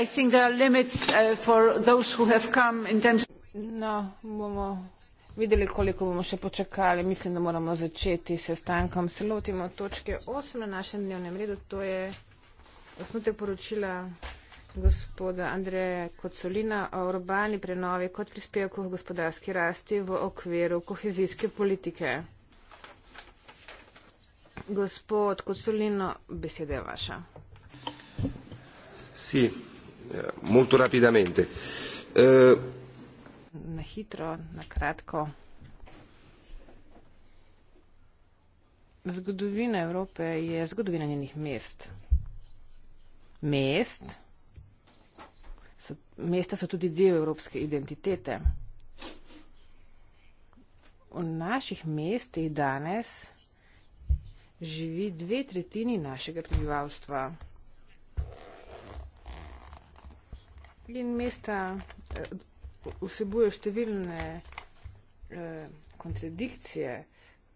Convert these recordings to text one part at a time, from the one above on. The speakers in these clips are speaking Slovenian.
i think there are limits uh, for those who have come in terms No, bomo videli, koliko bomo še počakali. Mislim, da moramo začeti s sestankom. Se lotimo točke 8 na našem dnevnem redu. To je osnutek poročila gospoda Andreja Kocolina o urbani prenovi kot prispevku v gospodarski rasti v okviru kohezijske politike. Gospod Kocolino, beseda je vaša. Si. Sí. Eh, molto rapidamente. Eh, na hitro, na kratko. Zgodovina Evrope je zgodovina njenih mest. Mest. So, mesta so tudi del evropske identitete. V naših mestih danes živi dve tretjini našega prebivalstva. in mesta eh, vsebuje številne eh, kontradikcije,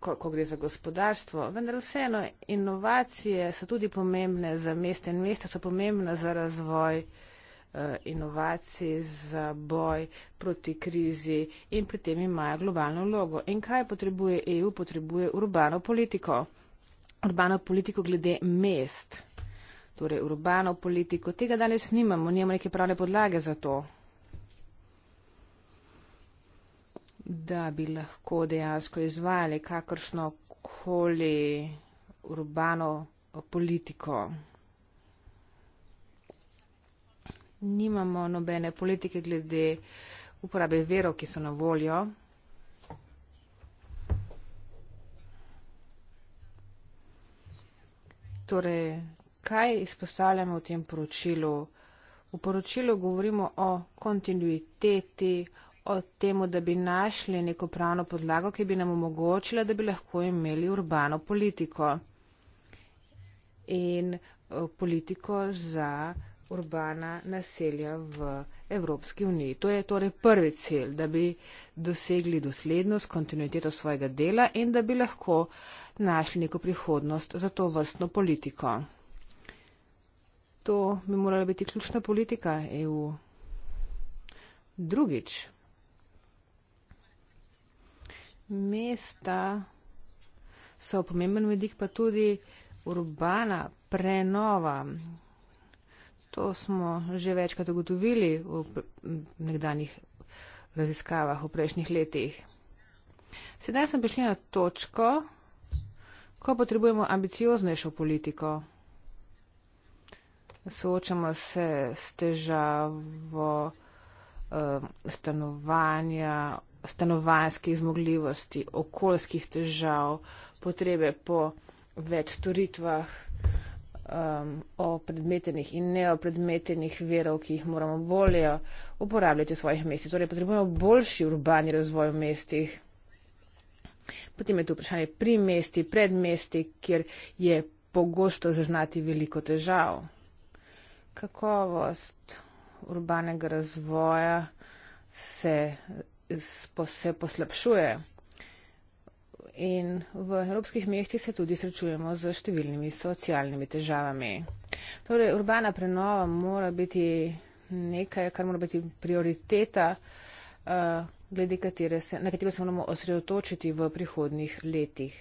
ko, ko gre za gospodarstvo, vendar vseeno inovacije so tudi pomembne za mesta in mesta so pomembna za razvoj eh, inovacij za boj proti krizi in pri tem imajo globalno vlogo. In kaj potrebuje EU? Potrebuje urbano politiko. Urbano politiko glede mest torej urbano politiko. Tega danes nimamo, nimamo neke pravne podlage za to, da bi lahko dejansko izvajali kakršno koli urbano politiko. Nimamo nobene politike glede uporabe verov, ki so na voljo. Torej, kaj izpostavljamo v tem poročilu? V poročilu govorimo o kontinuiteti, o tem, da bi našli neko pravno podlago, ki bi nam omogočila, da bi lahko imeli urbano politiko in eh, politiko za urbana naselja v Evropski uniji. To je torej prvi cilj, da bi dosegli doslednost, kontinuiteto svojega dela in da bi lahko našli neko prihodnost za to vrstno politiko to bi morala biti ključna politika EU. Drugič, mesta so pomemben vidik, pa tudi urbana prenova. To smo že večkrat ugotovili v nekdanjih raziskavah v prejšnjih letih. Sedaj smo prišli na točko, ko potrebujemo ambicioznejšo politiko soočamo se s težavo eh, stanovanja, stanovanjskih zmogljivosti, okoljskih težav, potrebe po več storitvah, um, o predmetenih in neopredmetenih verov, ki jih moramo bolje uporabljati v svojih mestih. Torej, potrebujemo boljši urbani razvoj v mestih. Potem je tu vprašanje pri mesti, pred mesti, kjer je pogosto zaznati veliko težav kakovost urbanega razvoja se, se poslabšuje. In v evropskih mestih se tudi srečujemo z številnimi socialnimi težavami. Torej, urbana prenova mora biti nekaj, kar mora biti prioriteta, uh, se, na katero se moramo osredotočiti v prihodnih letih.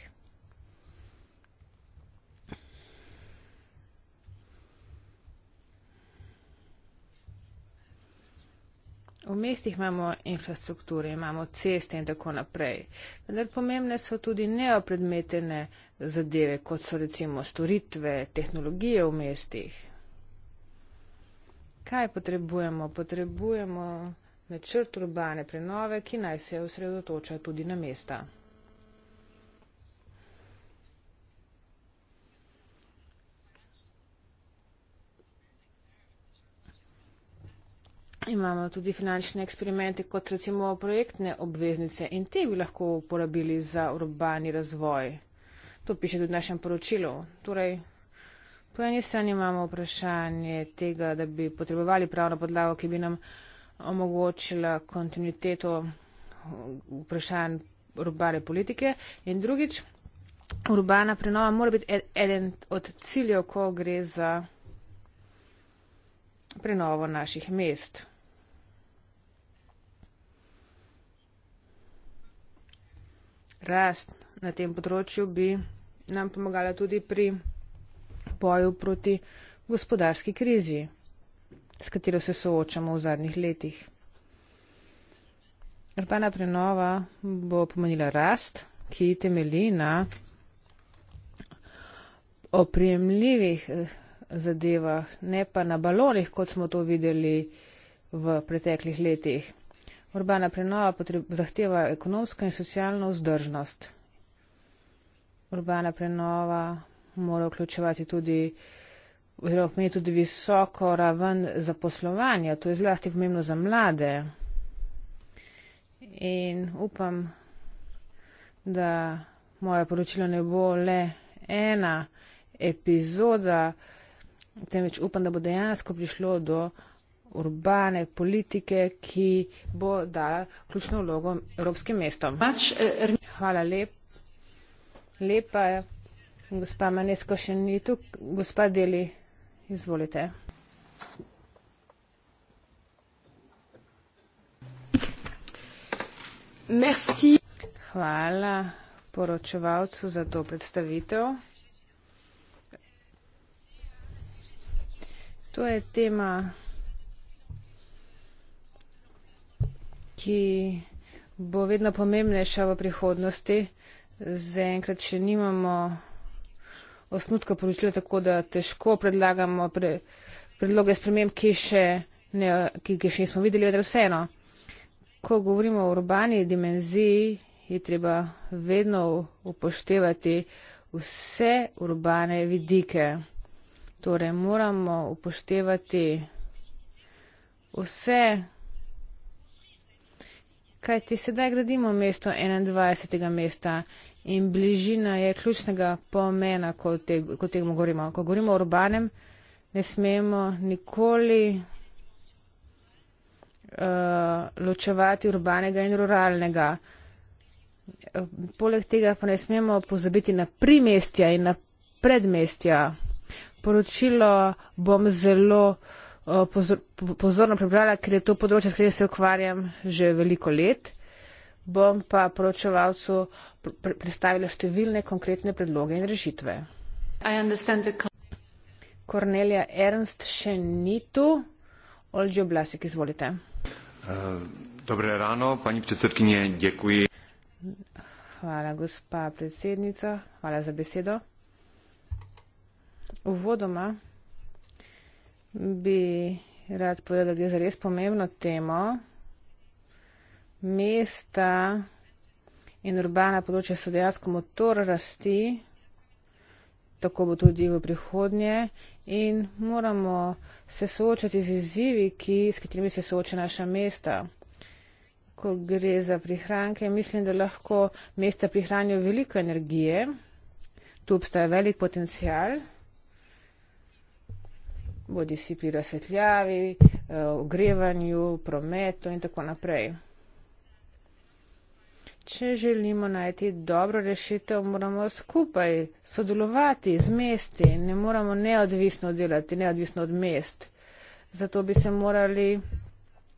V mestih imamo infrastrukture, imamo ceste in tako naprej. Vendar pomembne so tudi neopredmetene zadeve, kot so recimo storitve, tehnologije v mestih. Kaj potrebujemo? Potrebujemo načrt urbane prenove, ki naj se osredotoča tudi na mesta. imamo tudi finančne eksperimente, kot recimo projektne obveznice in te bi lahko uporabili za urbani razvoj. To piše tudi v našem poročilu. Torej, po eni strani imamo vprašanje tega, da bi potrebovali pravno podlago, ki bi nam omogočila kontinuiteto vprašanj urbane politike in drugič, urbana prenova mora biti e-, eden od ciljev, ko gre za prenovo naših mest. rast na tem področju bi nam pomagala tudi pri boju proti gospodarski krizi, s katero se soočamo v zadnjih letih. Urbana prenova bo pomenila rast, ki temeli na opremljivih eh, zadevah, ne pa na balonih, kot smo to videli v preteklih letih. Urbana prenova zahteva ekonomsko in socialno vzdržnost. Urbana prenova mora vključevati tudi oziroma pomeni tudi visoko raven zaposlovanja. To je zlasti pomembno za mlade. In upam, da moje poročilo ne bo le ena epizoda, temveč upam, da bo dejansko prišlo do urbane politike, ki bo dala ključno vlogo evropskim mestom. Eh, er- Hvala lep. lepa. Gospa Manesko še ni tu. Gospa Deli, izvolite. Merci. Hvala poročevalcu za to predstavitev. To je tema, ki bo vedno pomembnejša v prihodnosti. Zaenkrat še nimamo osnutka poročila, tako da težko predlagamo pre, predloge sprememb, ki, ki, ki še nismo videli, vendar vseeno. Ko govorimo o urbani dimenziji, je treba vedno upoštevati vse urbane vidike. Torej, moramo upoštevati vse kajti sedaj gradimo mesto 21. mesta in bližina je ključnega pomena, ko o tem govorimo. Ko govorimo o urbanem, ne smemo nikoli uh, ločevati urbanega in ruralnega. Poleg tega pa ne smemo pozabiti na primestja in na predmestja. Poročilo bom zelo pozorno prebrala, ker je to področje, s katerim se ukvarjam že veliko let. Bom pa poročevalcu predstavila številne konkretne predloge in rešitve. Kornelija Ernst še ni tu. Olđo Blasik, izvolite. Eh, Dobre rano, pani predsedkinje, děkuji. Hvala, gospa predsednica. Hvala za besedo. Uvodoma bi rad povedal, da je za res pomembno temo mesta in urbana področja so dejansko motor rasti, tako bo tudi v prihodnje in moramo se soočati z izzivi, ki, s katerimi se sooča naša mesta. Ko gre za prihranke, mislim, da lahko mesta prihranijo veliko energije. Tu obstaja velik potencial bodi si pri razsvetljavi, eh, ogrevanju, prometu in tako naprej. Če želimo najti dobro rešitev, moramo skupaj sodelovati z mesti, ne moramo neodvisno delati, neodvisno od mest. Zato bi se morali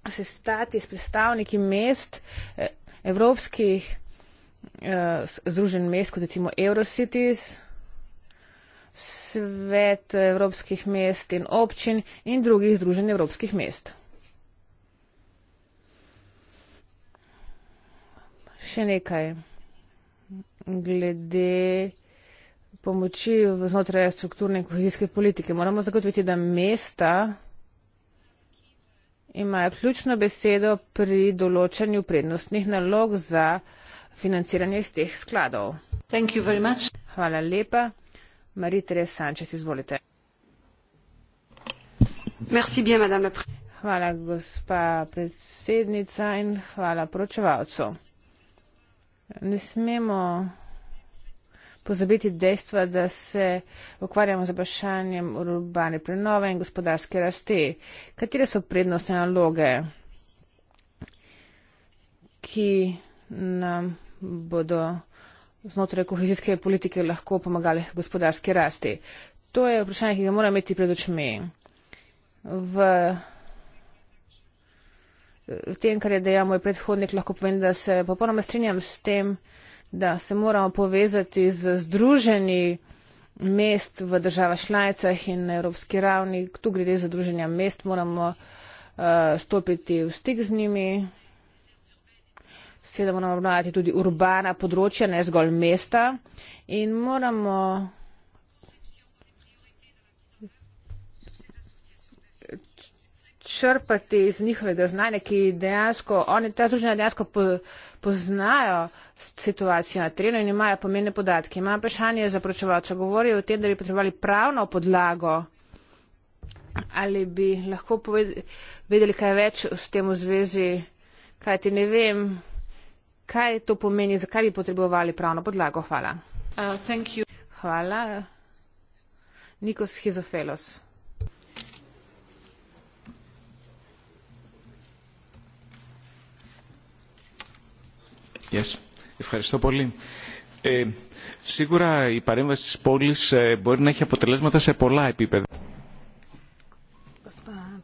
sestati s predstavniki mest, eh, evropskih eh, združen mest, kot recimo Eurocities, svet evropskih mest in občin in drugih združenj evropskih mest. Še nekaj glede pomoči znotraj strukturne in kohezijske politike. Moramo zagotoviti, da mesta imajo ključno besedo pri določanju prednostnih nalog za financiranje iz teh skladov. Hvala lepa. Marie-Thérèse Sanchez, izvolite. Bien, hvala, gospa predsednica in hvala poročevalcu. Ne smemo pozabiti dejstva, da se ukvarjamo z vprašanjem urbane prenove in gospodarske rasti. Katere so prednostne naloge, ki nam bodo znotraj kohezijske politike lahko pomagali gospodarski rasti. To je vprašanje, ki ga moramo imeti pred očmi. V, v tem, kar je dejal moj predhodnik, lahko povem, da se popolnoma strinjam s tem, da se moramo povezati z združeni mest v država šlajcah in na evropski ravni. Tu gre za združenja mest, moramo uh, stopiti v stik z njimi seveda moramo obnavljati tudi urbana področja, ne zgolj mesta in moramo črpati iz njihovega znanja, ki dejansko, oni ta združenja dejansko po, poznajo situacijo na terenu in imajo pomembne podatke. Imam vprašanje za pročevalca. Govorijo o tem, da bi potrebovali pravno podlago. Ali bi lahko povedali kaj več s tem v zvezi, kaj ti ne vem, kaj to pomeni, zakaj bi potrebovali pravno podlago. Hvala. Uh, Hvala. Nikos Hizofelos. Yes. Ευχαριστώ πολύ. Ε, σίγουρα η παρέμβαση της πόλης ε, μπορεί να έχει αποτελέσματα σε πολλά επίπεδα. Господа,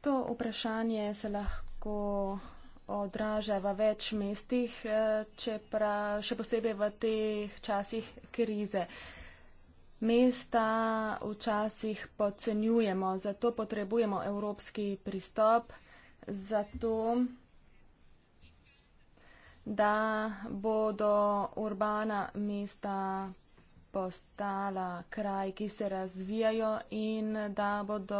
To vprašanje se lahko odraža v več mestih, eh, čeprav še posebej v teh časih krize. Mesta včasih podcenjujemo, zato potrebujemo evropski pristop, zato da bodo urbana mesta postala kraj, ki se razvijajo in da bodo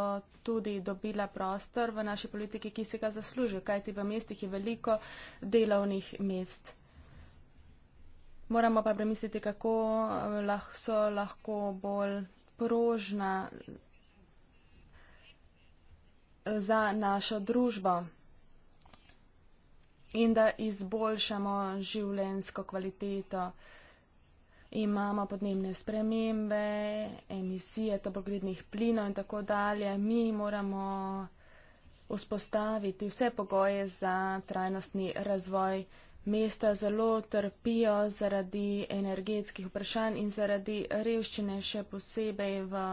tudi dobila prostor v naši politiki, ki se ga zaslužijo, kajti v mestih je veliko delovnih mest. Moramo pa premisliti, kako so lahko bolj prožna za našo družbo in da izboljšamo življenjsko kvaliteto imamo podnebne spremembe, emisije toplogrednih plinov in tako dalje. Mi moramo vzpostaviti vse pogoje za trajnostni razvoj. Mesta zelo trpijo zaradi energetskih vprašanj in zaradi revščine, še posebej v,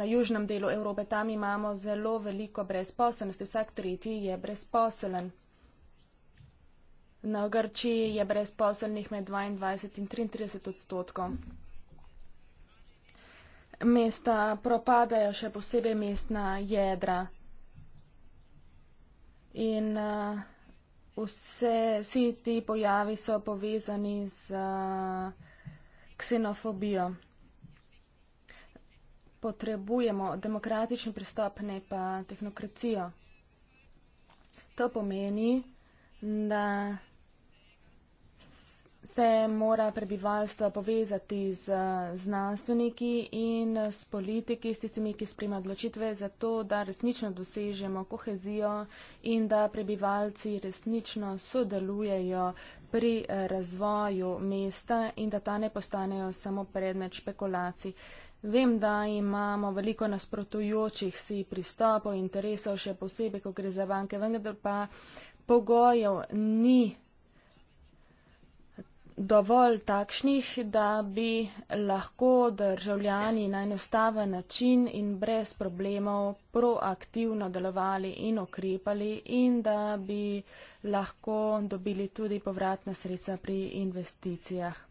na južnem delu Evrope. Tam imamo zelo veliko brezposelnosti. Vsak tretji je brezposelen. Na Grčiji je brezposelnih med 22 in 33 odstotkov. Mesta propadajo, še posebej mestna jedra. In uh, vse, vsi ti pojavi so povezani z uh, ksenofobijo. Potrebujemo demokratični pristop, ne pa tehnokracijo. To pomeni, da se mora prebivalstvo povezati z eh, znanstveniki in eh, s politiki, s tistimi, ki sprema odločitve, zato da resnično dosežemo kohezijo in da prebivalci resnično sodelujejo pri eh, razvoju mesta in da ta ne postanejo samo predmet špekulacij. Vem, da imamo veliko nasprotujočih si pristopov, interesov, še posebej, ko gre za banke, vendar pa. Pogojev ni dovolj takšnih, da bi lahko državljani na enostaven način in brez problemov proaktivno delovali in okrepali in da bi lahko dobili tudi povratna sredstva pri investicijah.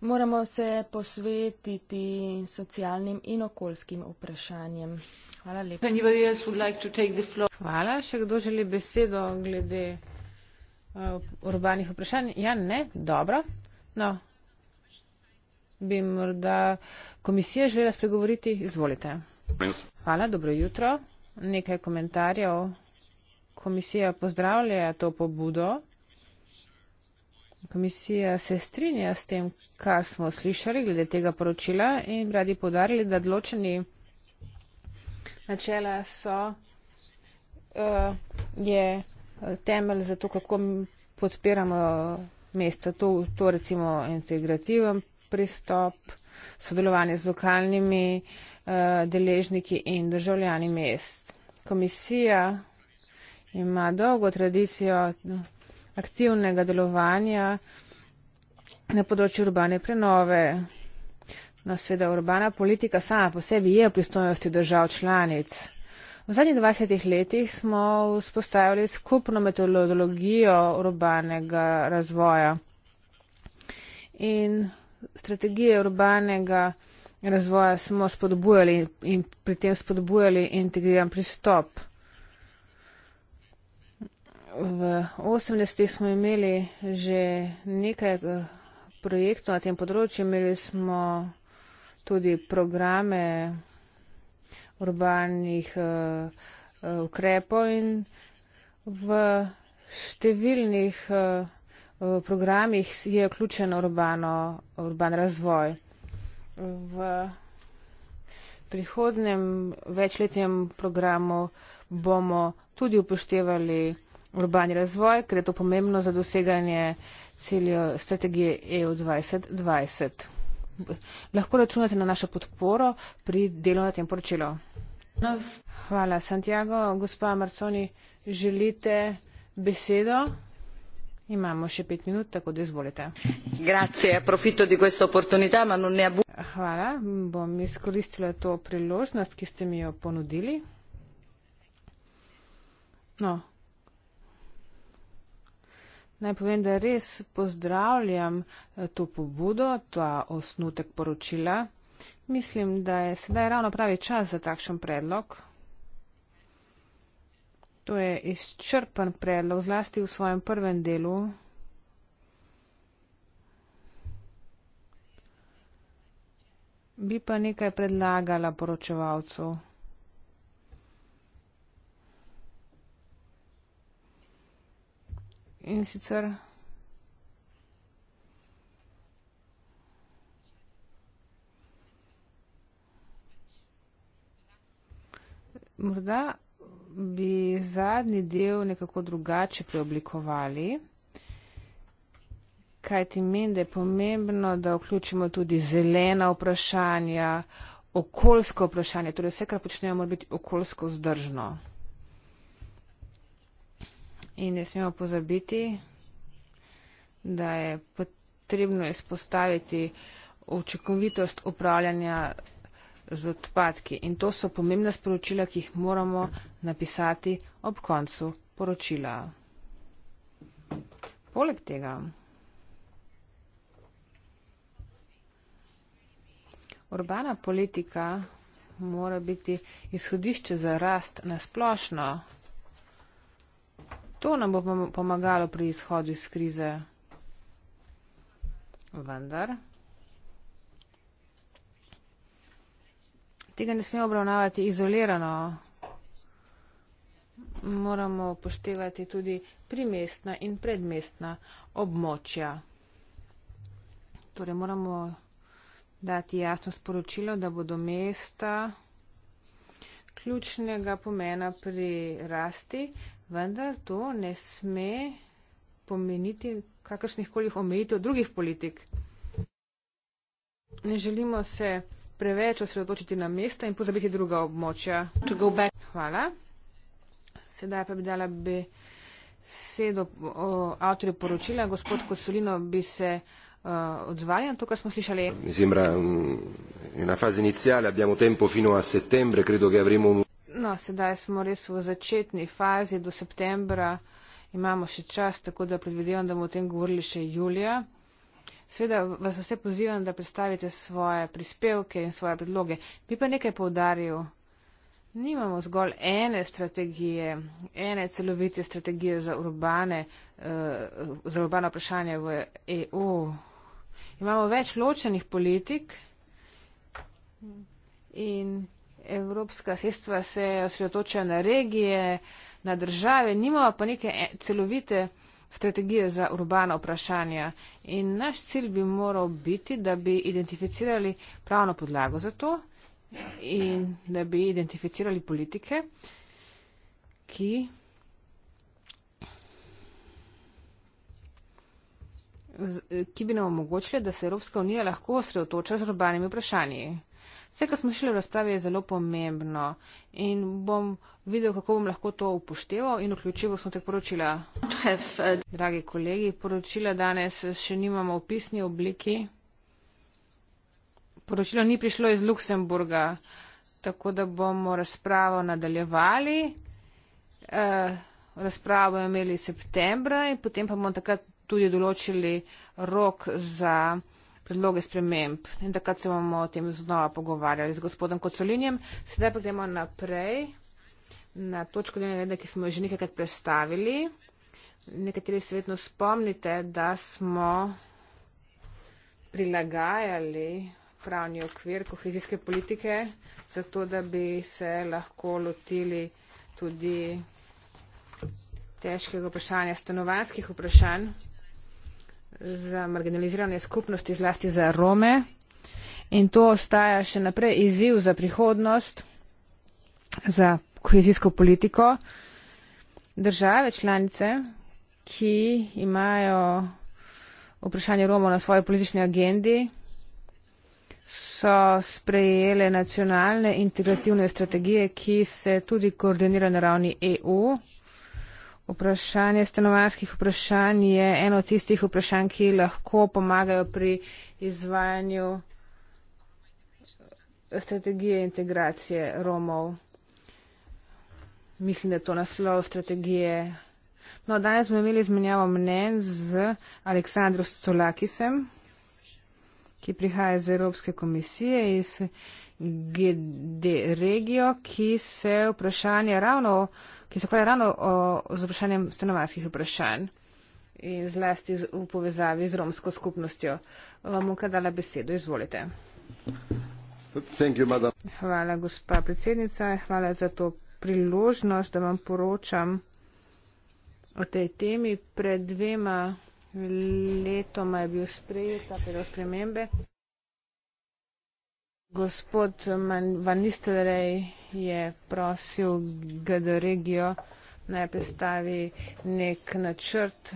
Moramo se posvetiti socialnim in okoljskim vprašanjem. Hvala lepa. Like Hvala. Še kdo želi besedo glede uh, urbanih vprašanj? Ja, ne? Dobro. No, bi morda komisija želela spregovoriti? Izvolite. Hvala, dobro jutro. Nekaj komentarjev. Komisija pozdravlja to pobudo. Komisija se strinja s tem, kar smo slišali glede tega poročila in radi podarili, da odločeni načela so, uh, je eh, temelj za to, kako podpiramo mesta. To, to recimo integrativen pristop, sodelovanje z lokalnimi uh, deležniki in državljani mest. Komisija ima dolgo tradicijo aktivnega delovanja na področju urbane prenove. No, sveda, urbana politika sama po sebi je v pristojnosti držav članic. V zadnjih 20 letih smo vzpostavili skupno metodologijo urbanega razvoja in strategije urbanega razvoja smo spodbujali in pri tem spodbujali integriran pristop v 80-ih smo imeli že nekaj eh, projektov na tem področju, imeli smo tudi programe urbanih uh, ukrepov in v številnih uh, programih je vključen urbano, urban razvoj. V prihodnem večletnem programu bomo tudi upoštevali urbani razvoj, ker je to pomembno za doseganje ciljev strategije EU 2020. Lahko računate na našo podporo pri delu na tem poročilu. Hvala, Santiago. Gospa Marconi, želite besedo? Imamo še pet minut, tako da izvolite. Grazie, profito di questa opportunità, ma non ne abu. Hvala, bom izkoristila to priložnost, ki ste mi jo ponudili. No, Naj povem, da res pozdravljam eh, to pobudo, ta osnutek poročila. Mislim, da je sedaj ravno pravi čas za takšen predlog. To je izčrpen predlog, zlasti v svojem prvem delu. Bi pa nekaj predlagala poročevalcu. In sicer. Morda bi zadnji del nekako drugače preoblikovali, kaj ti meni, da je pomembno, da vključimo tudi zelena vprašanja, okoljsko vprašanje, torej vse, kar počnemo, mora biti okoljsko vzdržno. In ne smemo pozabiti, da je potrebno izpostaviti učinkovitost upravljanja z odpadki. In to so pomembna sporočila, ki jih moramo napisati ob koncu poročila. Poleg tega urbana politika mora biti izhodišče za rast na splošno. To nam bo pomagalo pri izhodu iz krize. Vendar tega ne smemo obravnavati izolirano. Moramo upoštevati tudi primestna in predmestna območja. Torej moramo dati jasno sporočilo, da bodo mesta ključnega pomena pri rasti, vendar to ne sme pomeniti kakršnih kolih omejitev drugih politik. Ne želimo se preveč osredotočiti na mesta in pozabiti druga območja. Hvala. Sedaj pa bi dala bi sedo avtorju poročila. Gospod Kosolino bi se uh, odzvali na to, kar smo slišali. Mislim, da je na fazi inicijale, imamo tempo fino a septembre, kredo ga vrimo. No, sedaj smo res v začetni fazi, do septembra imamo še čas, tako da predvidevam, da bomo o tem govorili še julija. Sveda vas vse pozivam, da predstavite svoje prispevke in svoje predloge. Bi pa nekaj povdaril. Nimamo zgolj ene strategije, ene celovite strategije za, urbane, uh, za urbano vprašanje v EU. Imamo več ločenih politik in evropska sredstva se osredotočajo na regije, na države, nimamo pa neke e, celovite strategije za urbana vprašanja. In naš cilj bi moral biti, da bi identificirali pravno podlago za to in da bi identificirali politike, ki ki bi nam omogočili, da se Evropska unija lahko osredotoča z urbanimi vprašanji. Vse, kar smo šli v razpravi, je zelo pomembno in bom videl, kako bom lahko to upošteval in vključil v osnotek poročila. Uh, Dragi kolegi, poročila danes še nimamo v pisni obliki. Poročilo ni prišlo iz Luksemburga, tako da bomo razpravo nadaljevali. Uh, razpravo bomo imeli septembra in potem pa bomo takrat tudi določili rok za predloge sprememb in takrat se bomo o tem znova pogovarjali z gospodom Kocolinjem. Sedaj pa gremo naprej na točko dnevnega reda, ki smo jo že nekajkrat predstavili. Nekateri se vedno spomnite, da smo prilagajali pravni okvir kohezijske politike, zato da bi se lahko lotili tudi težkega vprašanja, stanovanskih vprašanj za marginalizirane skupnosti, zlasti za Rome. In to ostaja še naprej izziv za prihodnost, za kohezijsko politiko. Države članice, ki imajo vprašanje Romov na svoji politični agendi, so sprejele nacionalne integrativne strategije, ki se tudi koordinira na ravni EU. Vprašanje stanovanskih vprašanj je eno od tistih vprašanj, ki lahko pomagajo pri izvajanju strategije integracije Romov. Mislim, da je to naslov strategije. No, danes smo imeli izmenjavo mnen z Aleksandrom Solakisem, ki prihaja iz Evropske komisije, iz GD regijo, ki se vprašanje ravno, ki se ukvarja ravno o, o z vprašanjem stanovanskih vprašanj in zlasti z, v povezavi z romsko skupnostjo. Vam bom kar dala besedo, izvolite. You, hvala, gospa predsednica, hvala za to priložnost, da vam poročam o tej temi. Pred dvema letoma je bil sprejet ta predlog spremembe. Gospod Van Nistelrej je prosil GD Regijo, naj predstavi nek načrt.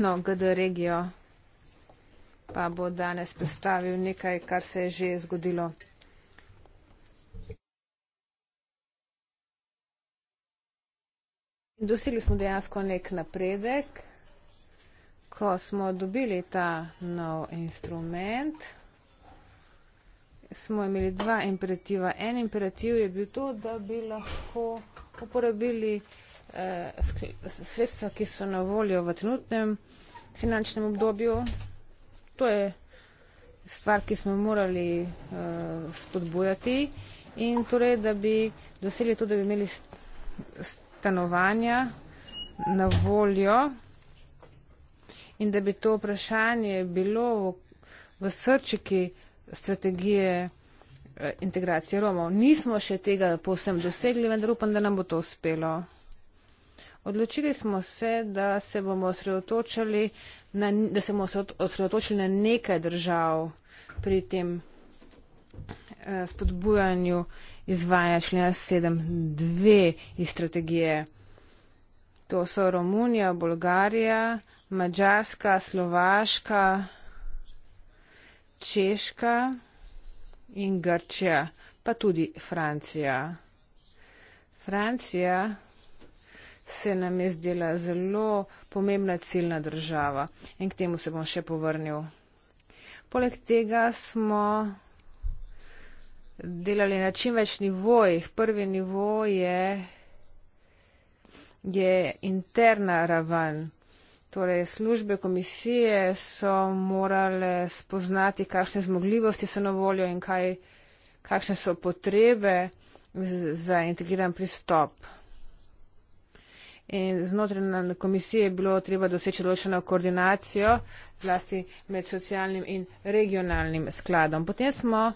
No, GD Regijo pa bo danes predstavil nekaj, kar se je že zgodilo. Dosili smo dejansko nek napredek, ko smo dobili ta nov instrument smo imeli dva imperativa. En imperativ je bil to, da bi lahko uporabili eh, sredstva, ki so na voljo v trenutnem finančnem obdobju. To je stvar, ki smo morali eh, spodbujati in torej, da bi dosegli to, da bi imeli stanovanja na voljo in da bi to vprašanje bilo v, v srčiki strategije eh, integracije Romov. Nismo še tega povsem dosegli, vendar upam, da nam bo to uspelo. Odločili smo se, da se bomo osredotočili na, da se bomo osredotočili na nekaj držav pri tem eh, spodbujanju izvaja člena 7.2 iz strategije. To so Romunija, Bolgarija, Mačarska, Slovaška. Češka in Grčija, pa tudi Francija. Francija se nam je zdela zelo pomembna ciljna država in k temu se bom še povrnil. Poleg tega smo delali na čim več nivojih. Prvi nivo je, je interna raven Torej, službe komisije so morale spoznati, kakšne zmogljivosti so na voljo in kaj, kakšne so potrebe za integriran pristop. In znotraj komisije je bilo treba doseči določeno koordinacijo zlasti med socialnim in regionalnim skladom. Potem smo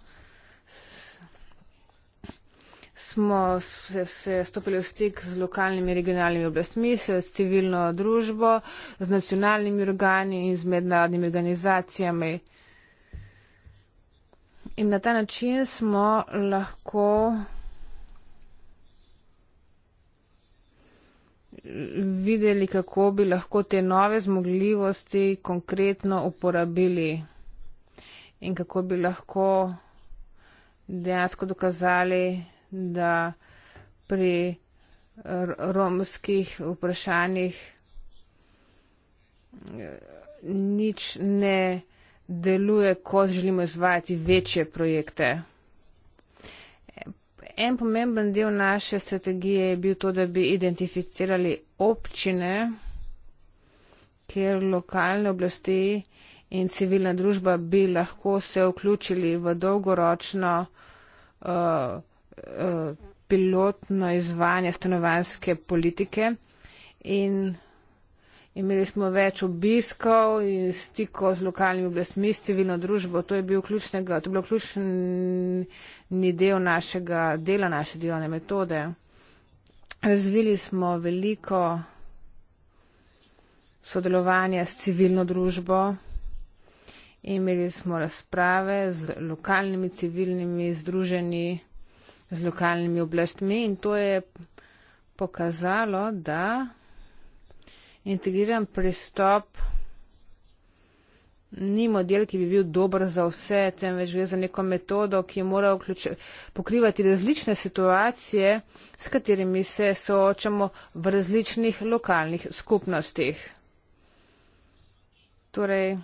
smo se, se stopili v stik z lokalnimi regionalnimi oblastmi, s civilno družbo, z nacionalnimi organi in z mednarodnimi organizacijami. In na ta način smo lahko videli, kako bi lahko te nove zmogljivosti konkretno uporabili in kako bi lahko dejansko dokazali, da pri romskih vprašanjih eh, nič ne deluje, ko želimo izvajati večje projekte. En pomemben del naše strategije je bil to, da bi identificirali občine, kjer lokalne oblasti in civilna družba bi lahko se vključili v dolgoročno uh, pilotno izvajanje stanovanske politike in imeli smo več obiskov in stikov z lokalnimi oblastmi, s civilno družbo. To je bil ključnega, to je bilo ključni del našega dela, naše delovne metode. Razvili smo veliko sodelovanja s civilno družbo. Imeli smo razprave z lokalnimi civilnimi združenji z lokalnimi oblastmi in to je pokazalo, da integriran pristop ni model, ki bi bil dober za vse, temveč gre za neko metodo, ki mora pokrivati različne situacije, s katerimi se soočamo v različnih lokalnih skupnostih. Torej,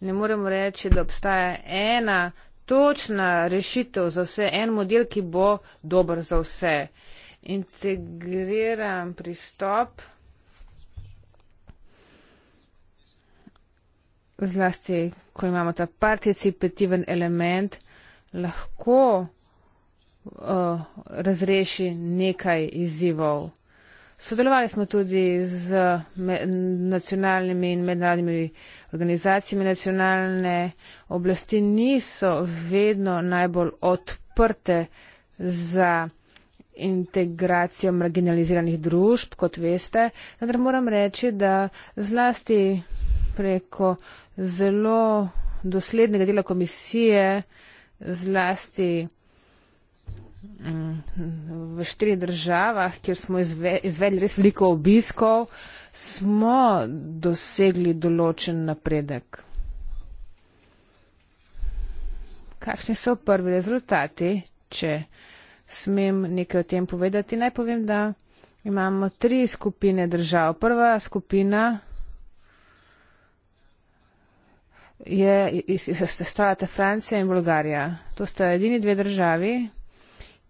ne moremo reči, da obstaja ena točna rešitev za vse, en model, ki bo dober za vse. Integriran pristop. Zlasti, ko imamo ta participativen element, lahko uh, razreši nekaj izzivov. Sodelovali smo tudi z nacionalnimi in mednarodnimi organizacijami. Nacionalne oblasti niso vedno najbolj odprte za integracijo marginaliziranih družb, kot veste. Vendar moram reči, da zlasti preko zelo doslednega dela komisije, zlasti v štirih državah, kjer smo izvedli res veliko obiskov, smo dosegli določen napredek. Kakšni so prvi rezultati, če smem nekaj o tem povedati? Naj povem, da imamo tri skupine držav. Prva skupina je sestavljata Francija in Bolgarija. To sta edini dve državi,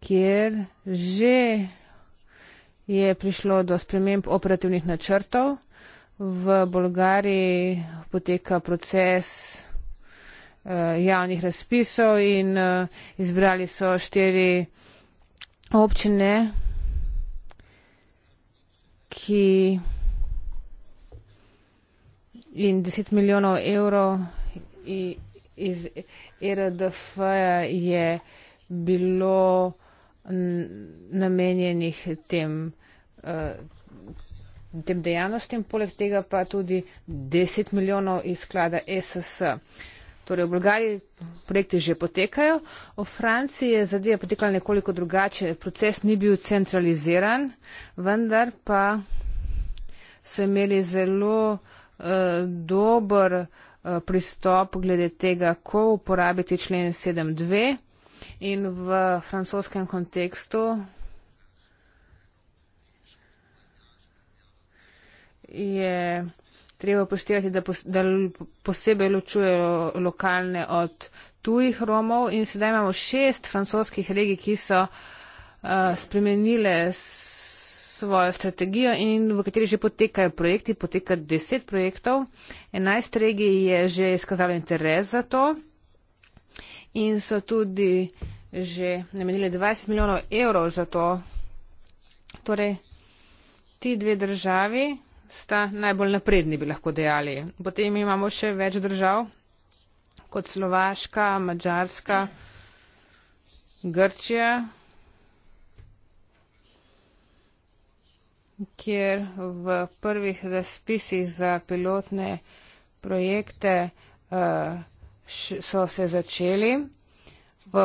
kjer že je prišlo do sprememb operativnih načrtov. V Bolgariji poteka proces eh, javnih razpisov in eh, izbrali so štiri občine, ki in 10 milijonov evrov iz e RDF je bilo namenjenih tem, eh, tem dejavnostim, poleg tega pa tudi 10 milijonov iz sklada SS. Torej v Bolgariji projekti že potekajo, v Franciji je zadeva potekala nekoliko drugače, proces ni bil centraliziran, vendar pa so imeli zelo uh, dober uh, pristop glede tega, ko uporabiti člen 72 in v francoskem kontekstu. je treba upoštevati, da, pos, da posebej ločuje lokalne od tujih Romov in sedaj imamo šest francoskih regij, ki so uh, spremenile svojo strategijo in v kateri že potekajo projekti, poteka deset projektov. Enajst regij je že izkazalo interes za to in so tudi že namenili 20 milijonov evrov za to. Torej, ti dve državi sta najbolj napredni, bi lahko dejali. Potem imamo še več držav, kot Slovaška, Mačarska, Grčija, kjer v prvih razpisih za pilotne projekte uh, so se začeli. Bo,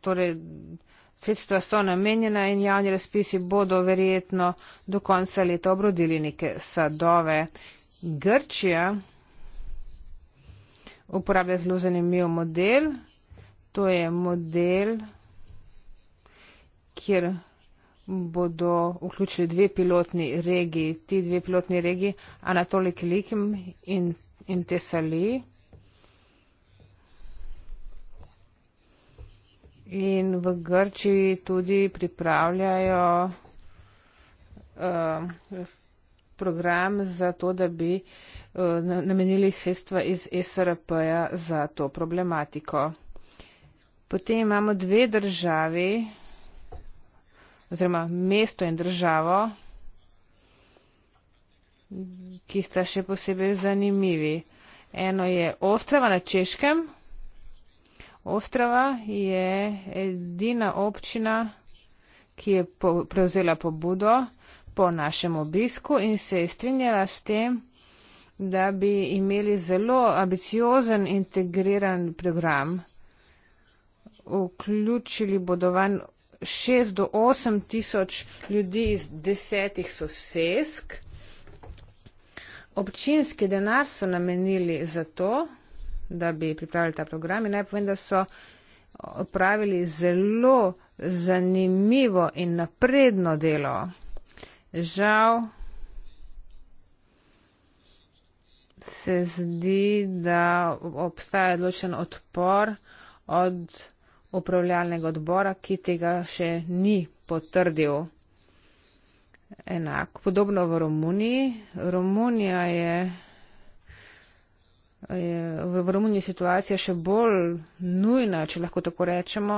torej, sredstva so namenjena in javni razpisi bodo verjetno do konca leta obrodili neke sadove. Grčija uporablja zelo zanimiv model. To je model, kjer bodo vključili dve pilotni regiji, ti dve pilotni regiji, Anatolik Likim in, in Tesali. In v Grčiji tudi pripravljajo uh, program za to, da bi uh, namenili sredstva iz SRP-ja za to problematiko. Potem imamo dve državi, oziroma mesto in državo, ki sta še posebej zanimivi. Eno je Ostrava na Češkem, Ostrava je edina občina, ki je po, prevzela pobudo po našem obisku in se je strinjala s tem, da bi imeli zelo ambiciozen integriran program. Vključili bodo van 6 do 8 tisoč ljudi iz desetih sosesk. Občinski denar so namenili za to da bi pripravili ta program. In naj povem, da so opravili zelo zanimivo in napredno delo. Žal se zdi, da obstaja odločen odpor od upravljalnega odbora, ki tega še ni potrdil. Enako, podobno v Romuniji. Romunija je je v Romuniji situacija še bolj nujna, če lahko tako rečemo.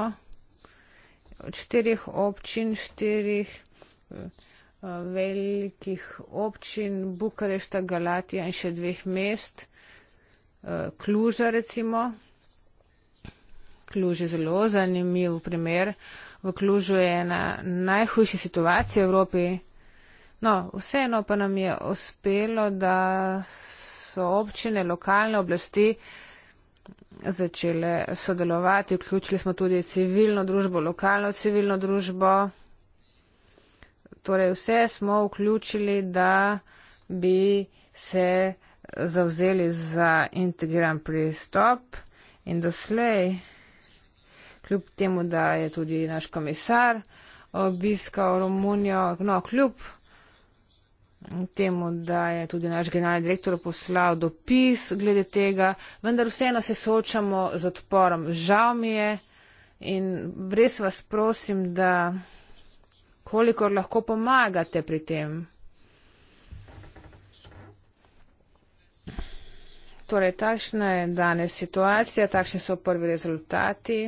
Od štirih občin, štirih eh, velikih občin, Bukarešta, Galatija in še dveh mest, eh, Kluža recimo. Kluž je zelo zanimiv primer. V Klužu je ena najhujših situacij v Evropi. No, vseeno pa nam je uspelo, da so občine, lokalne oblasti začele sodelovati. Vključili smo tudi civilno družbo, lokalno civilno družbo. Torej, vse smo vključili, da bi se zavzeli za integriran pristop in doslej, kljub temu, da je tudi naš komisar obiskal Romunijo, no, kljub temu, da je tudi naš generalni direktor poslal dopis glede tega, vendar vseeno se soočamo z odporom. Žal mi je in res vas prosim, da kolikor lahko pomagate pri tem. Torej, takšna je danes situacija, takšni so prvi rezultati.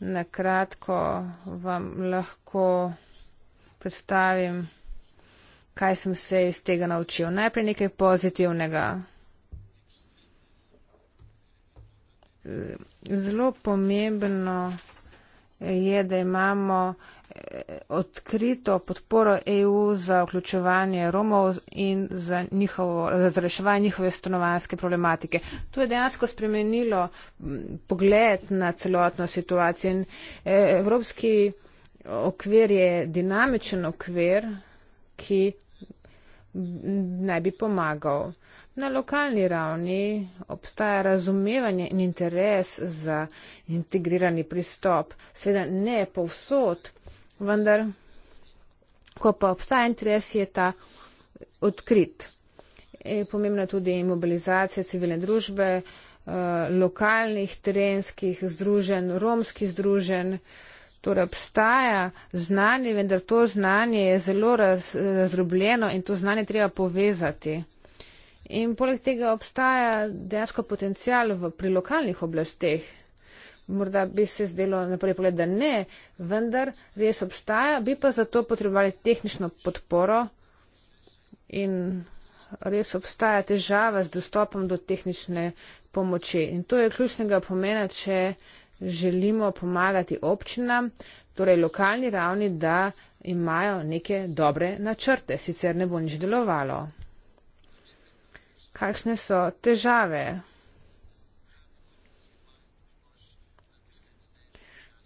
Na kratko vam lahko predstavim kaj sem se iz tega naučil. Najprej nekaj pozitivnega. Zelo pomembno je, da imamo eh, odkrito podporo EU za vključevanje Romov in za, njihovo, za reševanje njihove stanovanske problematike. To je dejansko spremenilo pogled na celotno situacijo. In eh, Evropski okvir je dinamičen okvir ki naj bi pomagal. Na lokalni ravni obstaja razumevanje in interes za integrirani pristop. Sveda ne povsod, vendar, ko pa obstaja interes, je ta odkrit. E, pomembna tudi mobilizacija civilne družbe, eh, lokalnih terenskih združen, romskih združen. Eh, Torej obstaja znanje, vendar to znanje je zelo raz, razdrobljeno in to znanje treba povezati. In poleg tega obstaja dejansko potencial v, pri lokalnih oblasteh. Morda bi se zdelo na prvi pogled, da ne, vendar res obstaja, bi pa zato potrebovali tehnično podporo in res obstaja težava z dostopom do tehnične pomoči. In to je ključnega pomena, če želimo pomagati občinam, torej lokalni ravni, da imajo neke dobre načrte, sicer ne bo nič delovalo. Kakšne so težave?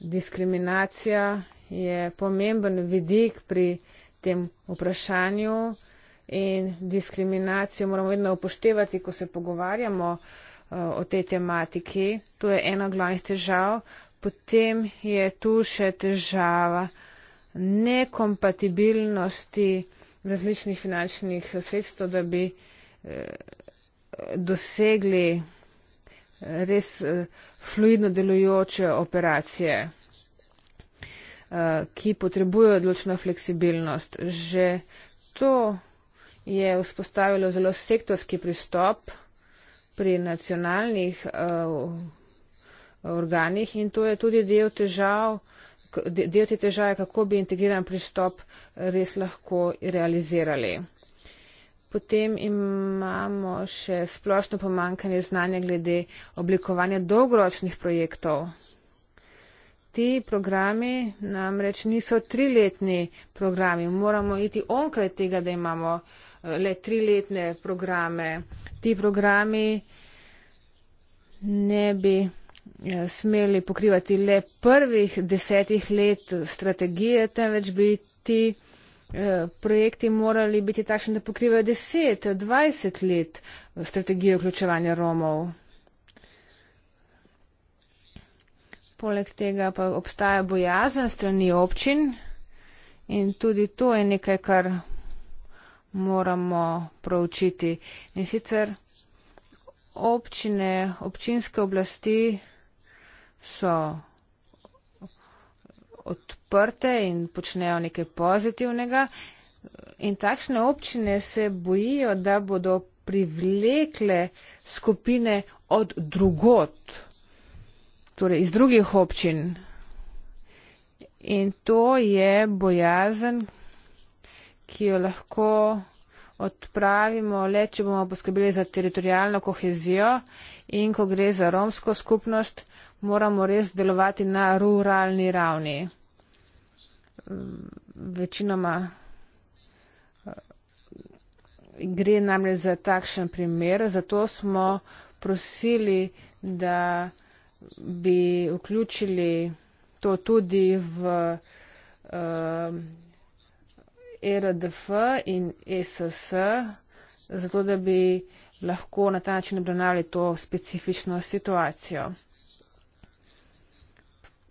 Diskriminacija je pomemben vidik pri tem vprašanju in diskriminacijo moramo vedno upoštevati, ko se pogovarjamo o tej tematiki. To je ena glavnih težav. Potem je tu še težava nekompatibilnosti različnih finančnih sredstev, da bi eh, dosegli eh, res eh, fluidno delujoče operacije, ki potrebujejo odločno fleksibilnost. Že to je vzpostavilo zelo sektorski pristop pri nacionalnih eh, organih in to je tudi del težav, del te težave, kako bi integriran pristop res lahko realizirali. Potem imamo še splošno pomankanje znanja glede oblikovanja dolgoročnih projektov. Ti programi namreč niso triletni programi. Moramo iti onkraj tega, da imamo uh, le triletne programe. Ti programi ne bi eh, smeli pokrivati le prvih desetih let strategije, temveč bi ti eh, projekti morali biti takšni, da pokrivajo 10-20 let strategije vključevanja Romov. Poleg tega pa obstaja bojazen strani občin in tudi to je nekaj, kar moramo proučiti. In sicer občine, občinske oblasti so odprte in počnejo nekaj pozitivnega. In takšne občine se bojijo, da bodo privlekle skupine od drugot, torej iz drugih občin. In to je bojazen, ki jo lahko odpravimo le, če bomo poskrbeli za teritorijalno kohezijo in ko gre za romsko skupnost, moramo res delovati na ruralni ravni. Večinoma eh, gre namreč za takšen primer, zato smo prosili, da bi vključili to tudi v uh, ERDF in ESS, zato da bi lahko na ta način obravnavali to specifično situacijo.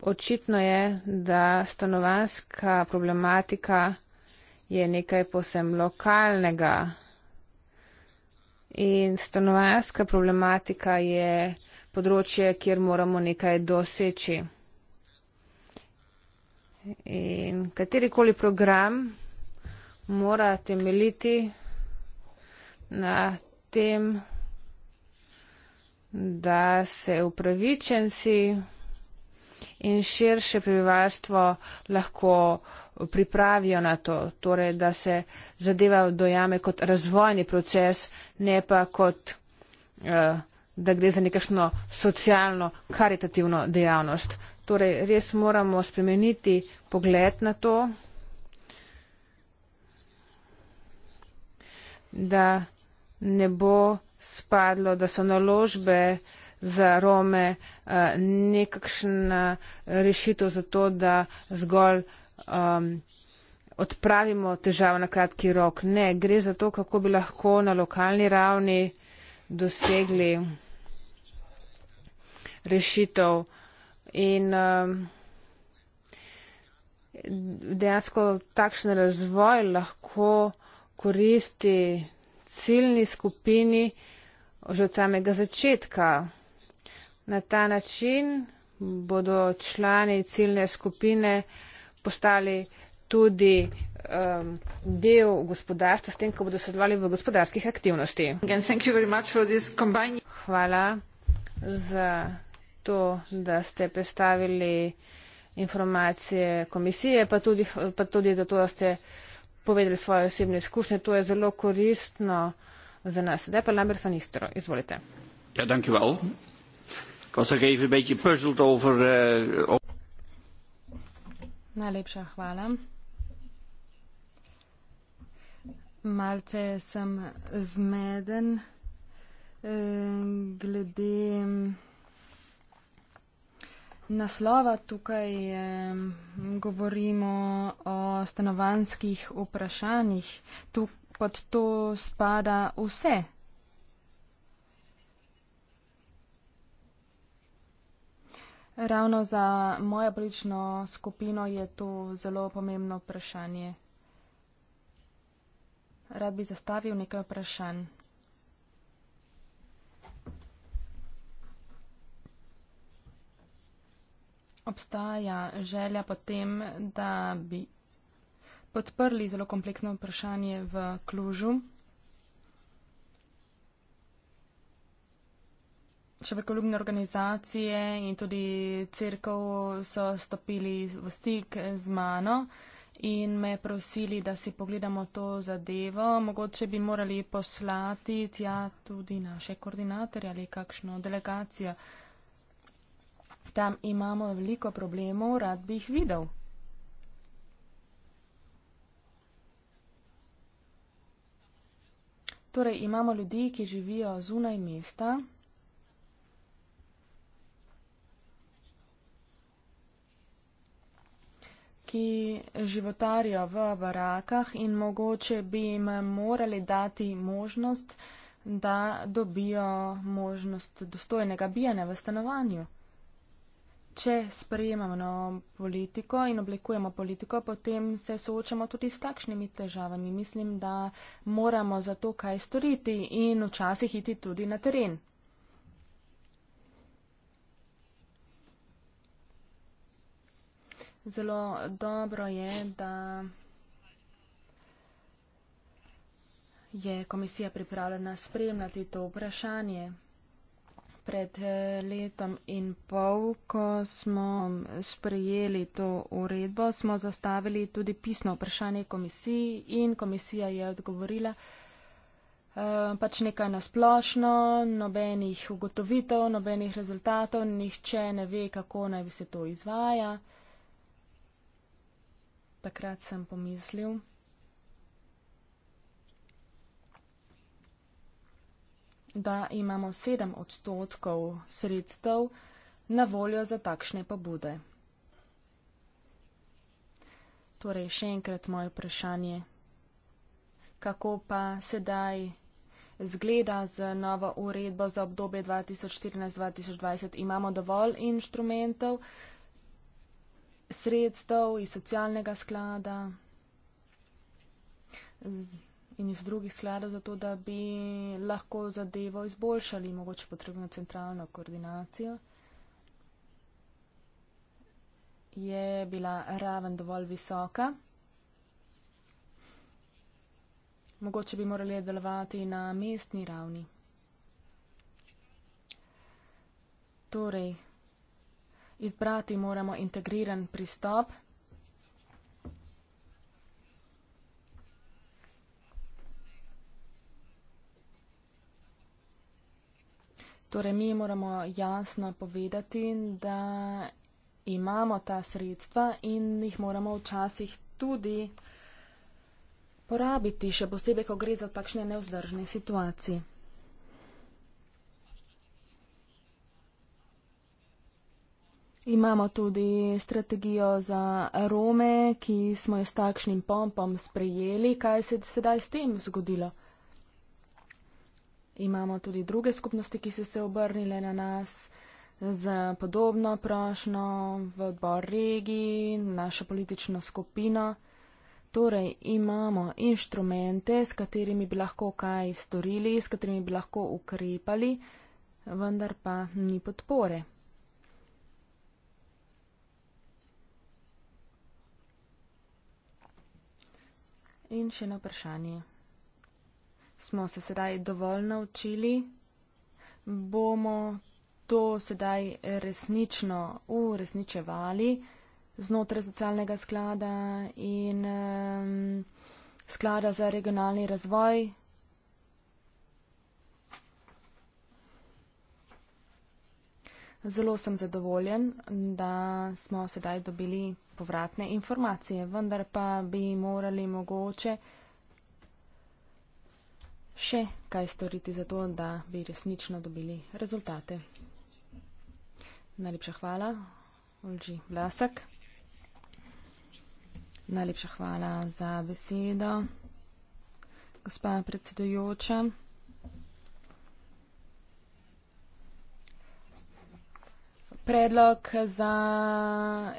Očitno je, da stanovanska problematika je nekaj posem lokalnega in stanovanska problematika je področje, kjer moramo nekaj doseči. In katerikoli program, mora temeljiti na tem, da se upravičenci in širše prebivalstvo lahko pripravijo na to, torej da se zadeva dojame kot razvojni proces, ne pa kot, eh, da gre za nekašno socialno karitativno dejavnost. Torej res moramo spremeniti pogled na to. da ne bo spadlo, da so naložbe za Rome eh, nekakšna rešitev za to, da zgolj um, odpravimo težavo na kratki rok. Ne, gre za to, kako bi lahko na lokalni ravni dosegli rešitev. In um, dejansko takšen razvoj lahko koristi ciljni skupini že od samega začetka. Na ta način bodo člani ciljne skupine postali tudi um, del gospodarstva, s tem, ko bodo sodelovali v gospodarskih aktivnosti. Hvala za to, da ste predstavili informacije komisije, pa tudi, pa tudi za to, da ste povedali svoje osebne izkušnje. To je zelo koristno za nas. Zdaj pa Lambert van Istro. Izvolite. Ja, danke val. Ko se ga even beetje puzzled over... Uh, eh, over... Najlepša hvala. Malce sem zmeden uh, glede naslova. Tukaj je, govorimo o stanovanskih vprašanjih. Tu pod to spada vse. Ravno za mojo politično skupino je to zelo pomembno vprašanje. Rad bi zastavil nekaj vprašanj. obstaja želja potem, da bi podprli zelo kompleksno vprašanje v Klužu. Človekoljubne organizacije in tudi crkv so stopili v stik z mano in me prosili, da si pogledamo to zadevo. Mogoče bi morali poslati tja tudi naše koordinatorje ali kakšno delegacijo. Tam imamo veliko problemov, rad bi jih videl. Torej, imamo ljudi, ki živijo zunaj mesta. ki životarijo v barakah in mogoče bi jim morali dati možnost, da dobijo možnost dostojnega bijanja v stanovanju če sprejemamo no, politiko in oblikujemo politiko, potem se soočamo tudi s takšnimi težavami. Mislim, da moramo za to kaj storiti in včasih iti tudi na teren. Zelo dobro je, da je komisija pripravljena spremljati to vprašanje pred eh, letom in pol, ko smo sprejeli to uredbo, smo zastavili tudi pisno vprašanje komisiji in komisija je odgovorila eh, pač nekaj nasplošno, nobenih ugotovitev, nobenih rezultatov, nihče ne ve, kako naj bi se to izvaja. Takrat sem pomislil. da imamo 7 odstotkov sredstev na voljo za takšne pobude. Torej, še enkrat moje vprašanje. Kako pa sedaj zgleda z novo uredbo za obdobje 2014-2020? Imamo dovolj inštrumentov, sredstev iz socialnega sklada? Z in iz drugih skladov, zato da bi lahko zadevo izboljšali, mogoče potrebno centralno koordinacijo. Je bila raven dovolj visoka? Mogoče bi morali delovati na mestni ravni. Torej, izbrati moramo integriran pristop. Torej, mi moramo jasno povedati, da imamo ta sredstva in jih moramo včasih tudi porabiti, še posebej, ko gre za takšne neuzdržne situacije. Imamo tudi strategijo za Rome, ki smo jo s takšnim pompom sprejeli. Kaj se je sedaj s tem zgodilo? Imamo tudi druge skupnosti, ki so se obrnile na nas z podobno prošnjo v odbor regiji, našo politično skupino. Torej imamo inštrumente, s katerimi bi lahko kaj storili, s katerimi bi lahko ukrepali, vendar pa ni podpore. In še na vprašanje smo se sedaj dovolj naučili, bomo to sedaj resnično uresničevali znotraj socialnega sklada in um, sklada za regionalni razvoj. Zelo sem zadovoljen, da smo sedaj dobili povratne informacije, vendar pa bi morali mogoče še kaj storiti za to, da bi resnično dobili rezultate. Najlepša hvala, Olži Vlasak. Najlepša hvala za besedo, gospa predsedujoča. Predlog za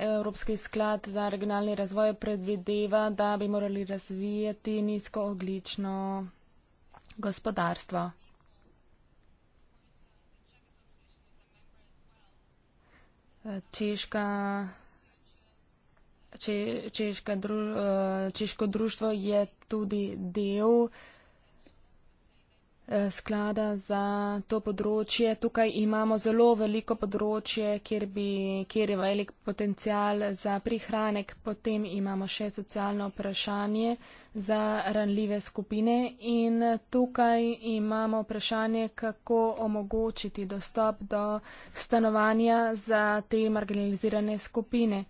Evropski sklad za regionalni razvoj predvideva, da bi morali razvijati nizkooglično gospodarstvo. Češka, če, češka dru, eh, češko društvo je tudi del Eh, sklada za to področje. Tukaj imamo zelo veliko področje, kjer, bi, kjer je velik potencial za prihranek. Potem imamo še socialno vprašanje za ranljive skupine in tukaj imamo vprašanje, kako omogočiti dostop do stanovanja za te marginalizirane skupine.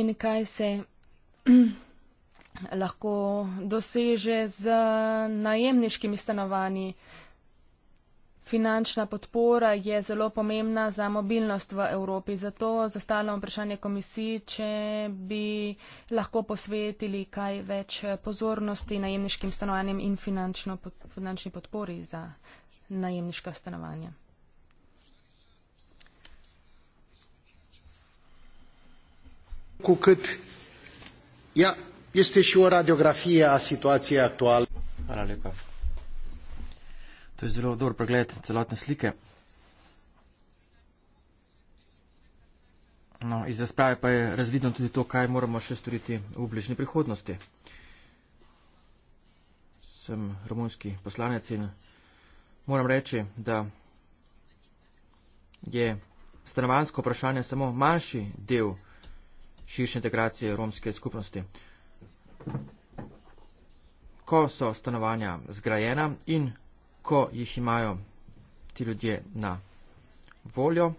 In kaj se. lahko doseže z najemniškimi stanovanji. Finančna podpora je zelo pomembna za mobilnost v Evropi, zato zastavljamo vprašanje komisiji, če bi lahko posvetili kaj več pozornosti najemniškim stanovanjem in finančni podpori za najemniška stanovanja. Ja, este și o radiografie a situației actuale. Hvala lepa. To je zelo dober pregled celotne slike. No, iz razprave pa je razvidno tudi to, kaj moramo še storiti v bližnji prihodnosti. Sem romunski poslanec in moram reči, da je stanovansko vprašanje samo manjši del širše integracije romske skupnosti ko so stanovanja zgrajena in ko jih imajo ti ljudje na voljo,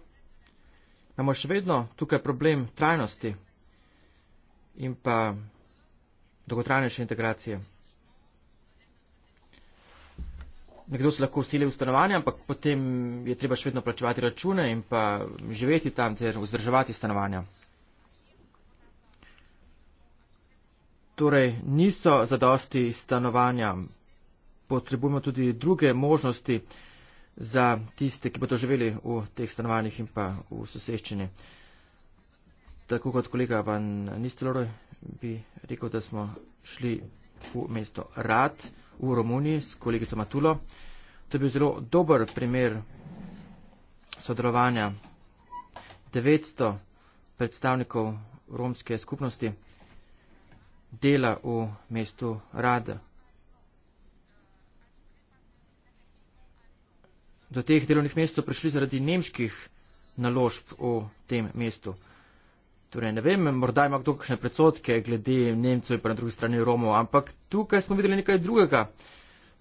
imamo še vedno tukaj problem trajnosti in pa dolgotrajnejše integracije. Nekdo se lahko usili v stanovanje, ampak potem je treba še vedno plačevati račune in pa živeti tam ter vzdrževati stanovanja. torej niso zadosti stanovanja. Potrebujemo tudi druge možnosti za tiste, ki bodo živeli v teh stanovanjih in pa v soseščini. Tako kot kolega Van Nistelor bi rekel, da smo šli v mesto Rad v Romuniji s kolegico Matulo. To je bil zelo dober primer sodelovanja 900 predstavnikov romske skupnosti dela v mestu Rada. Do teh delovnih mestov prišli zaradi nemških naložb v tem mestu. Torej, ne vem, morda ima kdo kakšne predsotke glede Nemcev in pa na drugi strani Romov, ampak tukaj smo videli nekaj drugega.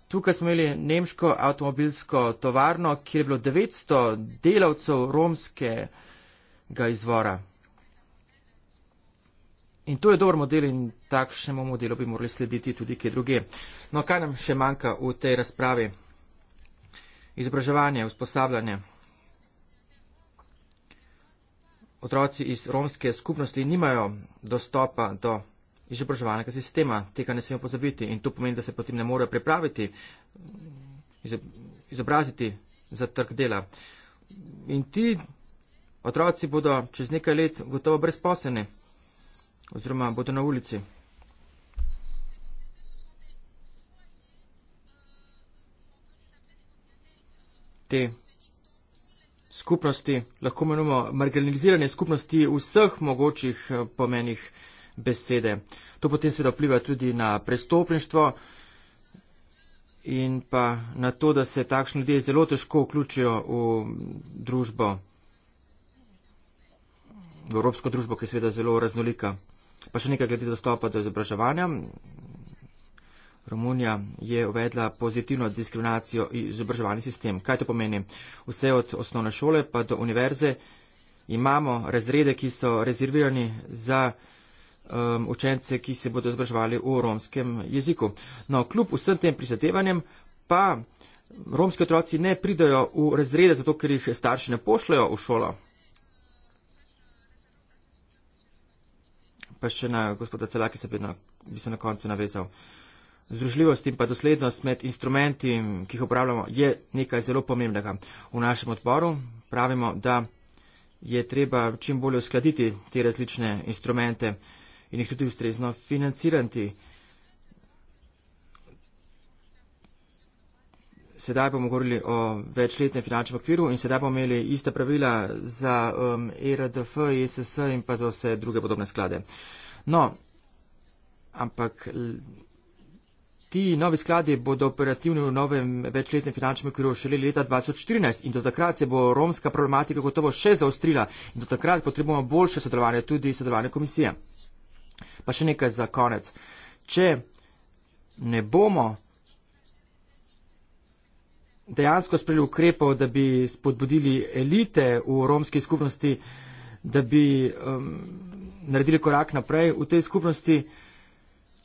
Tukaj smo imeli nemško avtomobilsko tovarno, kjer je bilo 900 delavcev romskega izvora. In to je dober model in takšnemu modelu bi morali slediti tudi kje druge. No, kaj nam še manjka v tej razpravi? Izobraževanje, usposabljanje. Otroci iz romske skupnosti nimajo dostopa do izobraževalnega sistema, tega ne smemo pozabiti in to pomeni, da se potem ne morejo pripraviti, izobraziti za trg dela. In ti otroci bodo čez nekaj let gotovo brezposelni oziroma bodo na ulici. Te skupnosti, lahko menimo marginalizirane skupnosti vseh mogočih eh, pomenih besede. To potem seveda vpliva tudi na prestopništvo in pa na to, da se takšni ljudje zelo težko vključijo v družbo, v evropsko družbo, ki je seveda zelo raznolika. Pa še nekaj glede dostopa do izobraževanja. Romunija je uvedla pozitivno diskriminacijo in izobraževalni sistem. Kaj to pomeni? Vse od osnovne šole pa do univerze imamo razrede, ki so rezervirani za um, učence, ki se bodo izobraževali v romskem jeziku. No, kljub vsem tem prizadevanjem pa romski otroci ne pridajo v razrede, zato ker jih starši ne pošljajo v šolo. pa še na gospoda Celaki se vedno, bi se na koncu navezal. Združljivost in pa doslednost med instrumenti, ki jih uporabljamo, je nekaj zelo pomembnega. V našem odboru pravimo, da je treba čim bolje uskladiti te različne instrumente in jih tudi ustrezno financirati. sedaj bomo govorili o večletnem finančnem okviru in sedaj bomo imeli ista pravila za um, ERDF, ISS e in pa za vse druge podobne sklade. No, ampak ti novi skladi bodo operativni v novem večletnem finančnem okviru šele leta 2014 in do takrat se bo romska problematika gotovo še zaostrila in do takrat potrebujemo boljše sodelovanje, tudi sodelovanje komisije. Pa še nekaj za konec. Če ne bomo dejansko sprejeli ukrepov, da bi spodbudili elite v romski skupnosti, da bi um, naredili korak naprej v tej skupnosti.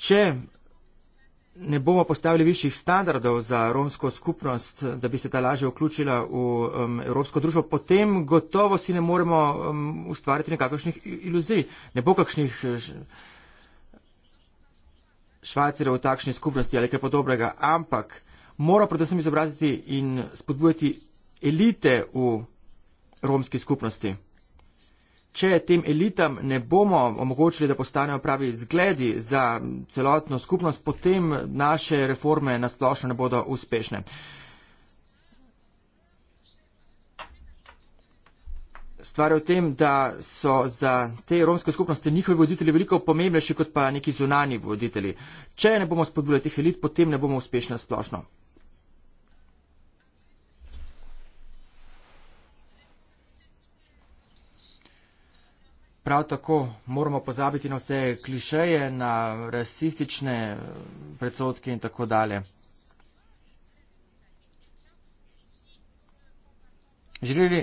Če ne bomo postavili višjih standardov za romsko skupnost, da bi se ta laže vključila v um, evropsko družbo, potem gotovo si ne moremo um, ustvariti nekakšnih iluzij. Ne bo kakšnih švajcerov v takšni skupnosti ali kaj podobnega, ampak mora predvsem izobraziti in spodbujati elite v romski skupnosti. Če tem elitam ne bomo omogočili, da postanejo pravi zgledi za celotno skupnost, potem naše reforme nasplošno ne bodo uspešne. Stvar je v tem, da so za te romske skupnosti njihovi voditelji veliko pomembnejši kot pa neki zunani voditelji. Če ne bomo spodbujali teh elit, potem ne bomo uspešni nasplošno. prav tako moramo pozabiti na vse klišeje, na rasistične eh, predsotke in tako dalje. Želeli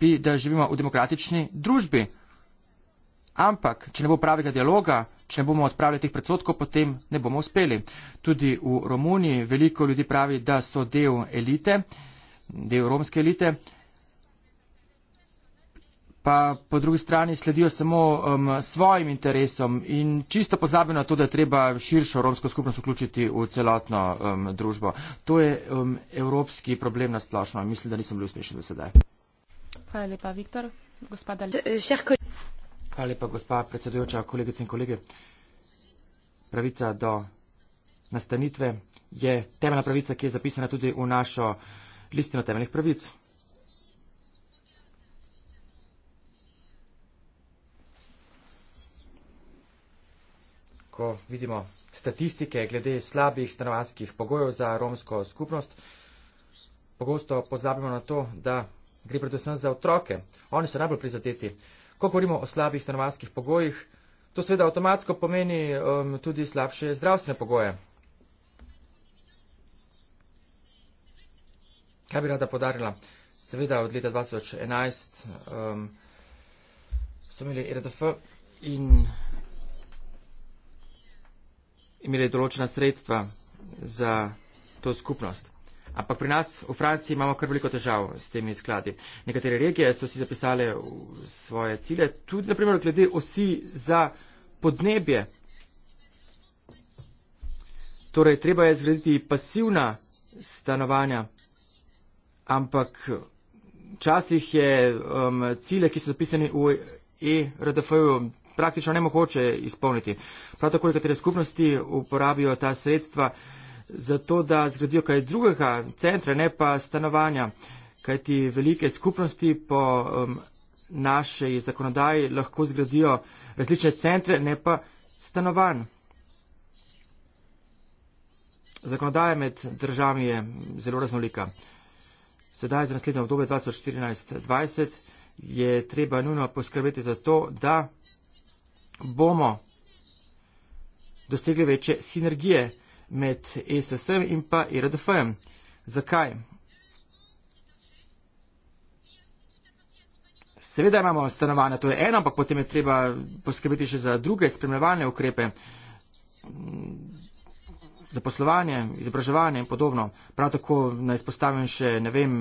bi, da živimo v demokratični družbi, ampak če ne bo pravega dialoga, če ne bomo odpravili teh predsotkov, potem ne bomo uspeli. Tudi v Romuniji veliko ljudi pravi, da so del elite, del romske elite pa po drugi strani sledijo samo um, svojim interesom in čisto pozabijo na to, da je treba širšo romsko skupnost vključiti v celotno um, družbo. To je um, evropski problem nasplošno in mislim, da nisem bil uspešen do sedaj. Hvala lepa, Viktor. Eh, Hvala lepa, gospa predsedujoča, kolegice in kolege. Pravica do nastanitve je temeljna pravica, ki je zapisana tudi v našo listino temeljnih pravic. ko vidimo statistike glede slabih stanovanjskih pogojev za romsko skupnost, pogosto pozabimo na to, da gre predvsem za otroke. Oni so najbolj prizadeti. Ko govorimo o slabih stanovanjskih pogojih, to seveda avtomatsko pomeni um, tudi slabše zdravstvene pogoje. Kaj bi rada podarila? Seveda od leta 2011 um, so imeli RDF in imeli določena sredstva za to skupnost. Ampak pri nas v Franciji imamo kar veliko težav s temi skladi. Nekatere regije so si zapisale svoje cilje, tudi naprimer glede osi za podnebje. Torej, treba je zgraditi pasivna stanovanja, ampak včasih je um, cilje, ki so zapisani v ERDF-ju, praktično ne mogoče izpolniti. Prav tako nekatere skupnosti uporabijo ta sredstva za to, da zgradijo kaj drugega, centre, ne pa stanovanja, kajti velike skupnosti po um, naši zakonodaji lahko zgradijo različne centre, ne pa stanovanj. Zakonodaja med državami je zelo raznolika. Sedaj za naslednjo obdobje 2014-2020 je treba nujno poskrbeti za to, da bomo dosegli večje sinergije med ESS-em in pa IRDF-em. E Zakaj? Seveda imamo stanovanja, to je eno, ampak potem je treba poskrbeti še za druge spremljevalne ukrepe, mm, za poslovanje, izobraževanje in podobno. Prav tako naj spostavim še, ne vem,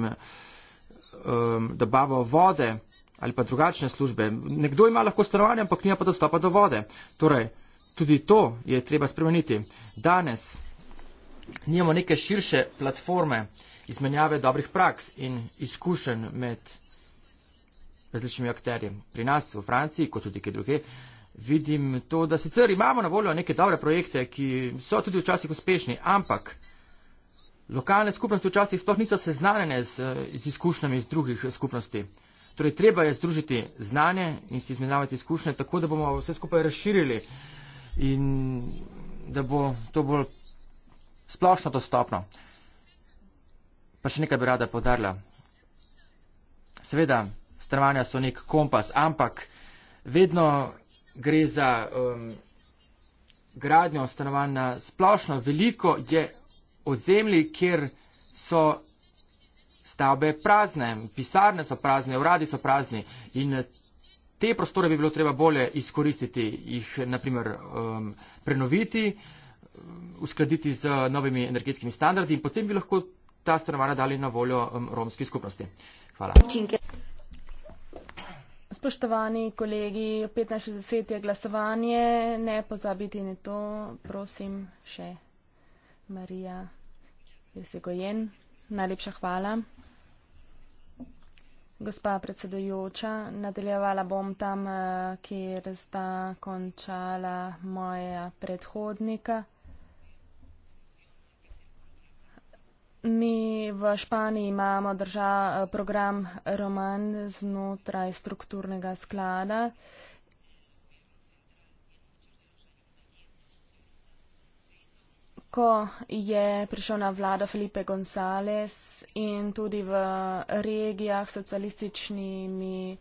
um, dobavo vode ali pa drugačne službe. Nekdo ima lahko stanovanje, ampak nima pa dostopa do vode. Torej, tudi to je treba spremeniti. Danes nimamo neke širše platforme izmenjave dobrih praks in izkušenj med različnimi akterji. Pri nas v Franciji, kot tudi kje druge, vidim to, da sicer imamo na voljo neke dobre projekte, ki so tudi včasih uspešni, ampak lokalne skupnosti včasih sploh niso seznanjene z, z izkušnjami iz drugih skupnosti. Torej, treba je združiti znanje in si izmenjavati izkušnje, tako da bomo vse skupaj razširili in da bo to bolj splošno dostopno. Pa še nekaj bi rada podarila. Seveda, stravanja so nek kompas, ampak vedno gre za. Um, gradnjo stanovanja splošno veliko je ozemlji, kjer so stavbe prazne, pisarne so prazne, uradi so prazni in te prostore bi bilo treba bolje izkoristiti, jih naprimer um, prenoviti, um, uskladiti z novimi energetskimi standardi in potem bi lahko ta stanovanja dali na voljo um, romski skupnosti. Hvala. Spoštovani kolegi, 15.60 je glasovanje, ne pozabiti na to, prosim še Marija Jesegojen. Najlepša hvala. Gospa predsedujoča, nadaljevala bom tam, eh, kjer sta končala moja predhodnika. Mi v Španiji imamo držav, eh, program Roman znotraj strukturnega sklada ko je prišel na vlado Felipe González in tudi v regijah socialističnimi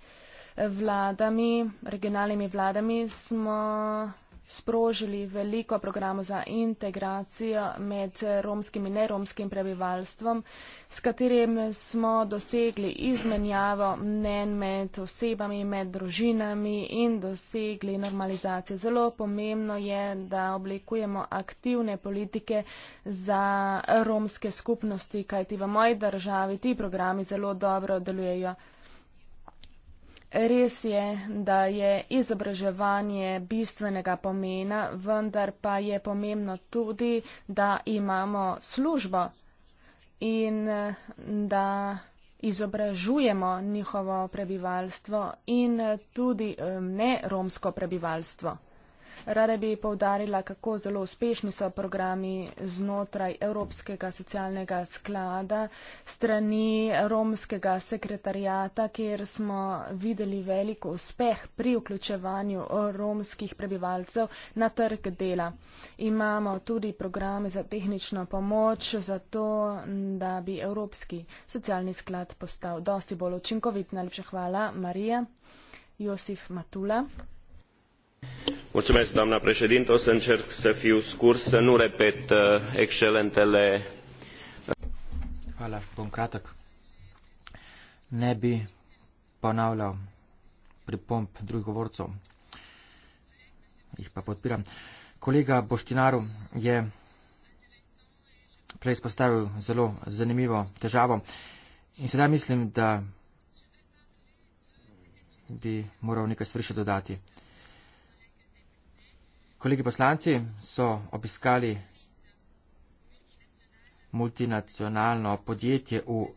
vladami, regionalnimi vladami, smo sprožili veliko programov za integracijo med romskim in neromskim prebivalstvom, s katerim smo dosegli izmenjavo mnen med osebami, med družinami in dosegli normalizacijo. Zelo pomembno je, da oblikujemo aktivne politike za romske skupnosti, kajti v moji državi ti programi zelo dobro delujejo. Res je, da je izobraževanje bistvenega pomena, vendar pa je pomembno tudi, da imamo službo in da izobražujemo njihovo prebivalstvo in tudi ne romsko prebivalstvo. Rada bi povdarila, kako zelo uspešni so programi znotraj Evropskega socialnega sklada strani romskega sekretarijata, kjer smo videli veliko uspeh pri vključevanju romskih prebivalcev na trg dela. Imamo tudi programe za tehnično pomoč, zato da bi Evropski socialni sklad postal dosti bolj učinkovit. Najlepša hvala, Marija. Josif Matula o să încerc să fiu scurs să nu repet uh, excelentele Hvala, bom kratek. Ne bi ponavljal pripomp drugih govorcev, jih pa podpiram. Kolega Boštinaru je prej izpostavil zelo zanimivo težavo in sedaj mislim, da bi moral nekaj stvari še dodati. Kolegi poslanci so obiskali multinacionalno podjetje v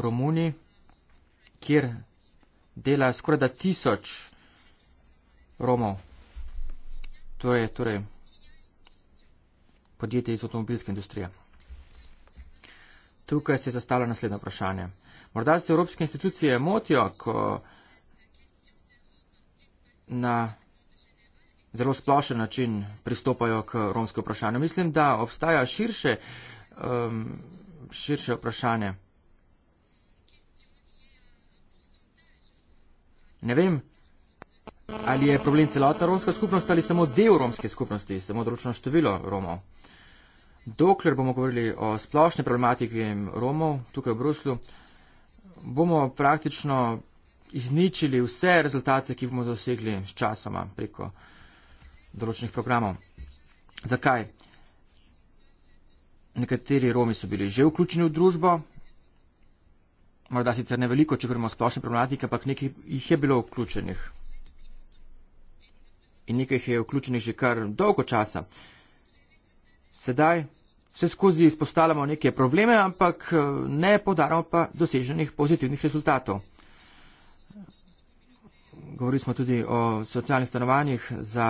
Romuniji, kjer dela skoraj da tisoč Romov. Torej, torej podjetje iz avtomobilske industrije. Tukaj se je zastalo naslednje vprašanje. Morda se evropske institucije motijo, ko na zelo splošen način pristopajo k romskemu vprašanju. Mislim, da obstaja širše, um, širše vprašanje. Ne vem, ali je problem celotna romska skupnost ali samo del romske skupnosti, samo odročno število Romov. Dokler bomo govorili o splošni problematiki Romov tukaj v Bruslu, bomo praktično izničili vse rezultate, ki bomo dosegli s časoma preko uh, določenih programov. Zakaj? Nekateri Romi so bili že vključeni v družbo, morda sicer ne veliko, če gremo splošne problematike, ampak nekaj jih je bilo vključenih. In nekaj jih je vključenih že kar dolgo časa. Sedaj vse skozi izpostavljamo neke probleme, ampak eh, ne podaramo pa doseženih pozitivnih rezultatov. Govorili smo tudi o socialnih stanovanjih za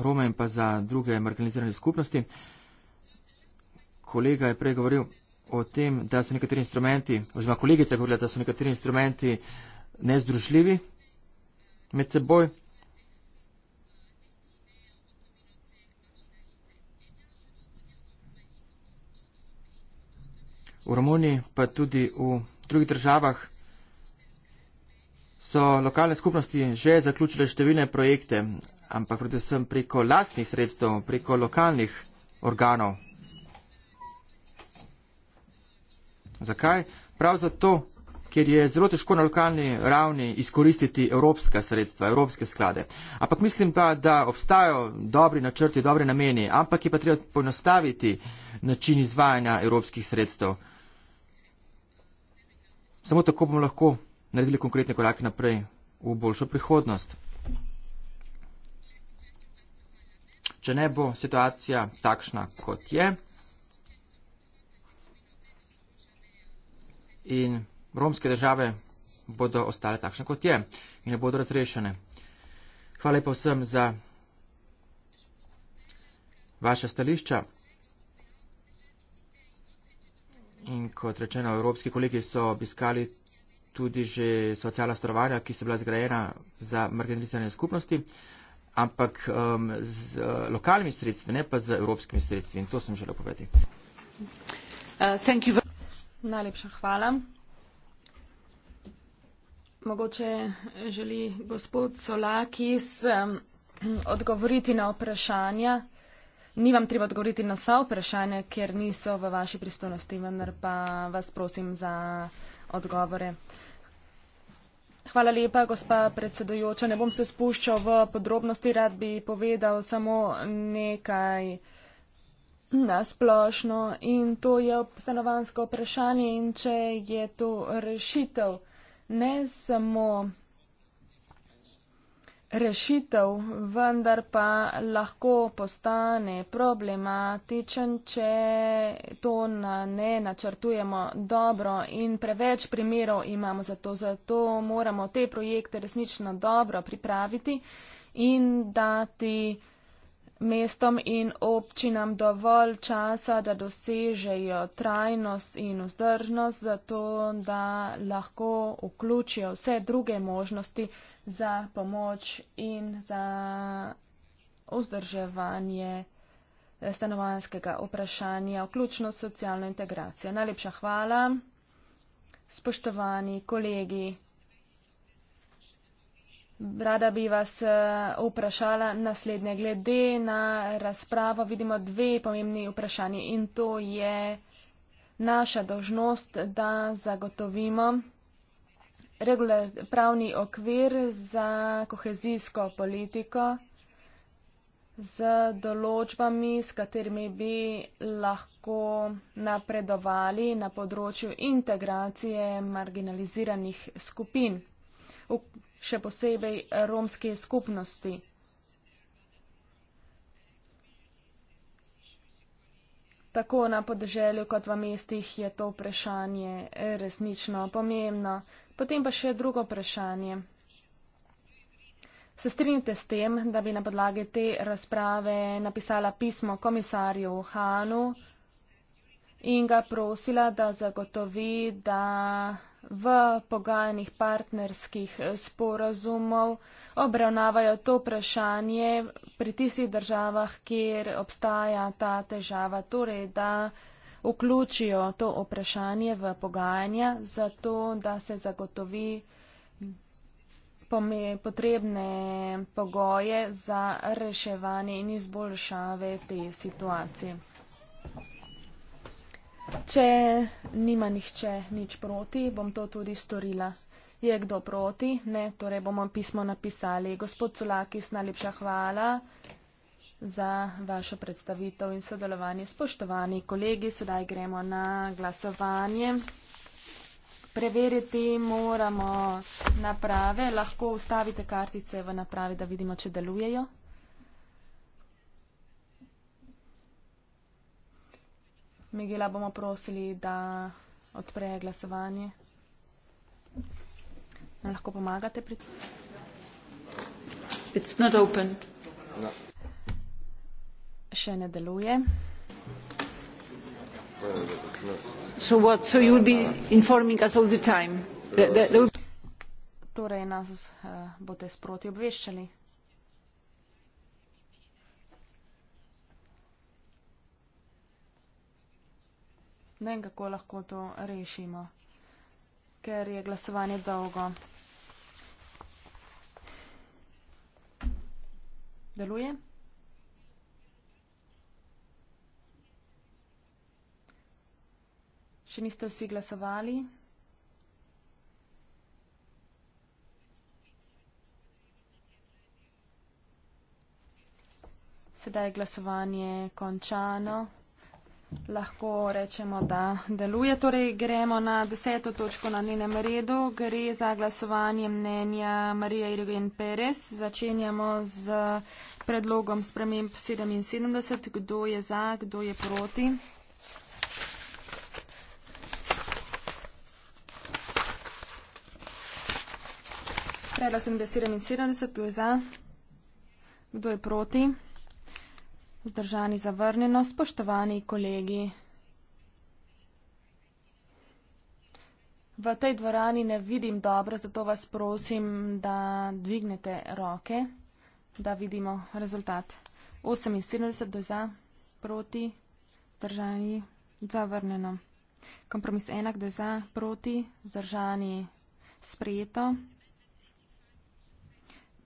Rome in pa za druge marginalizirane skupnosti. Kolega je prej govoril o tem, da so nekateri instrumenti, oziroma kolegica je govorila, da so nekateri instrumenti nezdružljivi med seboj. V Romuniji, pa tudi v drugih državah, so lokalne skupnosti že zaključile številne projekte ampak predvsem preko lastnih sredstev, preko lokalnih organov. Zakaj? Prav zato, ker je zelo težko na lokalni ravni izkoristiti evropska sredstva, evropske sklade. Ampak mislim pa, da obstajajo dobri načrti, dobri nameni, ampak je pa treba poenostaviti način izvajanja evropskih sredstev. Samo tako bomo lahko naredili konkretne korake naprej v boljšo prihodnost. če ne bo situacija takšna, kot je. In romske države bodo ostale takšne, kot je, in ne bodo razrešene. Hvala lepa vsem za vaše stališča. In kot rečeno, evropski kolegi so obiskali tudi že socialna strovanja, ki so bila zgrajena za marginalizirane skupnosti ampak um, z uh, lokalnimi sredstvi, ne pa z evropskimi sredstvi. In to sem želel povedati. Uh, Najlepša hvala. Mogoče želi gospod Solakis um, odgovoriti na vprašanja. Ni vam treba odgovoriti na vsa vprašanja, ker niso v vaši pristojnosti, vendar pa vas prosim za odgovore. Uh, Hvala lepa, gospa predsedujoča. Ne bom se spuščal v podrobnosti, rad bi povedal samo nekaj nasplošno in to je stanovansko vprašanje in če je to rešitev ne samo rešitev, vendar pa lahko postane problematičen, če to na ne načrtujemo dobro in preveč primerov imamo za to. Zato moramo te projekte resnično dobro pripraviti in dati mestom in občinam dovolj časa, da dosežejo trajnost in vzdržnost, zato da lahko vključijo vse druge možnosti za pomoč in za vzdrževanje stanovanskega vprašanja, vključno socialno integracijo. Najlepša hvala, spoštovani kolegi. Rada bi vas eh, vprašala naslednje glede na razpravo. Vidimo dve pomembni vprašanje in to je naša dožnost, da zagotovimo regular, pravni okvir za kohezijsko politiko z določbami, s katerimi bi lahko napredovali na področju integracije marginaliziranih skupin še posebej romske skupnosti. Tako na podeželju kot v mestih je to vprašanje resnično pomembno. Potem pa še drugo vprašanje. Se strinjate s tem, da bi na podlagi te razprave napisala pismo komisarju Hanu in ga prosila, da zagotovi, da v pogajanjih partnerskih eh, sporazumov obravnavajo to vprašanje pri tistih državah, kjer obstaja ta težava, torej da vključijo to vprašanje v pogajanja, zato da se zagotovi potrebne pogoje za reševanje in izboljšave te situacije. Če nima nihče nič proti, bom to tudi storila. Je kdo proti? Ne, torej bomo pismo napisali. Gospod Culakis, najlepša hvala za vašo predstavitev in sodelovanje. Spoštovani kolegi, sedaj gremo na glasovanje. Preveriti moramo naprave. Lahko ustavite kartice v naprave, da vidimo, če delujejo. Migela bomo prosili, da odpre glasovanje. Nam lahko pomagate pri tem? It's not opened. No. Še ne deluje. So what, so you will be informing us all the time? The, the, the... Torej nas uh, boste sproti obveščali. Ne vem, kako lahko to rešimo, ker je glasovanje dolgo. Deluje? Še niste vsi glasovali? Sedaj je glasovanje končano lahko rečemo, da deluje. Torej, gremo na deseto točko na njenem redu. Gre za glasovanje mnenja Marije Irvin Perez. Začenjamo z predlogom sprememb 77. Kdo je za, kdo je proti? Predlog 77. Kdo je za, kdo je proti? Vzdržani zavrnjeno, spoštovani kolegi. V tej dvorani ne vidim dobro, zato vas prosim, da dvignete roke, da vidimo rezultat. 78 do za, proti, vzdržani zavrnjeno. Kompromis enak, kdo je za, proti, vzdržani sprejeto.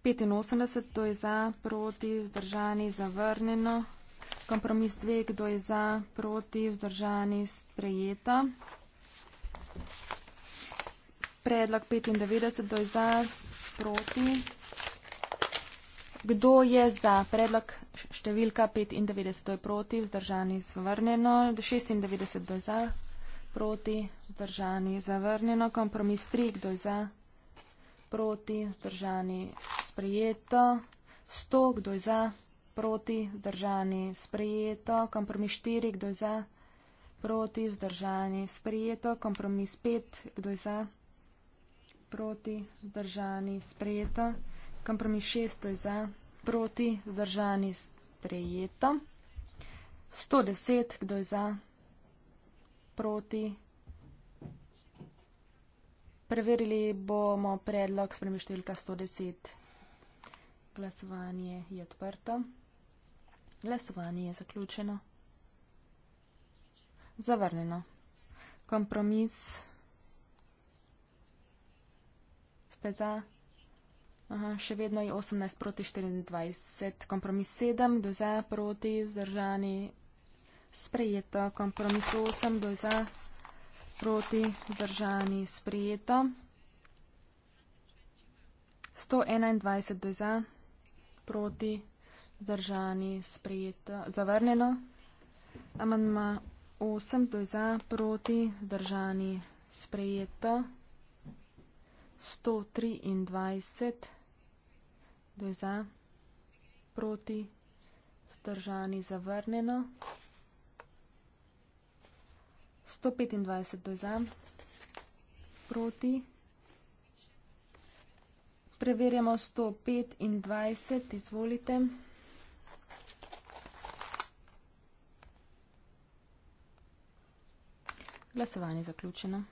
85, kdo je za, proti, vzdržani, zavrnjeno. Kompromis 2, kdo je za, proti, vzdržani, sprejeta. Predlog 95, kdo je za, proti. Kdo je za predlog številka 95, kdo je proti, vzdržani, zavrnjeno. 96, kdo je za, proti, vzdržani, zavrnjeno. Kompromis 3, kdo je za, proti, vzdržani, sprejeto. 100, kdo je za, proti, vzdržani, sprejeto. Kompromis 4, kdo je za, proti, vzdržani, sprejeto. Kompromis 5, kdo je za, proti, vzdržani, sprejeto. Kompromis 6, kdo je za, proti, vzdržani, sprejeto. 110, kdo je za, proti. Preverili bomo predlog spremeštevka 110. Glasovanje je odprto. Glasovanje je zaključeno. Zavrnjeno. Kompromis. Ste za? Aha, še vedno je 18 proti 24. Kompromis 7 do za proti vzdržani. Sprejeto. Kompromis 8 do za proti vzdržani. Sprejeto. 121 do za proti, zdržani, sprejeto, zavrnjeno. Amandma 8, to je za, proti, zdržani, sprejeto. 123, to je za, proti, zdržani, zavrnjeno. 125, to je za, proti. Preverjamo 125, izvolite. Glasovanje zaključeno.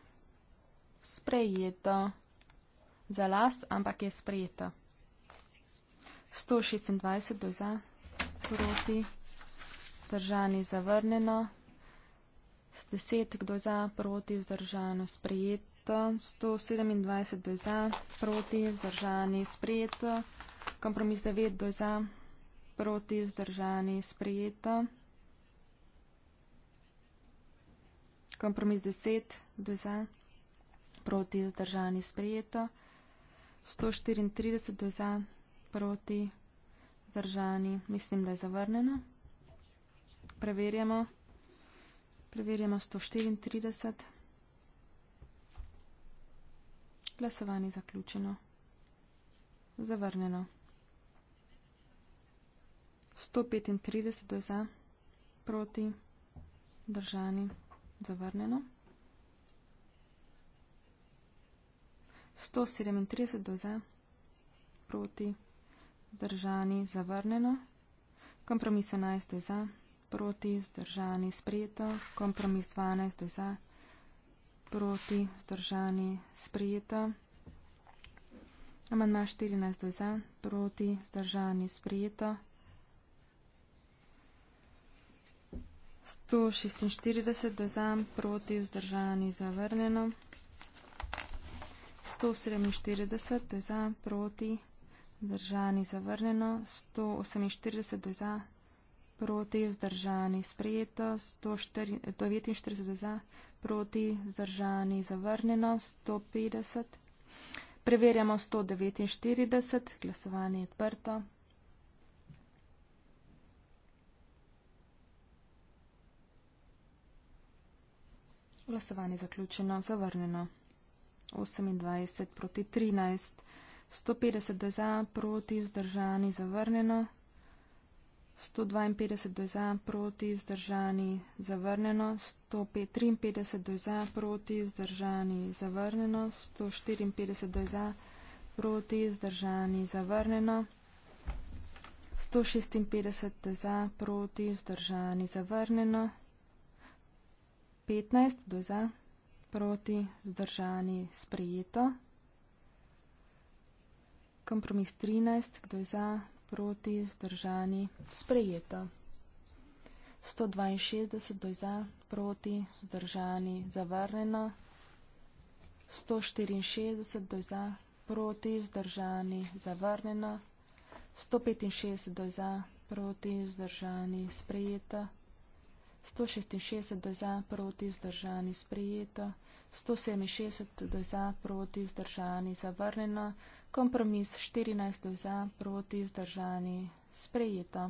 Sprejeto. Za las, ampak je sprejeto. 126 do za, proti, držani zavrneno. 10 kdo za, proti, vzdržano, sprejeto. 127 do za, proti, vzdržani, sprejet. Kompromis 9 do za, proti, vzdržani, sprejet. Kompromis 10 do za, proti, vzdržani, sprejet. 134 do za, proti, vzdržani, mislim, da je zavrnjeno. Preverjamo. Preverjamo 134. Glasovanje zaključeno. Zavrnjeno. 135 je za, proti, držani, zavrnjeno. 137 je za, proti, držani, zavrnjeno. Kompromis 11 je za, proti, zdržani, sprejeto. Kompromis 12 je za, proti proti, vzdržani, sprejeta. Amandma 14 do za, proti, vzdržani, sprejeta. 146 do za, proti, vzdržani, zavrnjeno. 147 do za, proti, vzdržani, zavrnjeno. 148 do za, proti, vzdržani, sprejeto, 149 za, proti, vzdržani, zavrnjeno, 150. Preverjamo 149, glasovanje je odprto. Glasovanje je zaključeno, zavrnjeno. 28 proti 13, 150 za, proti, vzdržani, zavrnjeno, 152 do za, proti, vzdržani, zavrnjeno, 153 do za, proti, vzdržani, zavrnjeno, 154 do za, proti, vzdržani, zavrnjeno, 156 do za, proti, vzdržani, zavrnjeno, 15 do za, proti, vzdržani, sprejeto, kompromis 13, kdo je za, proti, zdržani, sprejeto. 162 doj za, proti, zdržani, zavrneno. 164 doj za, proti, zdržani, zavrneno. 165 doj za, proti, zdržani, sprejeto. 166 doj za, proti, zdržani, sprejeto. 167 doj za, proti, zdržani, zavrneno. Kompromis 14 za, proti vzdržani, sprejeta.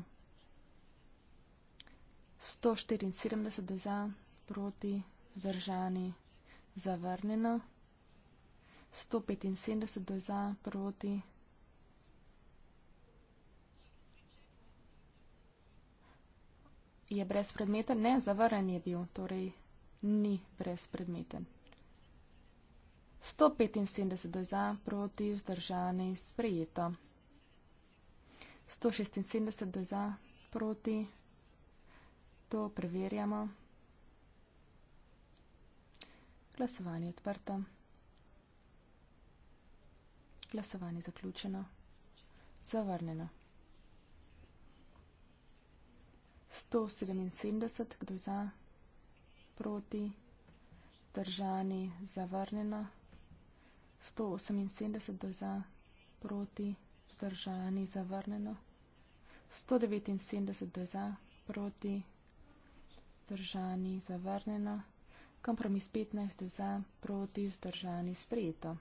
174 za, proti vzdržani, zavrnjena. 175 za, proti. 175 je brez predmeta, ne, zavrnjen je bil, torej ni brez predmeten. 175 za, proti vzdržani sprejeto. 176 za, proti. To preverjamo. Glasovanje odprto. Glasovanje zaključeno. Zavrnjeno. 177 kdo za, proti, držani, zavrnjeno. 178 za, proti, vzdržani, zavrnjeno. 179 za, proti, vzdržani, zavrnjeno. Kompromis 15 za, proti, vzdržani, sprejeto.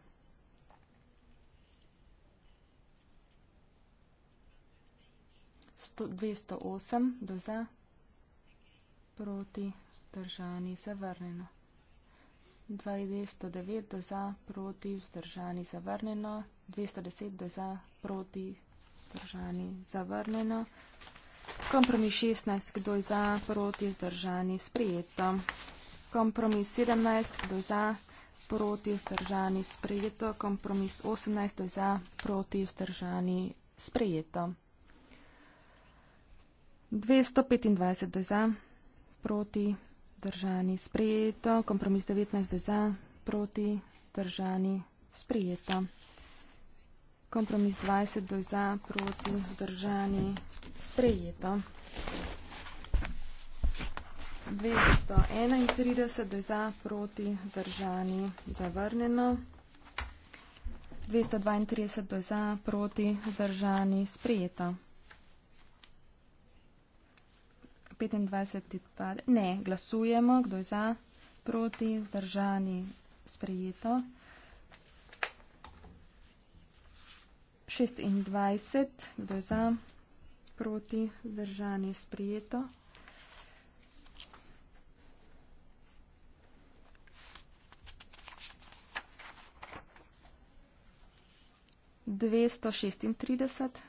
Sto, 208 do za, proti, držani, zavrnjeno. 209 do za, proti, vzdržani, zavrnjeno. 210 do za, proti, vzdržani, zavrnjeno. Kompromis 16, kdo je za, proti, vzdržani, sprejeto. Kompromis 17, kdo je za, proti, vzdržani, sprejeto. Kompromis 18, kdo je za, proti, vzdržani, sprejeto. 225 do za, proti, vzdržani. Držani sprejeto. Kompromis 19 za, proti. Držani sprejeto. Kompromis 20 za, proti. Držani sprejeto. 231 za, proti. Držani zavrnjeno. 232 za, proti. Držani sprejeto. 25 odpade. Ne, glasujemo, kdo je za, proti, zdržani, sprejeto. 26, kdo je za, proti, zdržani, sprejeto. 236.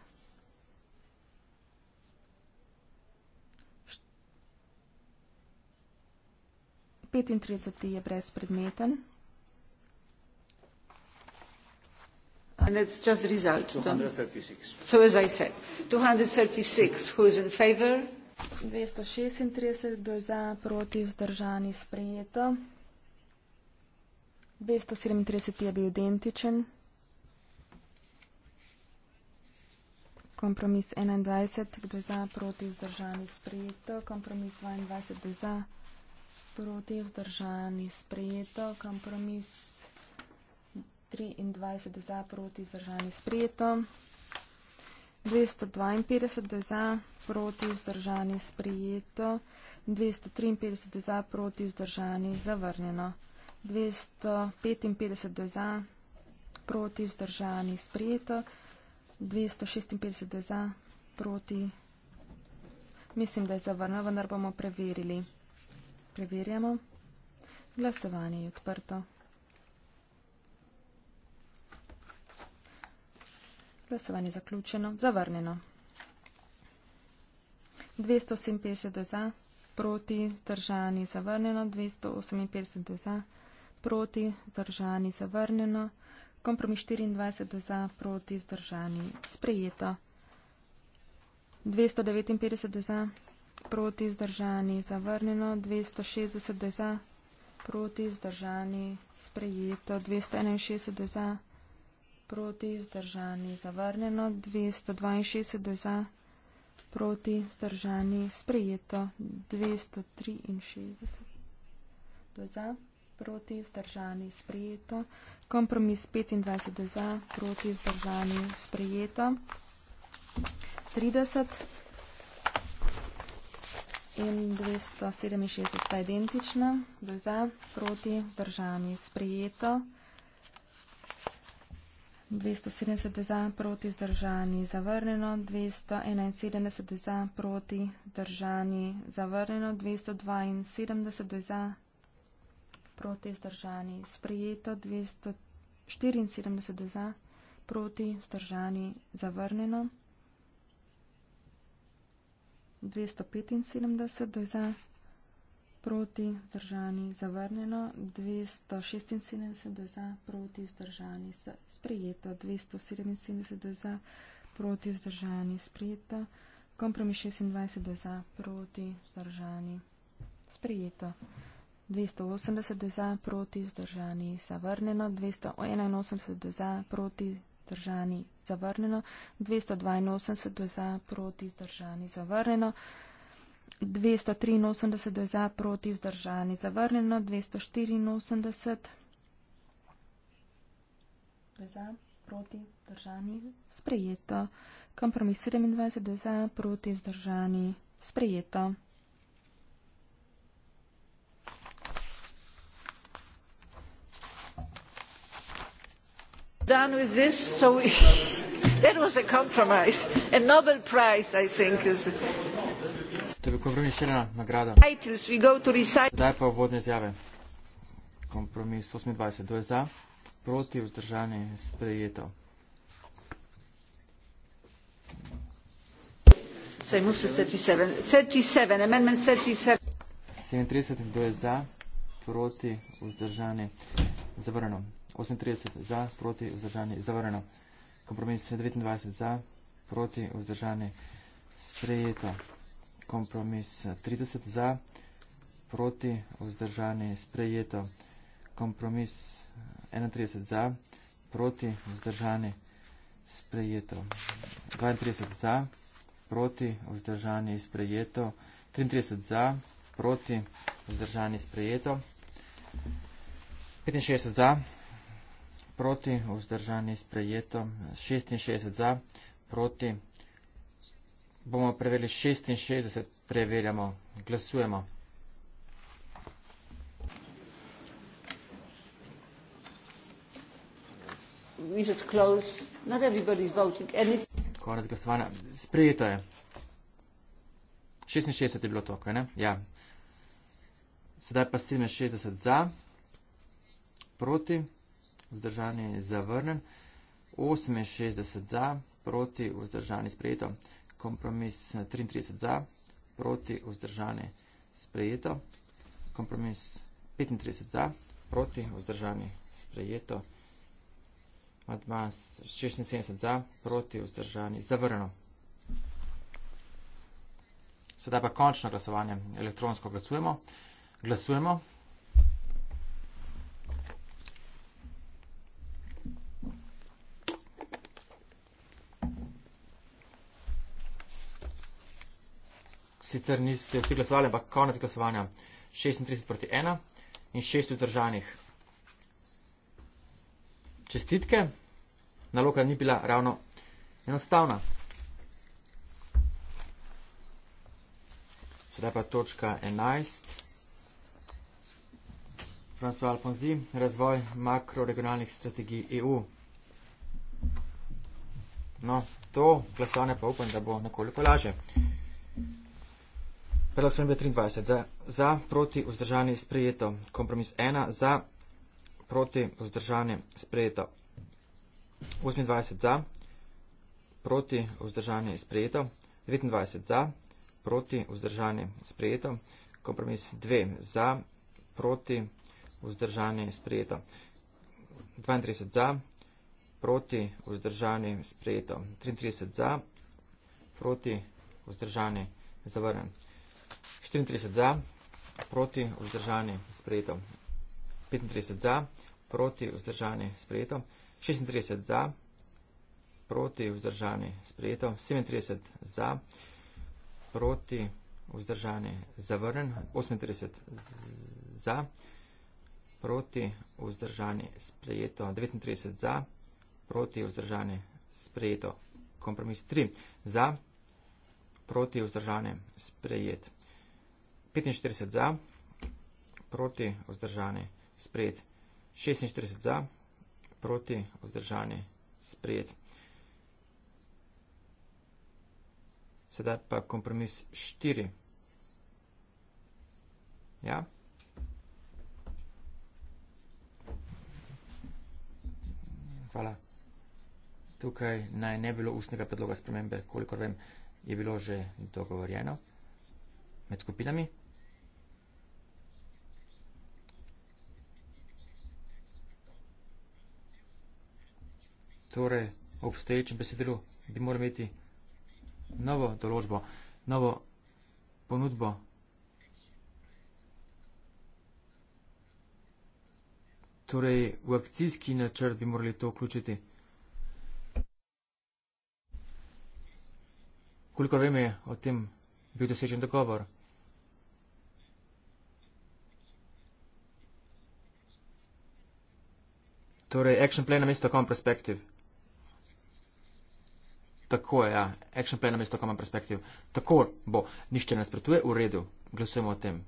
35. je brezpredmeten. And it's just result. 236. So as I said, 236, who is in favor? 236, kdo je za, proti, vzdržani, sprejeto. 237 je bil identičen. Kompromis 21, kdo je za, proti, vzdržani, sprejeto. Kompromis 22, kdo je za proti vzdržani sprejeto, kompromis 23 za proti vzdržani sprejeto, 252 za proti vzdržani sprejeto, 253 za proti vzdržani zavrnjeno, 255 za proti vzdržani sprejeto, 256 za proti. Mislim, da je zavrnjeno, vendar bomo preverili. Preverjamo. Glasovanje je odprto. Glasovanje je zaključeno. Zavrnjeno. 257 za, proti, zdržani, zavrnjeno. 258 za, proti, zdržani, zavrnjeno. Kompromis 24 za, proti, zdržani, sprejeto. 259 za proti vzdržani, zavrnjeno 260 za, proti vzdržani, sprejeto 261 za, proti vzdržani, zavrnjeno 262 za, proti vzdržani, sprejeto 263 za, proti vzdržani, sprejeto, kompromis 25 za, proti vzdržani, sprejeto 30 in 267 pa identična, da za, proti, zdržani, sprejeto. 270 za, proti, zdržani, zavrnjeno. 271 za, proti, zdržani, zavrnjeno. 272 za, proti, zdržani, sprejeto. 274 za, proti, zdržani, zavrnjeno. 275 do za, proti vzdržani zavrnjeno, 276 do za, proti vzdržani sprejeto, 277 do za, proti vzdržani sprejeto, kompromis 26 do za, proti vzdržani sprejeto. 280 za, proti zdržani zavrnjeno, 281 za, proti vzdržani zavrnjeno, 282 do za, proti vzdržani zavrnjeno, 283 do za, proti vzdržani zavrnjeno, 284 do za, proti vzdržani sprejeto, kompromis 27 do za, proti vzdržani sprejeto. done with this. So that was a compromise. A Nobel Prize, I think, is. To je bil kompromis, še ena nagrada. Zdaj pa vodne izjave. Kompromis 28. Kdo je za? Proti vzdržanje sprejeto. So je musel 37. 37. 37. Kdo je za? Proti vzdržanje zavrnjeno. 38 za, proti vzdržani, zavrano. Kompromis 29 za, proti vzdržani, sprejeto. Kompromis 30 za, proti vzdržani, sprejeto. Kompromis 31 za, proti vzdržani, sprejeto. 32 za, proti vzdržani, sprejeto. 33 za, proti vzdržani, sprejeto. 65 za, proti, vzdržani sprejeto, 66 za, proti, bomo preverili 66, preverjamo, glasujemo. Konec glasovanja, sprejeto je. 66 je bilo to, kaj ne? Ja. Sedaj pa 67 za, proti vzdržanje je zavrnen, 68 za, proti vzdržanje sprejeto, kompromis 33 eh, za, proti vzdržanje sprejeto, kompromis 35 za, proti vzdržanje sprejeto, odma 76 za, proti vzdržanje zavrnjeno. Sedaj pa končno glasovanje. Elektronsko glasujemo. Glasujemo. sicer niste vsi glasovali, ampak konec glasovanja 36 proti 1 in 6 vzdržanih. Čestitke, naloga ni bila ravno enostavna. Sedaj pa točka 11. François Alfonzi, razvoj makroregionalnih strategij EU. No, to glasovanje pa upam, da bo nekoliko lažje. Predlog spremembe 23. Za, za proti vzdržanje sprejeto. Kompromis 1. Za proti vzdržanje sprejeto. 28. Za proti vzdržanje sprejeto. 29. Za proti vzdržanje sprejeto. Kompromis 2. Za proti vzdržanje sprejeto. 32. Za proti vzdržanje sprejeto. 33. Za proti vzdržanje zavrnjeno. 34 za, proti vzdržanje sprejeto. 35 za, proti vzdržanje sprejeto. 36 za, proti vzdržanje sprejeto. 37 za, proti vzdržanje zavrnen. 38 za, proti vzdržanje sprejeto. 39 za, proti vzdržanje sprejeto. Kompromis 3 za, proti vzdržanje sprejeto. 45 za, proti vzdržani, sprejet 46 za, proti vzdržani, sprejet. Sedaj pa kompromis 4. Ja. Hvala. Tukaj naj ne bilo ustnega predloga spremembe, kolikor vem, je bilo že dogovorjeno med skupinami. torej obstoječem besedilu bi moral imeti novo določbo, novo ponudbo. Torej, v akcijski načrt bi morali to vključiti. Koliko vem je o tem bil dosežen dogovor? Torej, action plan namesto common perspective. Tako je, ja. action plan namesto common perspective. Tako bo, nišče nas pretuje, v redu, glasujemo o tem.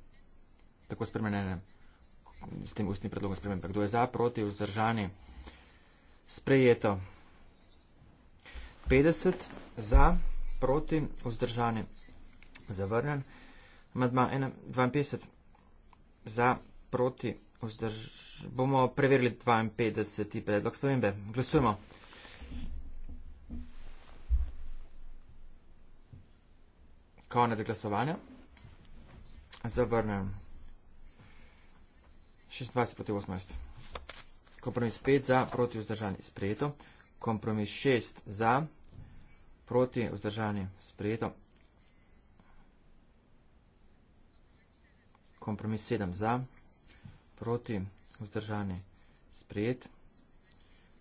Tako spremenjenem, s tem ustnim predlogom spremembe. Kdo je za, proti, vzdržani? Sprejeto. 50 za, proti, vzdržani. Zavrnjen. Madma 52 za, proti, vzdržani. Bomo preverili 52. predlog spremembe. Glasujemo. Konec glasovanja. Zavrnem. 26 proti 18. Kompromis 5 za, proti vzdržani sprejeto. Kompromis 6 za, proti vzdržani sprejeto. Kompromis 7 za, proti vzdržani sprejet.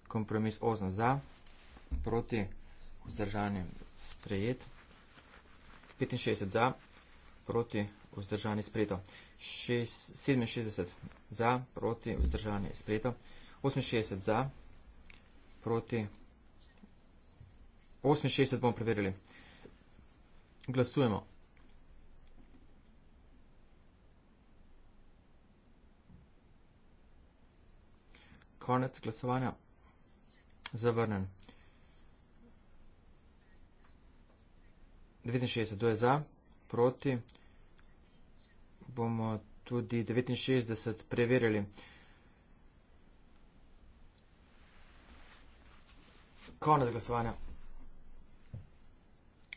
Kompromis 8 za, proti vzdržani sprejeto. 65 za, proti vzdržani spreto. 67 za, proti vzdržani spreto. 68 za, proti. 68 bomo preverili. Glasujemo. Konec glasovanja. Zavrnen. 69, to je za, proti. Bomo tudi 69 preverili. Konec glasovanja.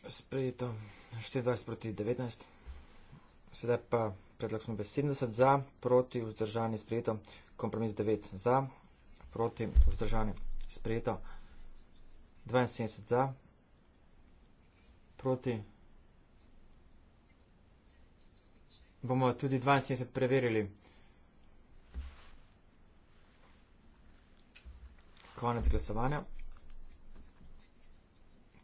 Sprejeto 24 proti 19. Sedaj pa predlog smo bez 70 za, proti vzdržani sprejeto. Kompromis 9 za, proti vzdržani sprejeto. 72 za, proti. Bomo tudi 72 preverili. Konec glasovanja.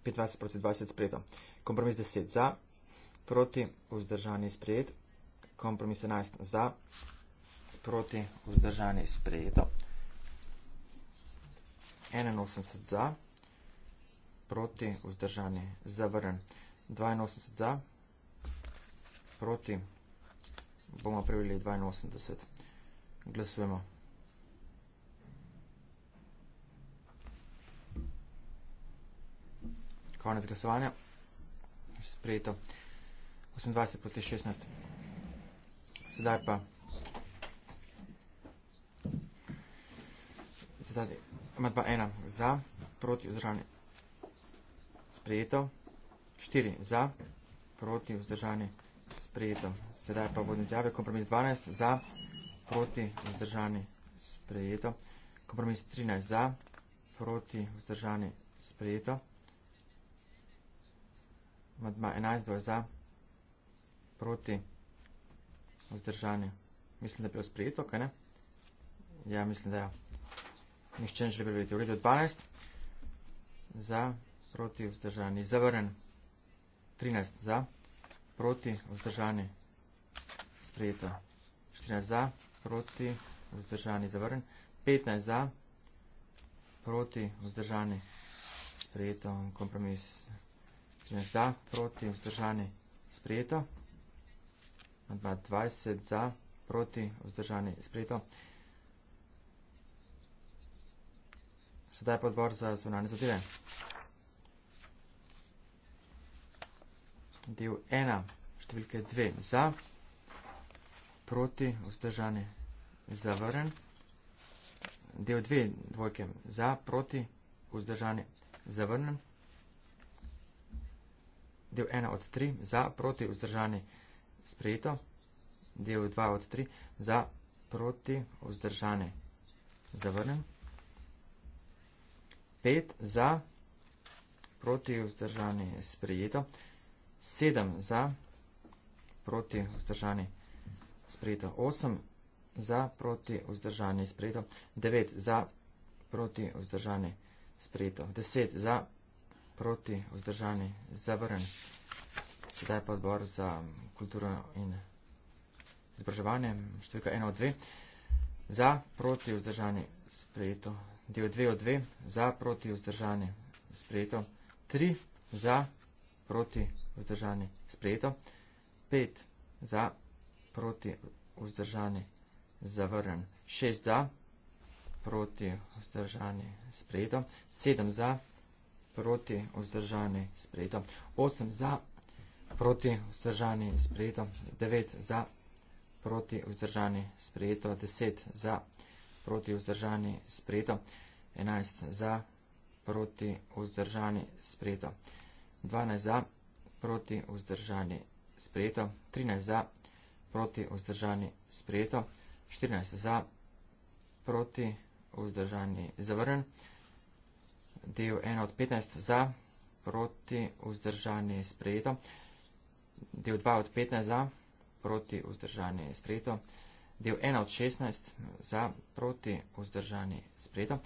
25 proti 20 sprejeto. Kompromis 10 za, proti vzdržanje sprejet. Kompromis 11 za, proti vzdržanje sprejeto. 81 za proti, vzdržani, zavrn. 82 za, proti, bomo prebili 82. Glasujemo. Konec glasovanja. Sprejeto. 28 proti 16. Sedaj pa. Sedaj. Matba 1 za, proti, vzdržanje sprejeto, štiri za, proti, vzdržani, sprejeto. Sedaj pa vodne izjave, kompromis 12 za, proti, vzdržani, sprejeto. Kompromis 13 za, proti, vzdržani, sprejeto. Madma 11 dva za, proti, vzdržani. Mislim, da je bilo sprejeto, kaj ne? Ja, mislim, da ja. Nihče ne želi prebiti. V redu 12 za, proti, vzdržani, sprejeto proti vzdržani, zavrnen, 13 za, proti vzdržani, sprejeto, 14 za, proti vzdržani, zavrnen, 15 za, proti vzdržani, sprejeto, kompromis, 13 za, proti vzdržani, sprejeto, 20 za, proti vzdržani, sprejeto, Sedaj podbor za zvonanje zadeve. del 1, številke 2, za, proti, vzdržani, zavrn, del 2, dvojke, za, proti, vzdržani, zavrn, del 1 od 3, za, proti, vzdržani, sprejeto, del 2 od 3, za, proti, vzdržani, zavrn, 5, za, proti, vzdržani, sprejeto, 7 za, proti vzdržani sprejeto 8, za, proti vzdržani sprejeto 9, za, proti vzdržani sprejeto 10, za, proti vzdržani zavrn. Sedaj pa odbor za kulturo in izobraževanje, številka 1 od 2, za, proti vzdržani sprejeto 9, 2 od 2, za, proti vzdržani sprejeto 3, za, proti vzdržani vzdržani, sprejeto. Pet za, proti vzdržani, zavrnen. Šest za, proti vzdržani, sprejeto. Sedem za, proti vzdržani, sprejeto. Osem za, proti vzdržani, sprejeto. Devet za, proti vzdržani, sprejeto. Deset za, proti vzdržani, sprejeto. Enajst za, proti vzdržani, sprejeto. 12 za, proti vzdržani sprejeto, 13 za proti vzdržani sprejeto, 14 za proti vzdržani zavrnen, del 1 od 15 za proti vzdržani sprejeto, del 2 od 15 za proti vzdržani sprejeto, del 1 od 16 za proti vzdržani sprejeto,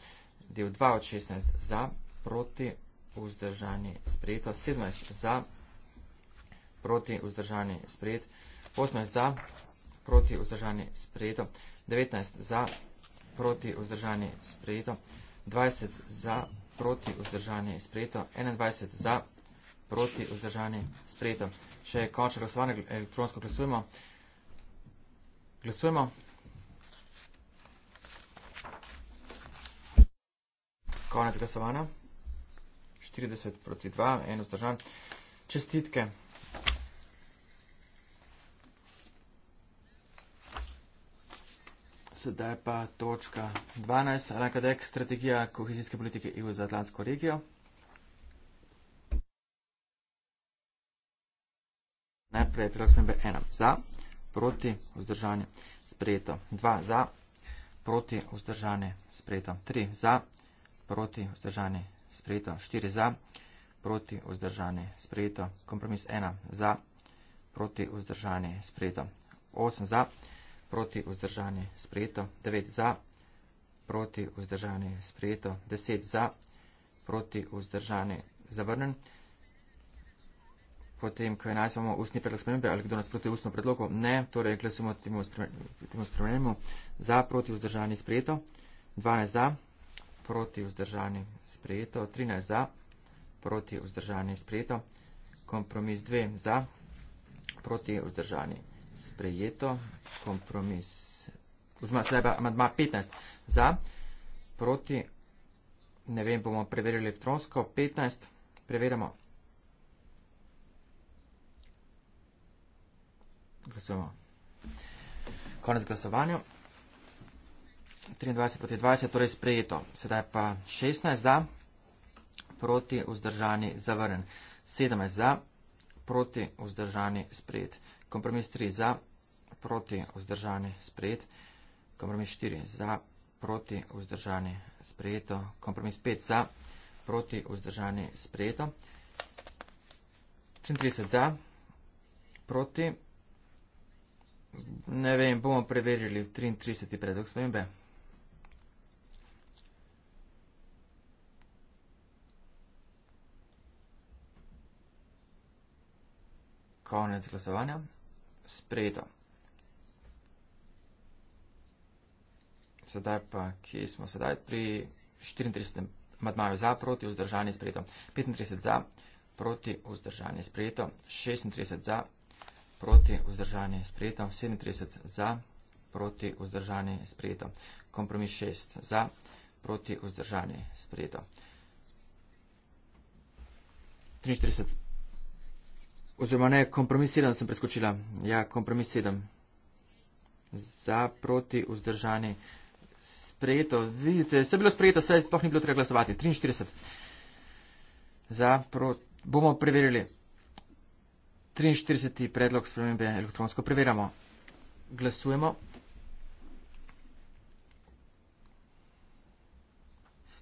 del 2 od 16 za proti vzdržani sprejeto, 17 za proti vzdržani sprejeto, proti vzdržanje sprejet, 18 za, proti vzdržanje sprejeto, 19 za, proti vzdržanje sprejeto, 20 za, proti vzdržanje sprejeto, 21 za, proti vzdržanje sprejeto. Še končno glasovanje elektronsko glasujemo. Glasujemo. Konec glasovanja. 40 proti 2, eno zdržan. Čestitke. sedaj pa točka 12, Alanka Dek, strategija kohezijske politike EU za Atlantsko regijo. Najprej prilog smembe 1. Za, proti, vzdržanje, sprejeto. 2. Za, proti, vzdržanje, sprejeto. 3. Za, proti, vzdržanje, sprejeto. 4. Za, proti, vzdržanje, sprejeto. Kompromis 1. Za, proti, vzdržanje, sprejeto. 8. Za, proti, vzdržanje, sprejeto proti vzdržanje sprejeto, 9 za, proti vzdržanje sprejeto, 10 za, proti vzdržanje zavrnen. Potem, ko je naj, imamo ustni predlog spremembe ali kdo nas proti ustno predlogu, ne, torej glasimo temu spremenjemu, za, proti vzdržanje sprejeto, 12 za, proti vzdržanje sprejeto, 13 za, proti vzdržanje sprejeto, kompromis 2 za, proti vzdržanje sprejeto sprejeto, kompromis, oziroma sedaj pa amadma 15 za, proti, ne vem, bomo preverili elektronsko, 15, preverjamo. Glasujemo. Konec glasovanja. 23 proti 20, torej sprejeto. Sedaj pa 16 za, proti, vzdržani, zavrnen. 17 za, proti, vzdržani, sprejet. Kompromis 3 za, proti, vzdržani, sprejet. Kompromis 4 za, proti, vzdržani, sprejeto. Kompromis 5 za, proti, vzdržani, sprejeto. 33 za, proti. Ne vem, bomo preverili 33. predlog spremembe. Konec glasovanja sprejeto. Sedaj pa, kje smo sedaj? Pri 34. madmaju za, proti, vzdržanje sprejeto. 35 za, proti, vzdržanje sprejeto. 36 za, proti, vzdržanje sprejeto. 37 za, proti, vzdržanje sprejeto. Kompromis 6 za, proti, vzdržanje sprejeto. 43 oziroma ne, kompromis 7 sem preskočila. Ja, kompromis 7. Za, proti, vzdržani. Sprejeto, vidite, vse je bilo sprejeto, vse je sploh ni bilo treba glasovati. 43. Za, proti, bomo preverili. 43. predlog spremembe elektronsko preverjamo. Glasujemo.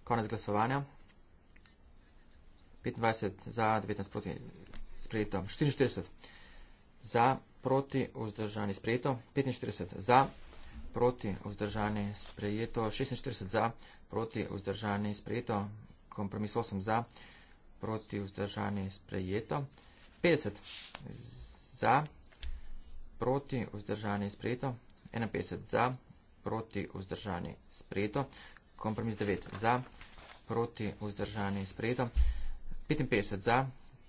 Konec glasovanja. 25 za, 19 proti sprejeto, 44 za, proti, vzdržani sprejeto, 45 za, proti, vzdržani sprejeto, 46 za, proti, vzdržani sprejeto, kompromis 8 za, proti, vzdržani sprejeto, 50 za, proti, vzdržani sprejeto, 51 za, proti, vzdržani sprejeto, kompromis 9 za, proti, vzdržani sprejeto, 55 za,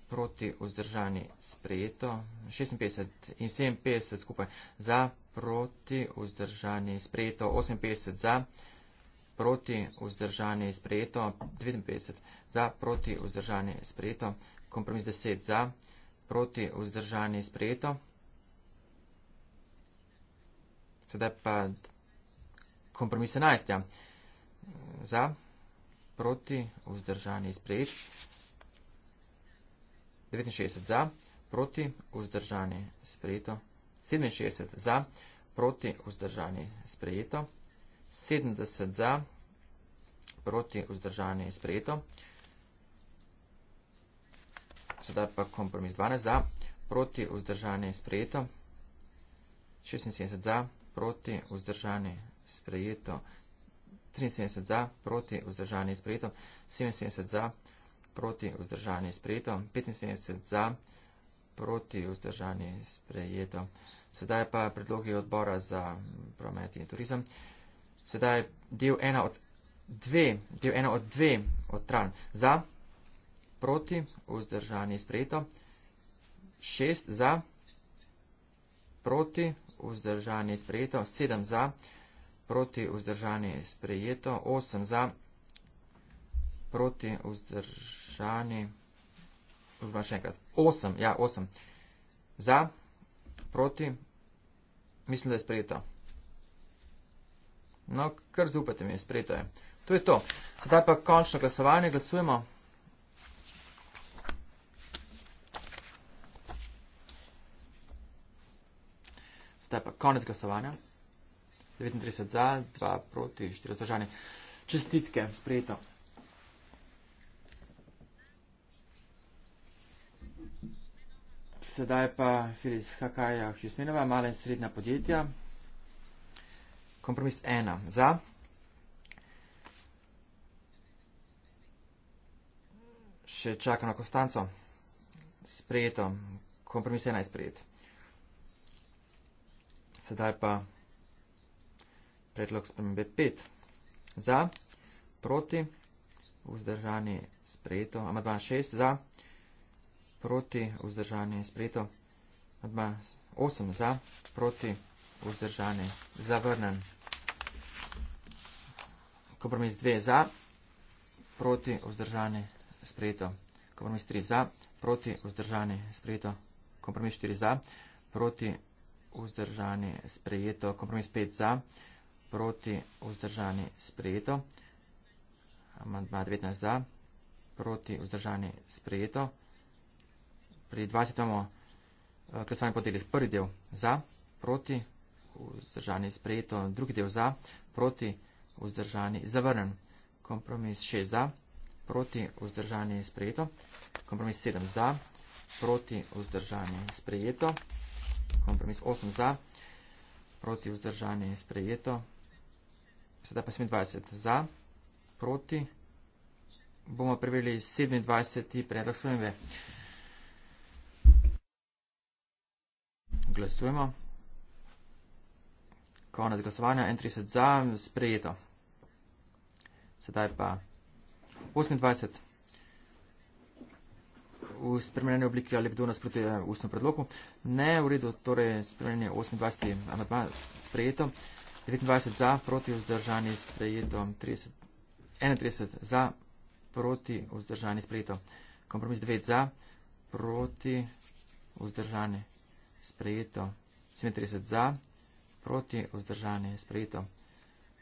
proti vzdržani sprejeto, 56 in 57 skupaj za, proti vzdržani sprejeto, 58 za, proti vzdržani sprejeto, 59 za, proti vzdržani sprejeto, kompromis 10 za, proti vzdržani sprejeto. Sedaj pa kompromis 11 ja. za, proti vzdržani sprejeto. 69 za, proti, vzdržani, sprejeto. 67 za, proti, vzdržani, sprejeto. 70 za, proti, vzdržani, sprejeto. Sedaj pa kompromis 12 za, proti, vzdržani, sprejeto. 76 za, proti, vzdržani, sprejeto. 73 za, proti, vzdržani, sprejeto. 77 za, proti, vzdržani, sprejeto proti vzdržanje sprejeto, 75 za, proti vzdržanje sprejeto. Sedaj pa predlogi odbora za promet in turizem. Sedaj del ena od dve, del ena od dve od tran za, proti vzdržanje sprejeto, 6 za, proti vzdržanje sprejeto, 7 za, proti vzdržanje sprejeto, 8 za, proti vzdržanje vprašanje. Vprašanje še enkrat. Osem, ja, osem. Za, proti, mislim, da je sprejeto. No, kar zupete mi, sprejeto je. To je to. Sedaj pa končno glasovanje, glasujemo. Zdaj pa konec glasovanja. 39 za, 2 proti, 4 vzdržani. Čestitke, sprejeto. sedaj pa Filiz Hakaja, Hrisminova, mala in srednja podjetja. Kompromis ena. Za. Še čaka na Konstanco. Sprejeto. Kompromis ena je sprejet. Sedaj pa predlog spremembe pet. Za. Proti. Vzdržani sprejeto. Amadvan šest. Za proti, vzdržanje je spreto. Odma 8 za, proti, vzdržanje, zavrnen. Kompromis 2 za, proti, vzdržanje, spreto. Kompromis 3 za, proti, vzdržanje, spreto. Kompromis 4 za, proti, vzdržanje, sprejeto. Kompromis 5 za, proti, vzdržanje, sprejeto. Amandma 19 za, proti, vzdržanje, sprejeto pri 20. Eh, glasovanju podelih prvi del za, proti, vzdržani sprejeto, drugi del za, proti, vzdržani zavrnen. Kompromis 6 za, proti, vzdržani sprejeto. Kompromis 7 za, proti, vzdržani sprejeto. Kompromis 8 za, proti, vzdržani sprejeto. Sedaj pa 27 za, proti. Bomo preverili 27. predlog spremembe. glasujemo. Konec glasovanja, 31 za, sprejeto. Sedaj pa 28. V spremenjeni obliki ali kdo nasprotuje eh, ustno predlogu? Ne, v redu, torej spremenjeni 28. amatma sprejeto. 29 za, proti vzdržani sprejeto. 30, 31 za, proti vzdržani sprejeto. Kompromis 9 za, proti vzdržani sprejeto sprejeto, 37 za, proti, vzdržanje, sprejeto.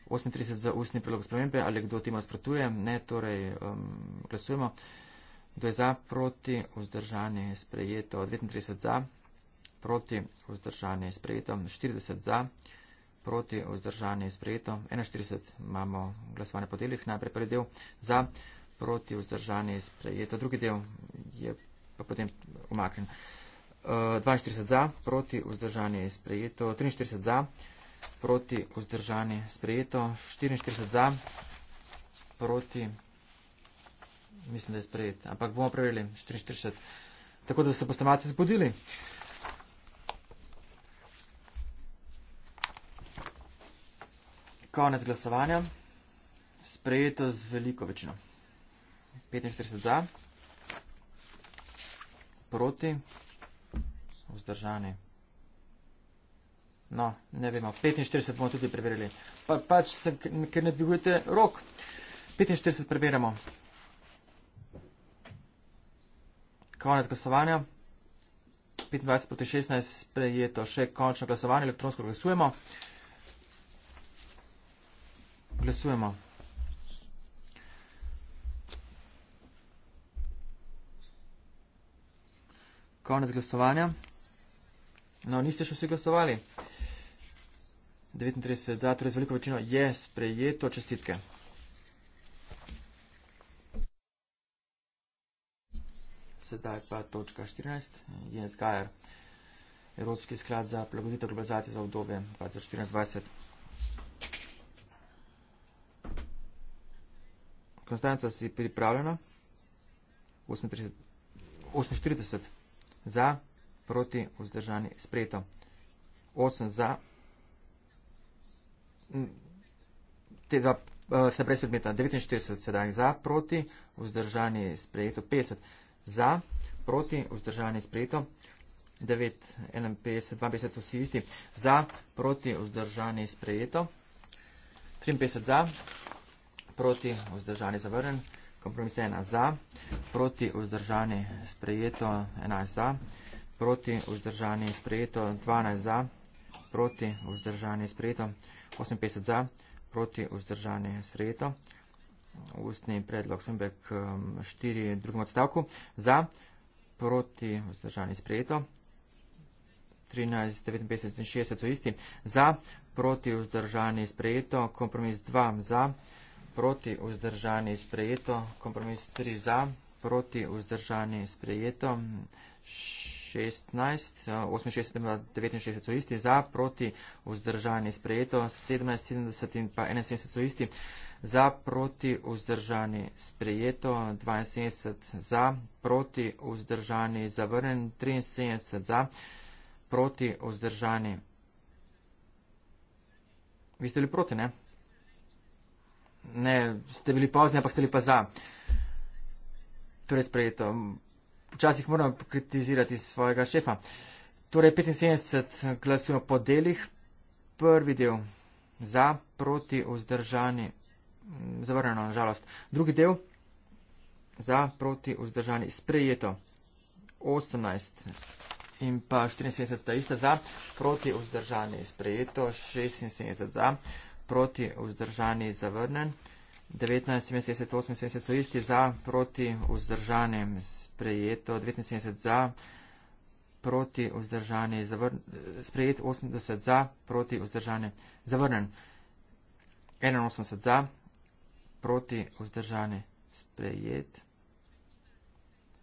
38 za ustni predlog spremembe, ali kdo temu nasprotuje, ne, torej um, glasujemo. Kdo je za, proti, vzdržanje, sprejeto. 39 za, proti, vzdržanje, sprejeto. 40 za, proti, vzdržanje, sprejeto. 41 imamo glasovanje po delih, najprej prvi del za, proti, vzdržanje, sprejeto. Drugi del je pa potem umaknjen. 42 za, proti vzdržanje je sprejeto, 43 za, proti vzdržanje je sprejeto, 44 za, proti, mislim, da je sprejet, ampak bomo preverili, 44, tako da se boste malce zbudili. Konec glasovanja, sprejeto z veliko večino. 45 za, proti, vzdržani. No, ne vemo, 45 bomo tudi preverili. Pa, pač, se, ker ne dvigujete rok, 45 preverjamo. Konec glasovanja. 25 proti 16 sprejeto še končno glasovanje, elektronsko glasujemo. Glasujemo. Konec glasovanja. No, niste še vsi glasovali. 39 za, torej z veliko večino je sprejeto čestitke. Sedaj pa točka 14, Jens Gajer, Evropski sklad za prilagoditev globalizacije za obdobje 2014-2020. Konstanca si pripravljena, 48, 48 za proti vzdržani spreto. 8 za, te dva eh, se brez predmeta, 49 sedaj za, proti vzdržani spreto, 50 za, proti vzdržani spreto, 9, 51, 52 so vsi isti, za, proti vzdržani spreto, 53 za, proti vzdržani zavrnen, kompromis 1 za, proti vzdržani sprejeto, 11 za proti vzdržanje sprejeto, 12 za, proti vzdržanje sprejeto, 58 za, proti vzdržanje sprejeto. Ustni predlog smembe k 4 um, drugemu odstavku za, proti vzdržanje sprejeto, 13, 59 in 60 so isti za, proti vzdržanje sprejeto, kompromis 2 za, proti vzdržanje sprejeto, kompromis 3 za, proti vzdržanje sprejeto. Š 16, 68 in 69 so isti, za, proti, vzdržani, sprejeto, 17, 70 in pa 71 so isti, za, proti, vzdržani, sprejeto, 72 za, proti, vzdržani, zavrnen, 73 za, proti, vzdržani. Vi ste bili proti, ne? Ne, ste bili pozni, ampak ste bili pa za. Torej, sprejeto včasih moramo kritizirati svojega šefa. Torej 75 glasujemo po delih. Prvi del za, proti, vzdržani, zavrnjeno na žalost. Drugi del za, proti, vzdržani, sprejeto. 18 in pa 74 sta ista za, proti, vzdržani, sprejeto. 76 za, proti, vzdržani, zavrnjen. 19, 70, 78 so isti za, proti vzdržane, sprejeto 79 za, proti vzdržane, sprejet 80 za, proti vzdržane, zavrnen 81 za, proti vzdržane, sprejet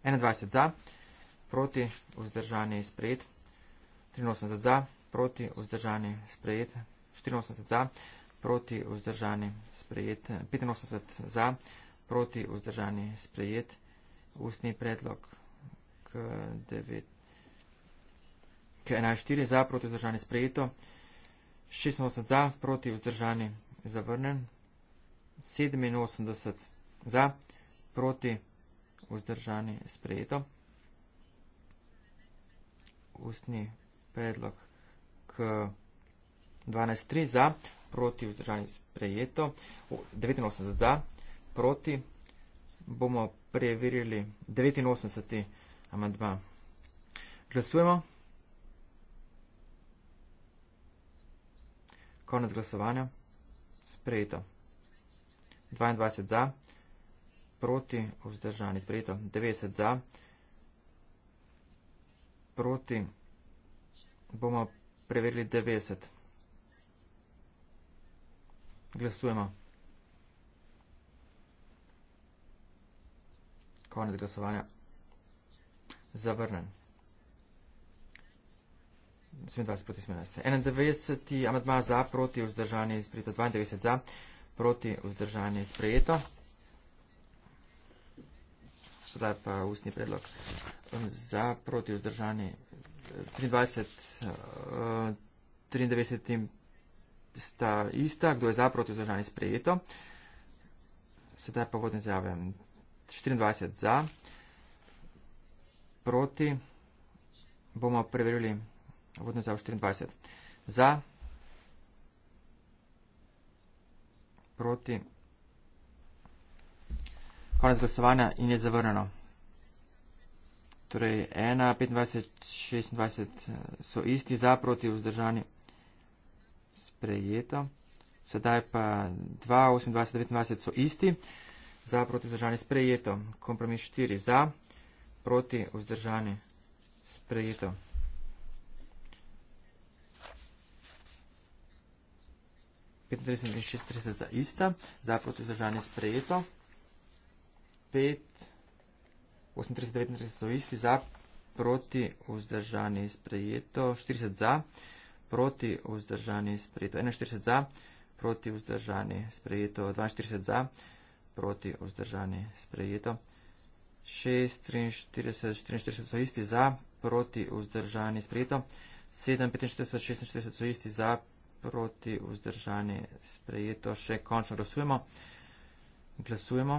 21 za, proti vzdržane, sprejet 83 za, proti vzdržane, sprejet 84 za proti vzdržani sprejet, 85 za, proti vzdržani sprejet, ustni predlog k 9, k 14 za, proti vzdržani sprejeto, 86 za, proti vzdržani zavrnen, 87 za, proti vzdržani sprejeto, ustni predlog k 12.3 za, proti vzdržanju sprejeto, 89 za, proti bomo preverili 89. amandma. Glasujemo. Konec glasovanja. Sprejeto. 22 za, proti vzdržanju sprejeto, 90 za, proti bomo preverili 90. Glasujemo. Konec glasovanja. Zavrnen. 27 proti 17. 91. amadma za, proti vzdržanje sprejeto. 92 za, proti vzdržanje sprejeto. Sedaj pa ustni predlog. Za, proti vzdržanje 23. 93 sta ista, kdo je za proti vzdržanje sprejeto. Sedaj pa vodne zjave 24 za, proti bomo preverili vodne zjave 24 za, proti. Konec glasovanja in je zavrnjeno. Torej 1, 25, 26 so isti za proti vzdržanje sprejeto. Sedaj pa 2, 28, 29 so isti. Za proti vzdržanje sprejeto. Kompromis 4 za, proti vzdržanje sprejeto. in 36 za ista, za proti vzdržanje sprejeto, 5, 38, 39 so isti, za proti vzdržanje sprejeto, 40 za, proti vzdržani sprejeto. 41 za, proti vzdržani sprejeto. 42 za, proti vzdržani sprejeto. 6, 43, 44 so isti za, proti vzdržani sprejeto. 7, 45, 46 so isti za, proti vzdržani sprejeto. Še končno glasujemo. Glasujemo.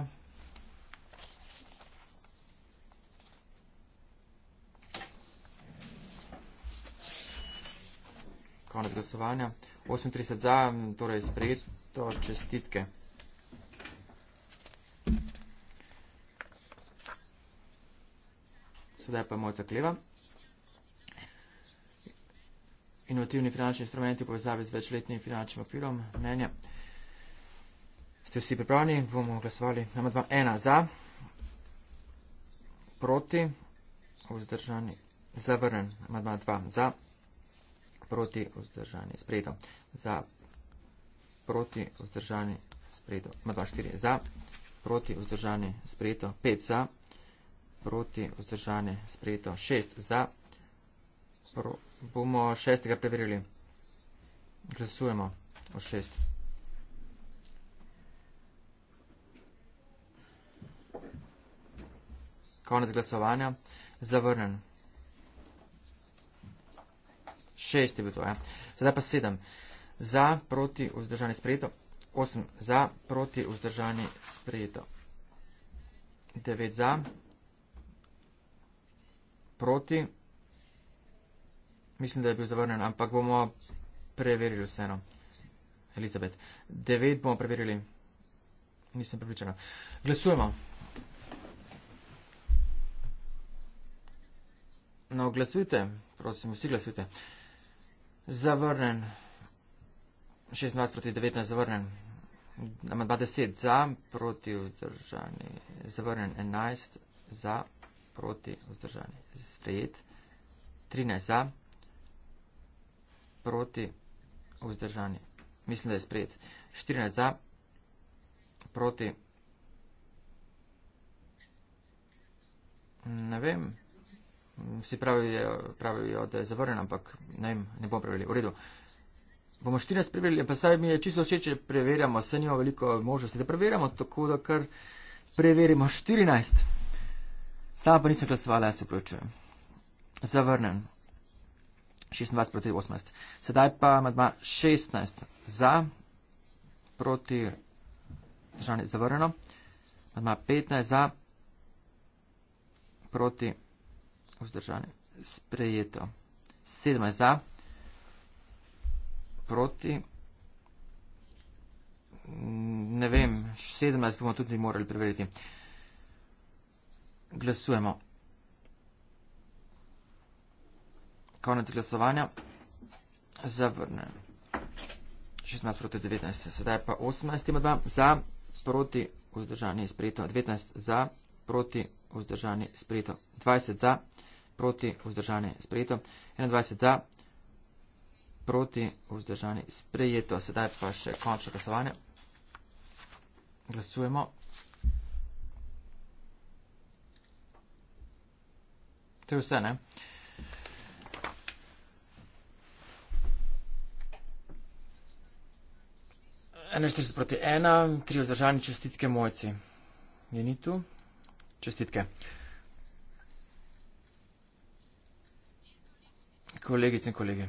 konec glasovanja. 38 za, torej sprejeto čestitke. Sedaj pa moja zakleva. Inovativni finančni instrumenti v povezavi z večletnim finančnim okvirom. Mnenje. Ste vsi pripravljeni? Bomo glasovali. Nama dva. Ena za. Proti. Vzdržani. Zavrnen. Nama dva. Za proti vzdržanje spredo. Za proti vzdržanje spredo. Ma 2-4 za, proti vzdržanje spredo 5 za, proti vzdržanje spredo 6 za. Pro, bomo šestega preverili. Glasujemo o šest. Konec glasovanja. Zavrnen šest je bilo to, ja. Sedaj pa sedem. Za, proti, vzdržani, sprejeto. Osem za, proti, vzdržani, sprejeto. Devet za, proti. Mislim, da je bil zavrnen, ampak bomo preverili vseeno. Elizabet. Devet bomo preverili. Nisem pripričana. Glasujemo. No, glasujte, prosim, vsi glasujte. Uh, zavrnen. 16 proti 19 zavrnen. Amandma 10 za, proti vzdržani, zavrnen 11 za, proti vzdržani, sprejet 13 za, proti vzdržani, mislim, da je sprejet 14 za, proti, ne vem, Vsi pravijo, eh, pravijo, ja, da je zavrnjen, ampak ne, ne bom preveril. V redu. Bomo 14 preverili, pa saj mi je čisto všeč, če preverjamo, saj nima veliko možnosti, da preverjamo, tako da kar preverimo 14. Sama pa nisem glasovala, jaz se vključujem. Zavrnen. 26 proti 18. Sedaj pa ima 16 za, proti, žal ne, zavrnjeno. Ima 15 za, proti 18 vzdržani. Sprejeto. Sedem je za, proti. Ne vem, 17 bomo tudi morali preveriti. Glasujemo. Konec glasovanja. Zavrnem. 16 proti 19. Sedaj pa 18 ima 2 za, proti vzdržanje izprejeto. 19 za, proti vzdržanje sprejeto. 20 za, proti vzdržanje sprejeto. 21 za, proti vzdržanje sprejeto. Sedaj pa še končno glasovanje. Glasujemo. To je vse, ne? Ena 40 proti 1, 3 vzdržani čestitke mojci. Je ni tu? Čestitke. Kolegice in kolegi.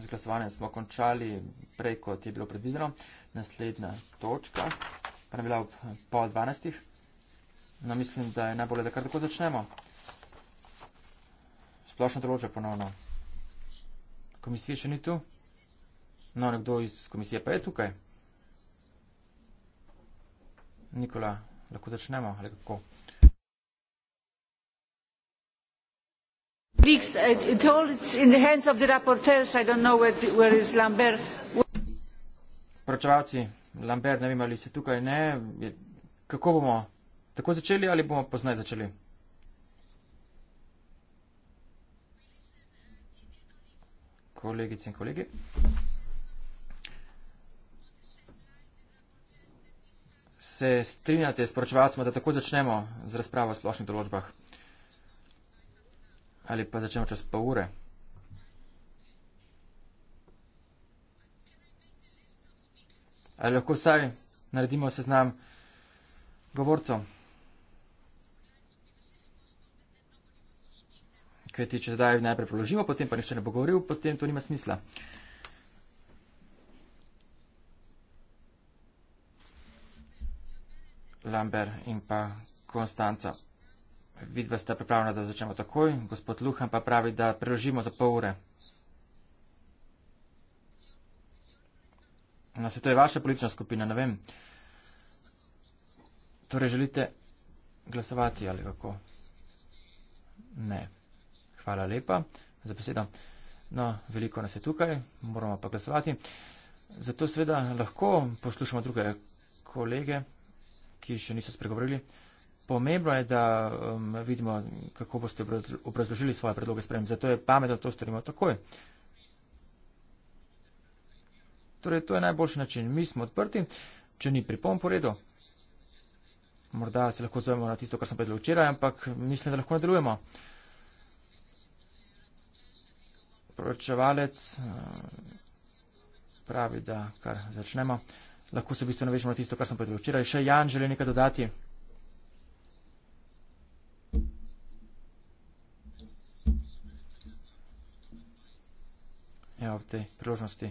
Z glasovanjem smo končali prej, kot je bilo predvideno. Naslednja točka, pa ne bila ob pol dvanestih. No, mislim, da je najbolje, da kar tako začnemo. Splošno določa ponovno. Komisija še ni tu. No, nekdo iz komisije pa je tukaj. Nikola, lahko začnemo ali kako? Uh, Pročevalci, Lambert, ne vem, ali ste tukaj, ne. Kako bomo? Tako začeli ali bomo poznaj začeli? Kolegice in kolegi. se strinjate s poročevalcem, da tako začnemo z razpravo o splošnih določbah? Ali pa začnemo čez pol ure? Ali lahko vsaj naredimo seznam govorcev? Kajti, če zdaj najprej položimo, potem pa nišče ne bo govoril, potem to nima smisla. Uh, Lamber in pa Konstanca. Vidva sta pripravljena, da začnemo takoj, gospod Luhan pa pravi, da preložimo za pol ure. No, se to je vaša politična skupina, ne vem. Torej, želite glasovati ali kako? Ne. Hvala lepa za besedo. No, veliko nas je tukaj, moramo pa glasovati. Zato seveda lahko poslušamo druge kolege, ki še niso spregovorili. Pomembno je, da um, vidimo, kako boste obrazložili svoje predloge sprem. Zato je pametno, da to storimo takoj. Torej, to je najboljši način. Mi smo odprti, če ni pripom po redu. Morda se lahko zovemo na tisto, kar sem povedal včeraj, ampak mislim, da lahko nadaljujemo. Proračevalec uh, pravi, da kar začnemo lahko se v bistvu navežemo na tisto, kar sem povedal včeraj. Še Jan želi nekaj dodati. Ja, ob tej priložnosti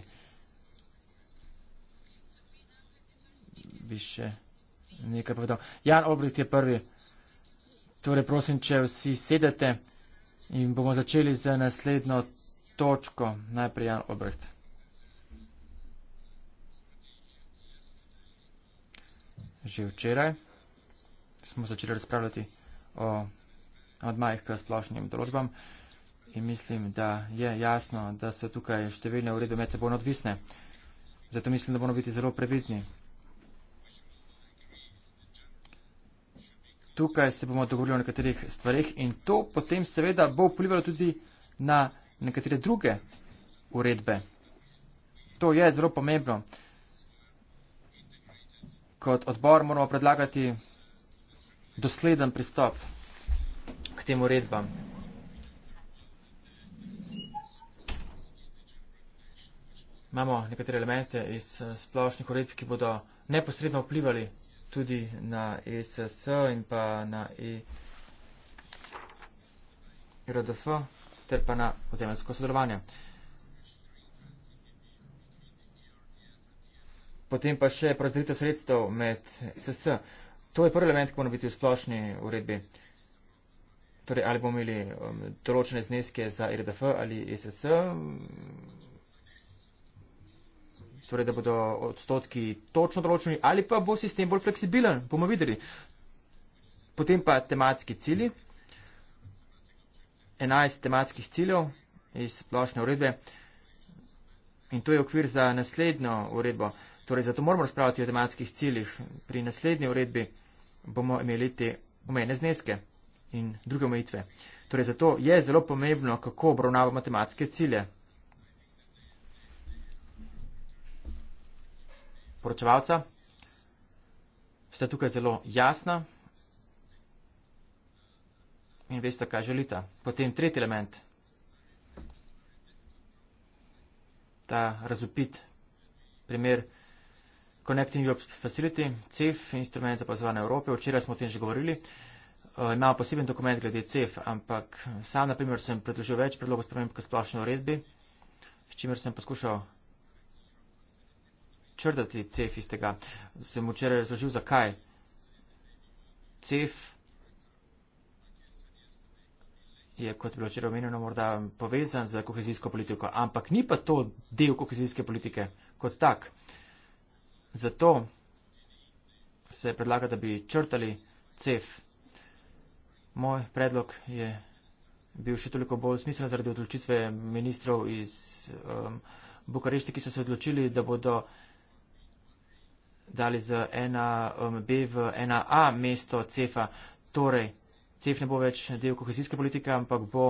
bi še nekaj povedal. Jan Obrit je prvi. Torej, prosim, če vsi sedete in bomo začeli z naslednjo točko. Najprej Jan Obrit. že včeraj smo začeli razpravljati o odmajih k splošnim določbam in mislim, da je jasno, da so tukaj številne urede med seboj odvisne. Zato mislim, da bomo biti zelo previzni. Tukaj se bomo dogovorili o nekaterih stvarih in to potem seveda bo vplivalo tudi na nekatere druge uredbe. To je zelo pomembno kot odbor moramo predlagati dosleden pristop k tem uredbam. Imamo nekatere elemente iz eh, splošnih uredb, ki bodo neposredno vplivali tudi na ESS in pa na ERDF ter pa na ozemelsko sodelovanje. potem pa še prazdelitev sredstev med SS. To je prvi element, ki mora biti v splošni uredbi. Torej, ali bomo imeli um, določene zneske za RDF ali SS, um, torej, da bodo odstotki točno določeni, ali pa bo sistem bolj fleksibilen, bomo videli. Potem pa tematski cili. 11 tematskih ciljev iz splošne uredbe. In to je okvir za naslednjo uredbo. Torej, zato moramo razpravljati o tematskih ciljih. Pri naslednji uredbi bomo imeli te omejene zneske in druge omejitve. Torej, zato je zelo pomembno, kako obravnavamo tematske cilje. Poročevalca, ste tukaj zelo jasna in veste, kaj želite. Potem tretji element, ta razupit primer, Connecting Europe Facility, CEF, instrument za pozvane Evrope. Včeraj smo o tem že govorili. Uh, eh, imamo poseben dokument glede CEF, ampak sam, na primer, sem predložil več predlogov sprememb k splošni uredbi, s čimer sem poskušal črtati CEF iz tega. Sem včeraj razložil, zakaj CEF je, kot je bilo včeraj omenjeno, morda povezan z kohezijsko politiko, ampak ni pa to del kohezijske politike kot tak. Zato se predlaga, da bi črtali cef. Moj predlog je bil še toliko bolj smiselen zaradi odločitve ministrov iz um, Bukarešti, ki so se odločili, da bodo dali za 1B um, v 1A mesto cefa. Torej, cef ne bo več del kohezijske politike, ampak bo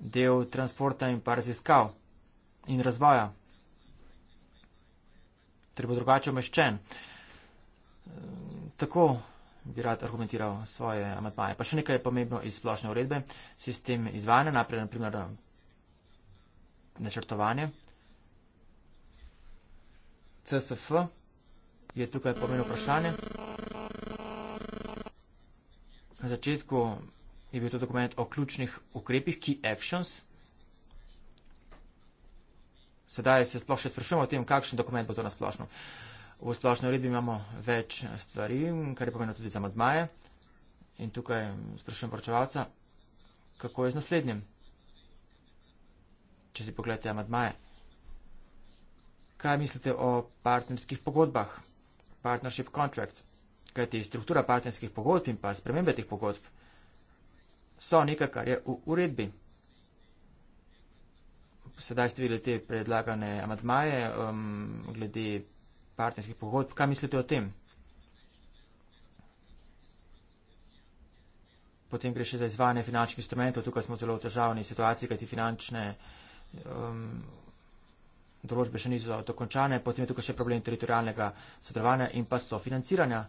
del transporta in pa raziskav in razvoja ker bo drugače omeščen. Tako bi rad argumentiral svoje amatpaje. Pa še nekaj je pomembno iz splošne uredbe. Sistem izvajanja, naprej naprimer načrtovanje. CSF je tukaj pomembno vprašanje. Na začetku je bil to dokument o ključnih ukrepih, key actions – sedaj se sploh še sprašujemo o tem, kakšen dokument bo to na splošno. V splošni uredbi imamo več stvari, kar je pomenilo tudi za madmaje. In tukaj sprašujem poročevalca, kako je z naslednjim. Če si pogledate madmaje. Kaj mislite o partnerskih pogodbah? Partnership contracts. Kajti struktura partnerskih pogodb in pa spremembe teh pogodb so nekaj, kar je v uredbi sedaj ste videli te predlagane amadmaje um, glede partnerskih pogodb. Kaj mislite o tem? Potem gre še za izvajanje finančnih instrumentov. Tukaj smo zelo v težavni situaciji, kajti finančne um, določbe še niso dokončane. Potem je tukaj še problem teritorijalnega sodelovanja in pa sofinanciranja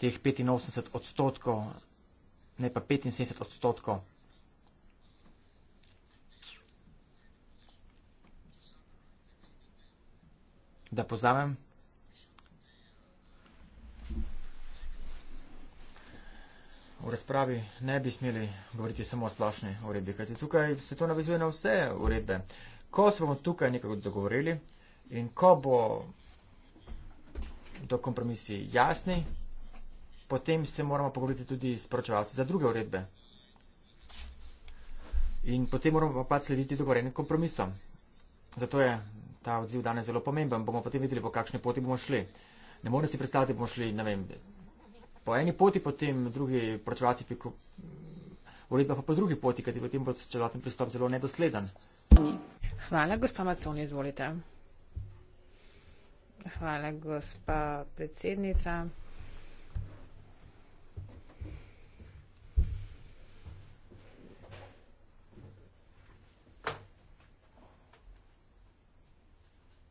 teh 85 odstotkov, ne pa 75 odstotkov. da povzamem. V razpravi ne bi smeli govoriti samo o splošni uredbi, kajti tukaj se to navezuje na vse uredbe. Ko se bomo tukaj nekako dogovorili in ko bo do kompromisi jasni, potem se moramo pogovoriti tudi s poročevalci za druge uredbe. In potem moramo pa slediti dogovorjenim kompromisom. Zato je ta odziv danes zelo pomemben, bomo potem videli, po kakšni poti bomo šli. Ne morem si predstavljati, da bomo šli, ne vem, po eni poti, potem drugi poročevalci, uredba pa po drugi poti, kajti potem bo celoten pristop zelo nedosleden. Hvala, gospa Macon, izvolite. Hvala, gospa predsednica.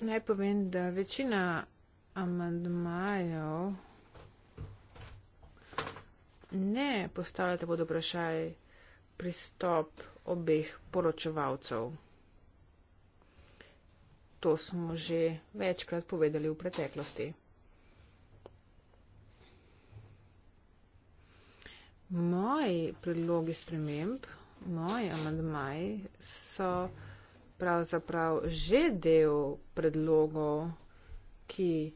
Naj povem, da večina amandmajev ne postavlja tako dobrošaj pristop obeh poročevalcev. To smo že večkrat povedali v preteklosti. Moji predlogi sprememb, moji amandmaji so pravzaprav že del predlogov, ki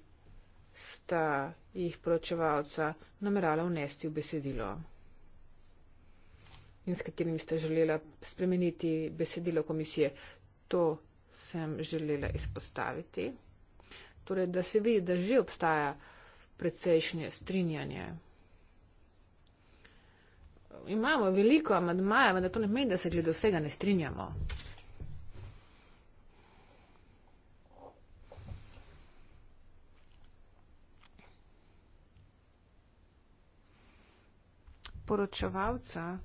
sta jih poročevalca namerala vnesti v besedilo in s katerimi sta želela spremeniti besedilo komisije. To sem želela izpostaviti. Torej, da se vidi, da že obstaja precejšnje strinjanje. Imamo veliko amadmaja, vendar to ne pomeni, da se glede vsega ne strinjamo. poročevalca.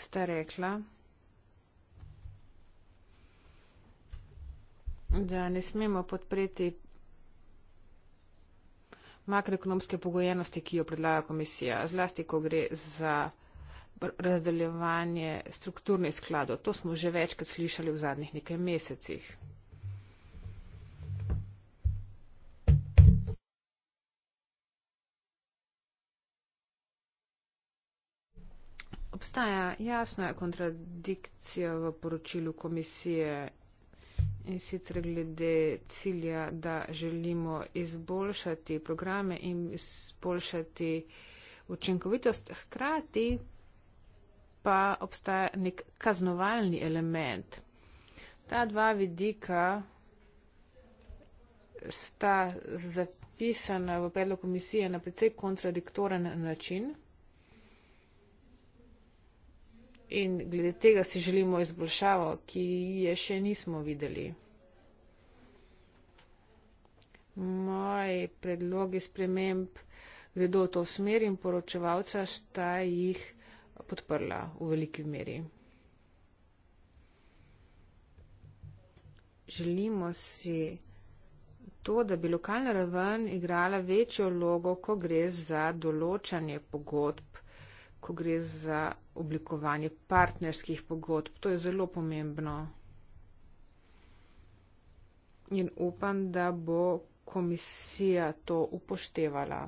Ste rekla, da ne smemo podpreti makroekonomske pogojenosti, ki jo predlaga komisija, zlasti, ko gre za razdeljevanje strukturnih skladov. To smo že večkrat slišali v zadnjih nekaj mesecih. obstaja jasna kontradikcija v poročilu komisije in sicer glede cilja, da želimo izboljšati programe in izboljšati učinkovitost. Hkrati pa obstaja nek kaznovalni element. Ta dva vidika sta zapisana v predlog komisije na precej kontradiktoren način in glede tega si želimo izboljšavo, ki je še nismo videli. Moji predlogi sprememb gredo v to smer in poročevalca sta jih podprla v veliki meri. Želimo si to, da bi lokalna raven igrala večjo vlogo, ko gre za določanje pogodb, ko gre za oblikovanje partnerskih pogodb. To je zelo pomembno. In upam, da bo komisija to upoštevala.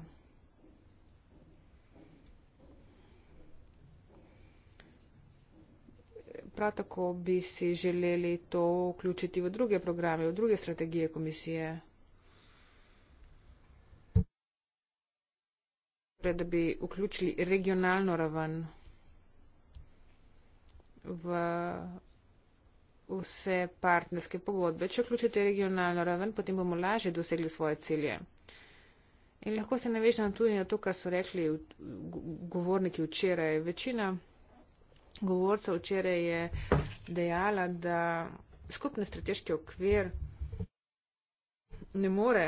Prav tako bi si želeli to vključiti v druge programe, v druge strategije komisije. Torej, da bi vključili regionalno raven v vse partnerske pogodbe. Če vključite regionalno raven, potem bomo lažje dosegli svoje cilje. In lahko se navežem tudi na to, kar so rekli govorniki včeraj. Večina govorcev včeraj je dejala, da skupni strateški okvir ne more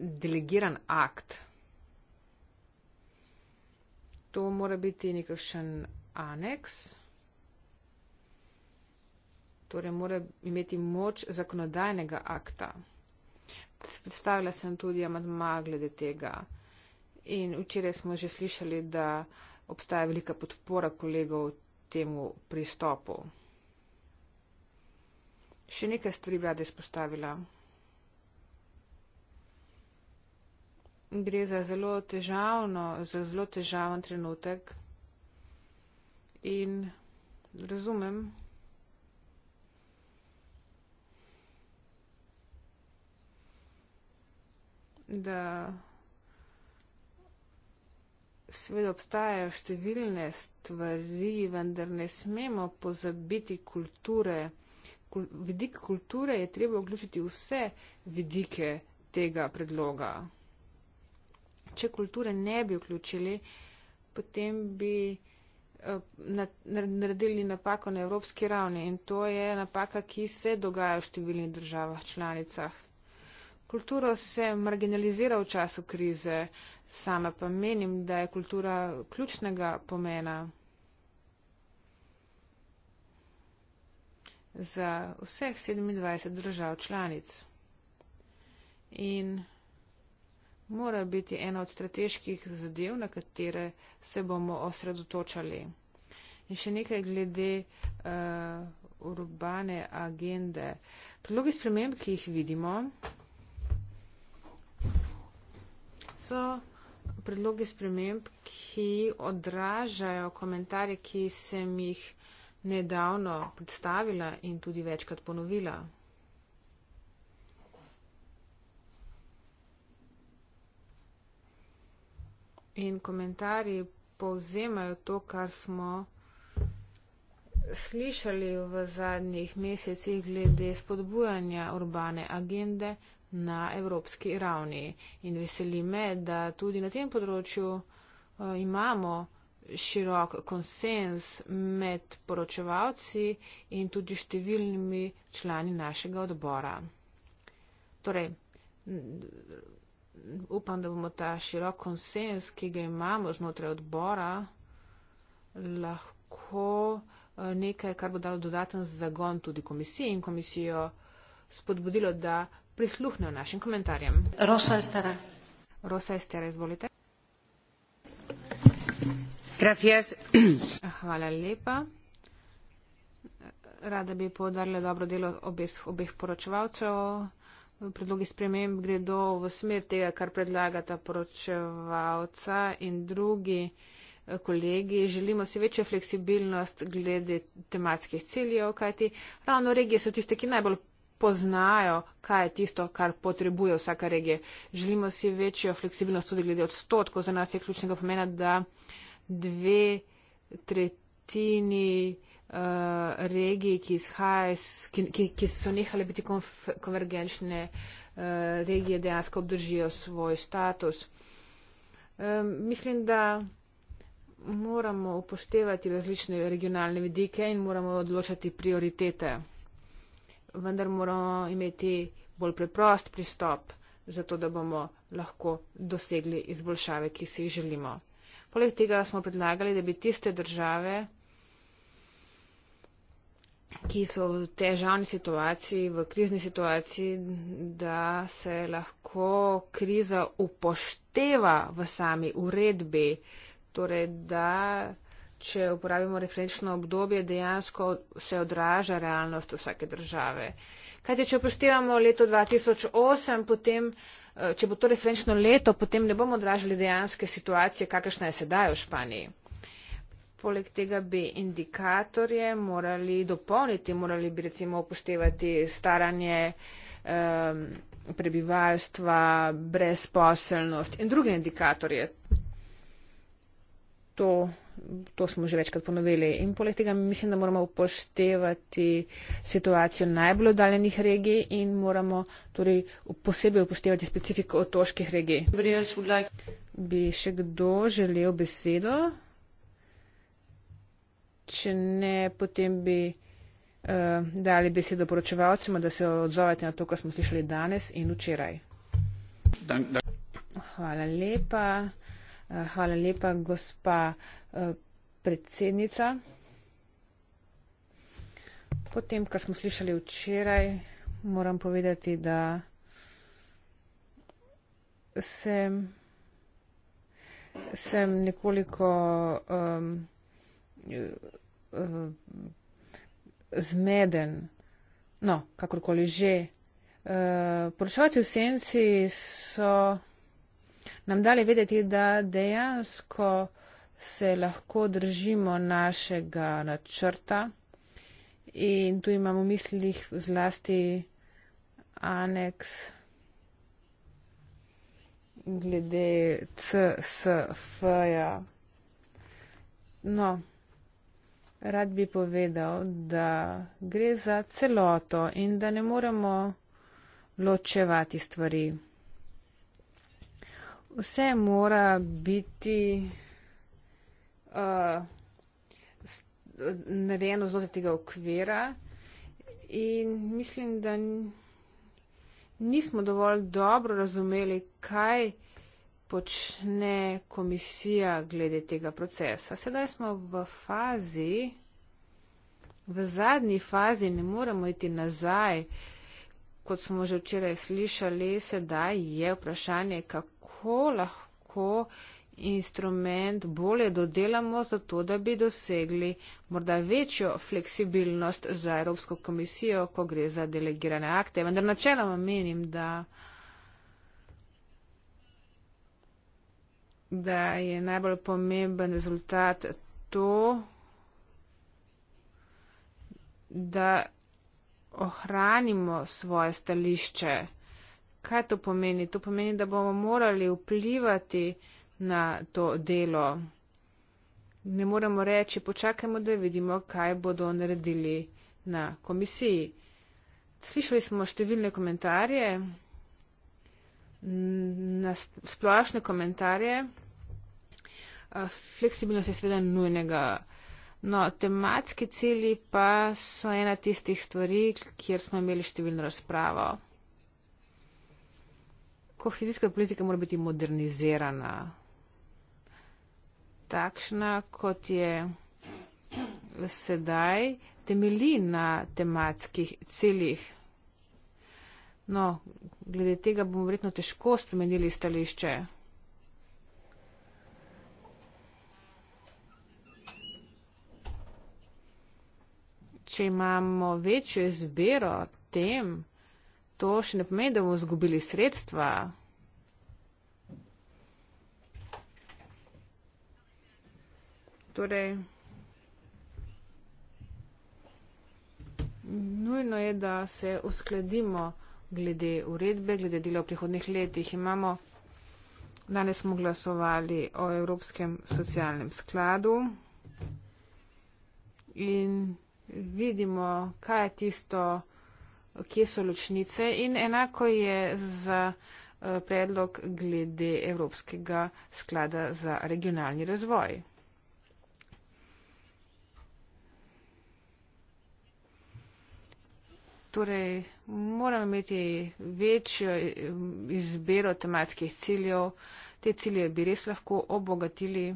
delegiran akt To mora biti nekakšen aneks. Torej, mora imeti moč zakonodajnega akta. Predstavila sem tudi amadma glede tega. In včeraj smo že slišali, da obstaja velika podpora kolegov temu pristopu. Še nekaj stvari bi rada izpostavila. gre za zelo težavno, za zelo težaven trenutek in razumem. da sveda obstajajo številne stvari, vendar ne smemo pozabiti kulture. Kul vidik kulture je treba vključiti vse vidike tega predloga če kulture ne bi vključili, potem bi eh, naredili napako na evropski ravni in to je napaka, ki se dogaja v številnih državah, članicah. Kultura se marginalizira v času krize, sama pa menim, da je kultura ključnega pomena za vseh 27 držav članic. In mora biti ena od strateških zadev, na katere se bomo osredotočali. In še nekaj glede uh, urbane agende. Predlogi sprememb, ki jih vidimo, so predlogi sprememb, ki odražajo komentarje, ki sem jih nedavno predstavila in tudi večkrat ponovila. in komentarji povzemajo to, kar smo slišali v zadnjih mesecih glede spodbujanja urbane agende na evropski ravni. In veseli me, da tudi na tem področju eh, imamo širok konsens med poročevalci in tudi številnimi člani našega odbora. Torej, upam, da bomo ta širok konsens, ki ga imamo znotraj odbora, lahko eh, nekaj, kar bo dalo dodaten zagon tudi komisiji in komisijo spodbudilo, da prisluhnejo našim komentarjem. Rosa Estera. Rosa Estera, izvolite. Gracias. Hvala lepa. Rada bi podarila dobro delo obeh, obeh poročevalcev predlogi sprememb gredo v smer tega, kar predlagata poročevalca in drugi eh, kolegi. Želimo si večjo fleksibilnost glede tematskih ciljev, kajti ravno regije so tiste, ki najbolj poznajo, kaj je tisto, kar potrebuje vsaka regija. Želimo si večjo fleksibilnost tudi glede odstotkov. Za nas je ključnega pomena, da dve tretjini Eh, regij, ki, izhaja, ki, ki, ki so nehale biti konf, konvergenčne uh, regije, dejansko obdržijo svoj status. Um, mislim, da moramo upoštevati različne regionalne vidike in moramo odločati prioritete. Vendar moramo imeti bolj preprost pristop, zato da bomo lahko dosegli izboljšave, ki si jih želimo. Poleg tega smo predlagali, da bi tiste države, ki so v težavni situaciji, v krizni situaciji, da se lahko kriza upošteva v sami uredbi. Torej, da če uporabimo referenčno obdobje, dejansko se odraža realnost vsake države. Kaj če upoštevamo leto 2008, potem, eh, če bo to referenčno leto, potem ne bomo odražali dejanske situacije, kakršna je sedaj v Španiji. Poleg tega bi indikatorje morali dopolniti, morali bi recimo upoštevati staranje um, prebivalstva, brezposelnost in druge indikatorje. To, to smo že večkrat ponovili. In poleg tega mislim, da moramo upoštevati situacijo najbolj oddaljenih regij in moramo torej posebej upoštevati specifiko otoških regij. Bi še kdo želel besedo? če ne, potem bi uh, dali besedo poročevalcima, da se odzovete na to, kar smo slišali danes in včeraj. Dan, dan. Hvala lepa. Uh, hvala lepa, gospa uh, predsednica. Potem, kar smo slišali včeraj, moram povedati, da sem, sem nekoliko. Um, uh, zmeden, no, kakorkoli že. Uh, eh, Poročavati v senci so nam dali vedeti, da dejansko se lahko držimo našega načrta in tu imamo v mislih zlasti aneks glede CSF-ja. No, Rad bi povedal, da gre za celoto in da ne moremo ločevati stvari. Vse mora biti uh, narejeno znotraj tega okvira in mislim, da nismo dovolj dobro razumeli, kaj je počne komisija glede tega procesa. Sedaj smo v fazi, v zadnji fazi, ne moremo iti nazaj, kot smo že včeraj slišali, sedaj je vprašanje, kako lahko instrument bolje dodelamo, zato da bi dosegli morda večjo fleksibilnost za Evropsko komisijo, ko gre za delegirane akte. Vendar načeloma menim, da. da je najbolj pomemben rezultat to, da ohranimo svoje stališče. Kaj to pomeni? To pomeni, da bomo morali vplivati na to delo. Ne moremo reči, počakajmo, da vidimo, kaj bodo naredili na komisiji. Slišali smo številne komentarje, splošne komentarje fleksibilnost je seveda nujnega. No, tematski cili pa so ena tistih stvari, kjer smo imeli številno razpravo. Kohezijska politika mora biti modernizirana, takšna, kot je sedaj, temelji na tematskih ciljih. No, glede tega bomo verjetno težko spremenili stališče. če imamo večjo izbiro tem, to še ne pomeni, da bomo izgubili sredstva. Torej, nujno je, da se uskladimo glede uredbe, glede dela v prihodnih letih. Imamo, danes smo glasovali o Evropskem socialnem skladu in vidimo, kaj je tisto, kje so ločnice in enako je za eh, predlog glede Evropskega sklada za regionalni razvoj. Torej, moramo imeti večjo eh, izbiro tematskih ciljev. Te cilje bi res lahko obogatili.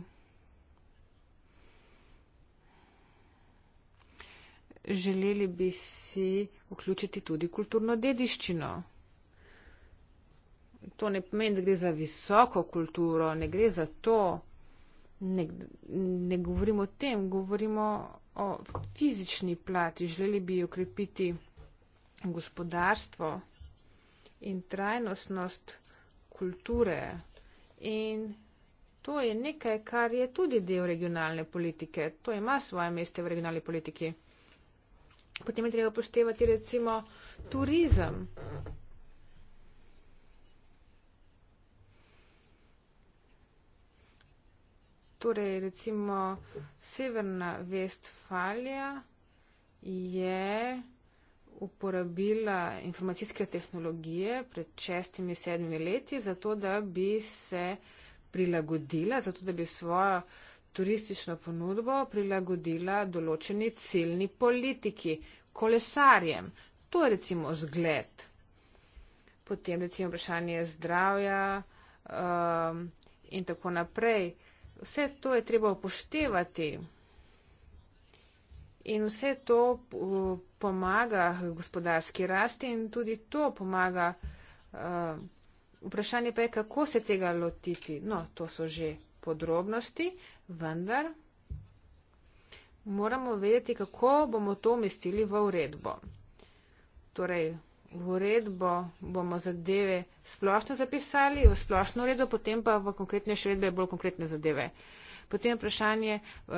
želeli bi si vključiti tudi kulturno dediščino. To ne pomeni, da gre za visoko kulturo, ne gre za to, ne, ne govorimo o tem, govorimo o fizični plati. Želeli bi okrepiti gospodarstvo in trajnostnost kulture. In to je nekaj, kar je tudi del regionalne politike. To ima svoje mesto v regionalni politiki. Potem je treba upoštevati recimo turizem. Torej, recimo, Severna Vestfalija je uporabila informacijske tehnologije pred šestimi, sedmimi leti, zato da bi se prilagodila, zato da bi svojo turistično ponudbo prilagodila določeni ciljni politiki, kolesarjem. To je recimo zgled. Potem recimo vprašanje zdravja um, in tako naprej. Vse to je treba upoštevati. In vse to uh, pomaga gospodarski rasti in tudi to pomaga. Uh, vprašanje pa je, kako se tega lotiti. No, to so že podrobnosti, vendar moramo vedeti, kako bomo to umestili v uredbo. Torej, v uredbo bomo zadeve splošno zapisali, v splošno uredbo, potem pa v konkretne šredbe bolj konkretne zadeve. Potem vprašanje uh,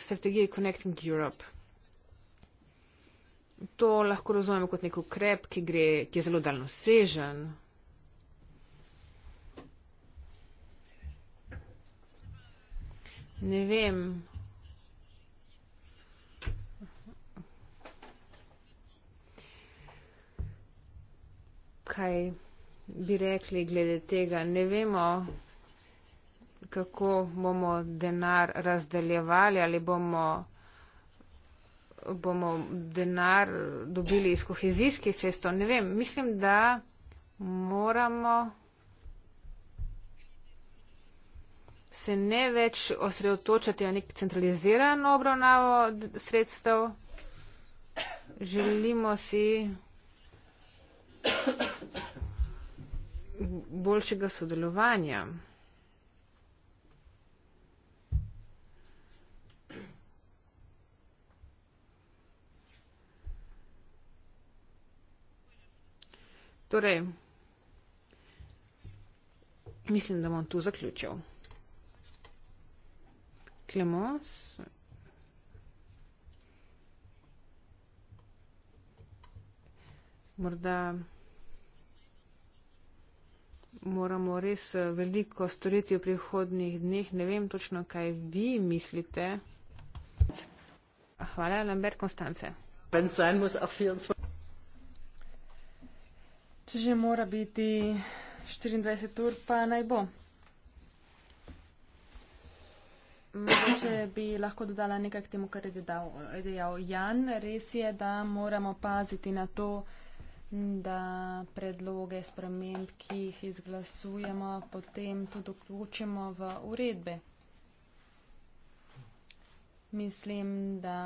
strategije Connecting Europe. To lahko razumemo kot nek ukrep, ki, gre, ki je zelo daljnosežen, Ne vem. Kaj bi rekli glede tega? Ne vemo, kako bomo denar razdeljevali ali bomo, bomo denar dobili iz kohezijskih sredstev. Ne vem, mislim, da moramo. se ne več osredotočati na nek centralizirano obravnavo sredstev. Želimo si boljšega sodelovanja. Torej, mislim, da bom tu zaključil. Clémence. Morda moramo res veliko storiti v prihodnih dneh. Ne vem točno, kaj vi mislite. Hvala, Lambert Konstance. Če že mora biti 24 ur, pa naj bo. Mogoče bi lahko dodala nekaj k temu, kar je dejal, dejal Jan. Res je, da moramo paziti na to, da predloge sprememb, ki jih izglasujemo, potem tudi vključimo v uredbe. Mislim, da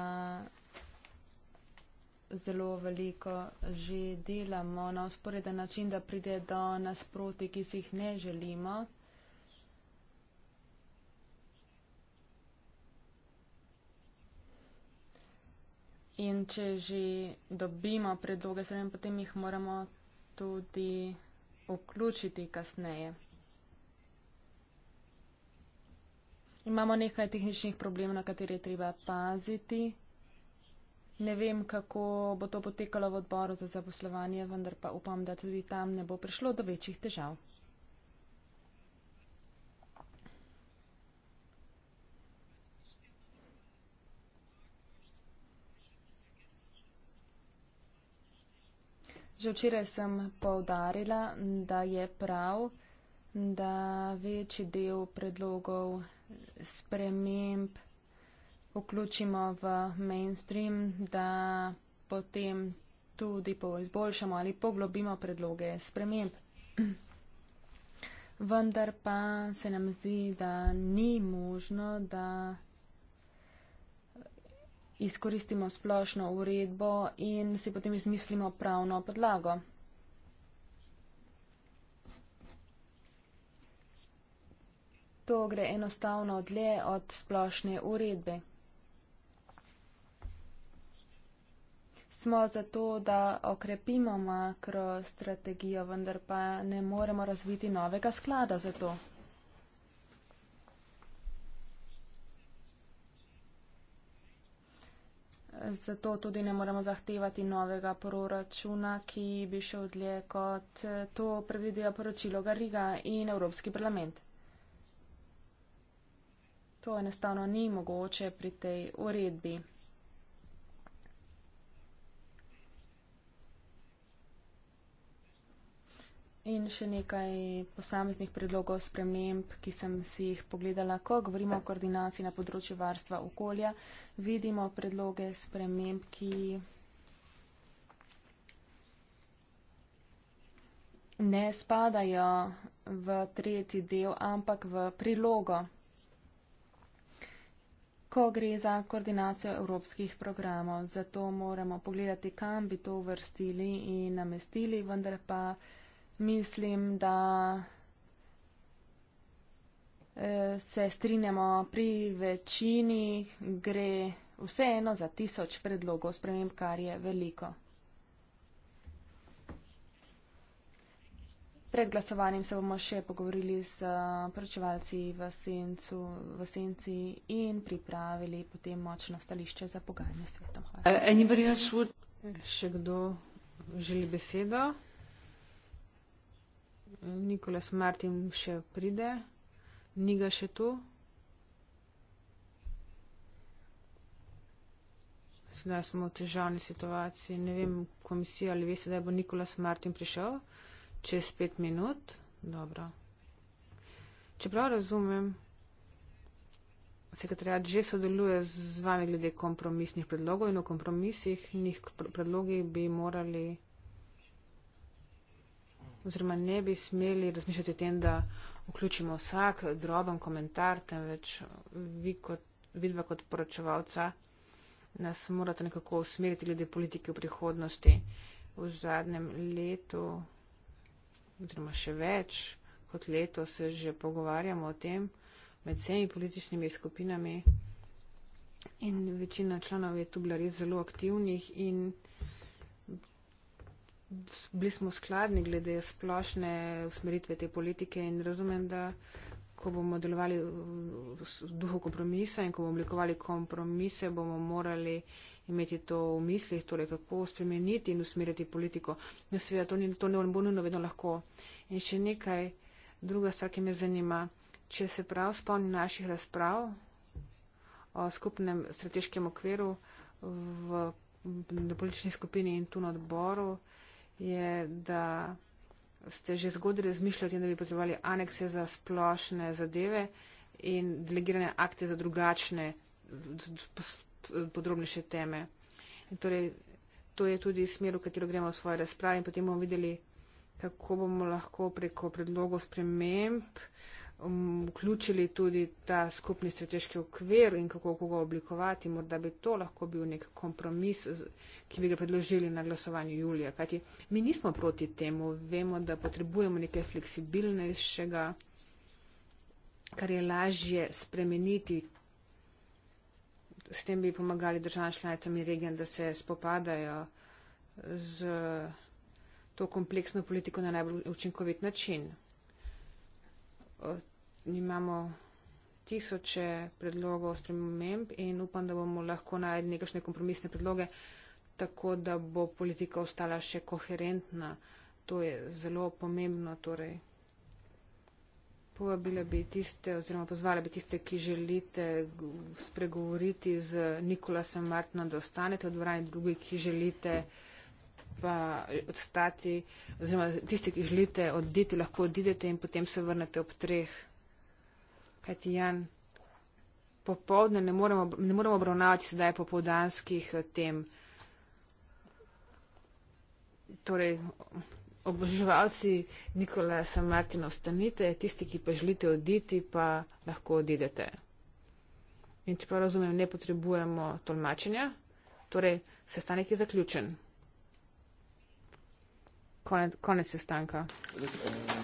zelo veliko že delamo na usporeden način, da pride do nasproti, ki si jih ne želimo, In če že dobimo predloge strani, potem jih moramo tudi vključiti kasneje. Imamo nekaj tehničnih problemov, na katere treba paziti. Ne vem, kako bo to potekalo v odboru za zaposlovanje, vendar pa upam, da tudi tam ne bo prišlo do večjih težav. Že včeraj sem povdarila, da je prav, da večji del predlogov sprememb vključimo v mainstream, da potem tudi poizboljšamo ali poglobimo predloge sprememb. Vendar pa se nam zdi, da ni možno, da izkoristimo splošno uredbo in si potem izmislimo pravno podlago. To gre enostavno dlje od splošne uredbe. Smo zato, da okrepimo makrostrategijo, vendar pa ne moremo razviti novega sklada za to. zato tudi ne moremo zahtevati novega proračuna, ki bi šel dlje kot to predvideva poročilo Gariga in Evropski parlament. To enostavno ni mogoče pri tej uredbi. in še nekaj posameznih predlogov sprememb, ki sem si jih pogledala, ko govorimo o koordinaciji na področju varstva okolja. Vidimo predloge sprememb, ki ne spadajo v tretji del, ampak v prilogo, ko gre za koordinacijo evropskih programov. Zato moramo pogledati, kam bi to vrstili in namestili, vendar pa mislim, da eh, se strinjamo pri večini, gre vseeno za tisoč predlogov sprememb, kar je veliko. Pred glasovanjem se bomo še pogovorili s eh, poročevalci v, v senci in pripravili potem močno stališče za pogajanje s svetom. Hvala. Eh, še kdo želi besedo? Nikolas Martin še pride, ni ga še tu. Sedaj smo v težavni situaciji. Ne vem, komisija ali veste, da bo Nikolas Martin prišel čez pet minut. Dobro. Čeprav razumem, sekretariat že sodeluje z vami glede kompromisnih predlogov in o kompromisih njih predlogih bi morali oziroma ne bi smeli razmišljati o tem, da vključimo vsak droben komentar, temveč vi kot vidva kot poročevalca nas morate nekako usmeriti glede politike v prihodnosti. V zadnjem letu, oziroma še več kot leto, se že pogovarjamo o tem med vsemi političnimi skupinami in večina članov je tu bila res zelo aktivnih in bili smo skladni glede splošne usmeritve te politike in razumem, da ko bomo delovali v duhu kompromisa in ko bomo oblikovali kompromise, bomo morali imeti to v mislih, torej kako spremeniti in usmeriti politiko. No, seveda, to, ni, to ne bo nujno vedno lahko. In še nekaj, druga stvar, ki me zanima, če se prav spomni naših razprav o skupnem strateškem okviru v, na politični skupini in tu na odboru, je, da ste že zgodaj razmišljali, da bi potrebovali anekse za splošne zadeve in delegirane akte za drugačne, podrobnejše teme. Torej, to je tudi smer, v katero gremo v svoje razprave in potem bomo videli, kako bomo lahko preko predlogov sprememb uh, Um, vključili tudi ta skupni strateški okvir in kako ga oblikovati. Morda bi to lahko bil nek kompromis, ki bi ga predložili na glasovanju julija. Kajti mi nismo proti temu, vemo, da potrebujemo nekaj fleksibilnejšega, kar je lažje spremeniti. S tem bi pomagali državam članicam in regijam, da se spopadajo z to kompleksno politiko na najbolj učinkovit način imamo tisoče predlogov sprememb in upam, da bomo lahko najdli nekašne kompromisne predloge, tako da bo politika ostala še koherentna. To je zelo pomembno. Torej, povabila bi tiste oziroma pozvala bi tiste, ki želite spregovoriti z Nikolasem Martinom, da ostanete v dvorani, drugi, ki želite pa odstati, oziroma tisti, ki želite oditi, lahko odidete in potem se vrnete ob treh kajti Jan, popovdne ne moremo, ne moremo obravnavati sedaj popovdanskih eh, tem. Torej, obožavci Nikola Samartina, ostanite, tisti, ki pa želite oditi, pa lahko odidete. In čeprav razumem, ne potrebujemo tolmačenja, torej sestanek je zaključen. Konec, konec sestanka. Zdaj, zdaj, zdaj.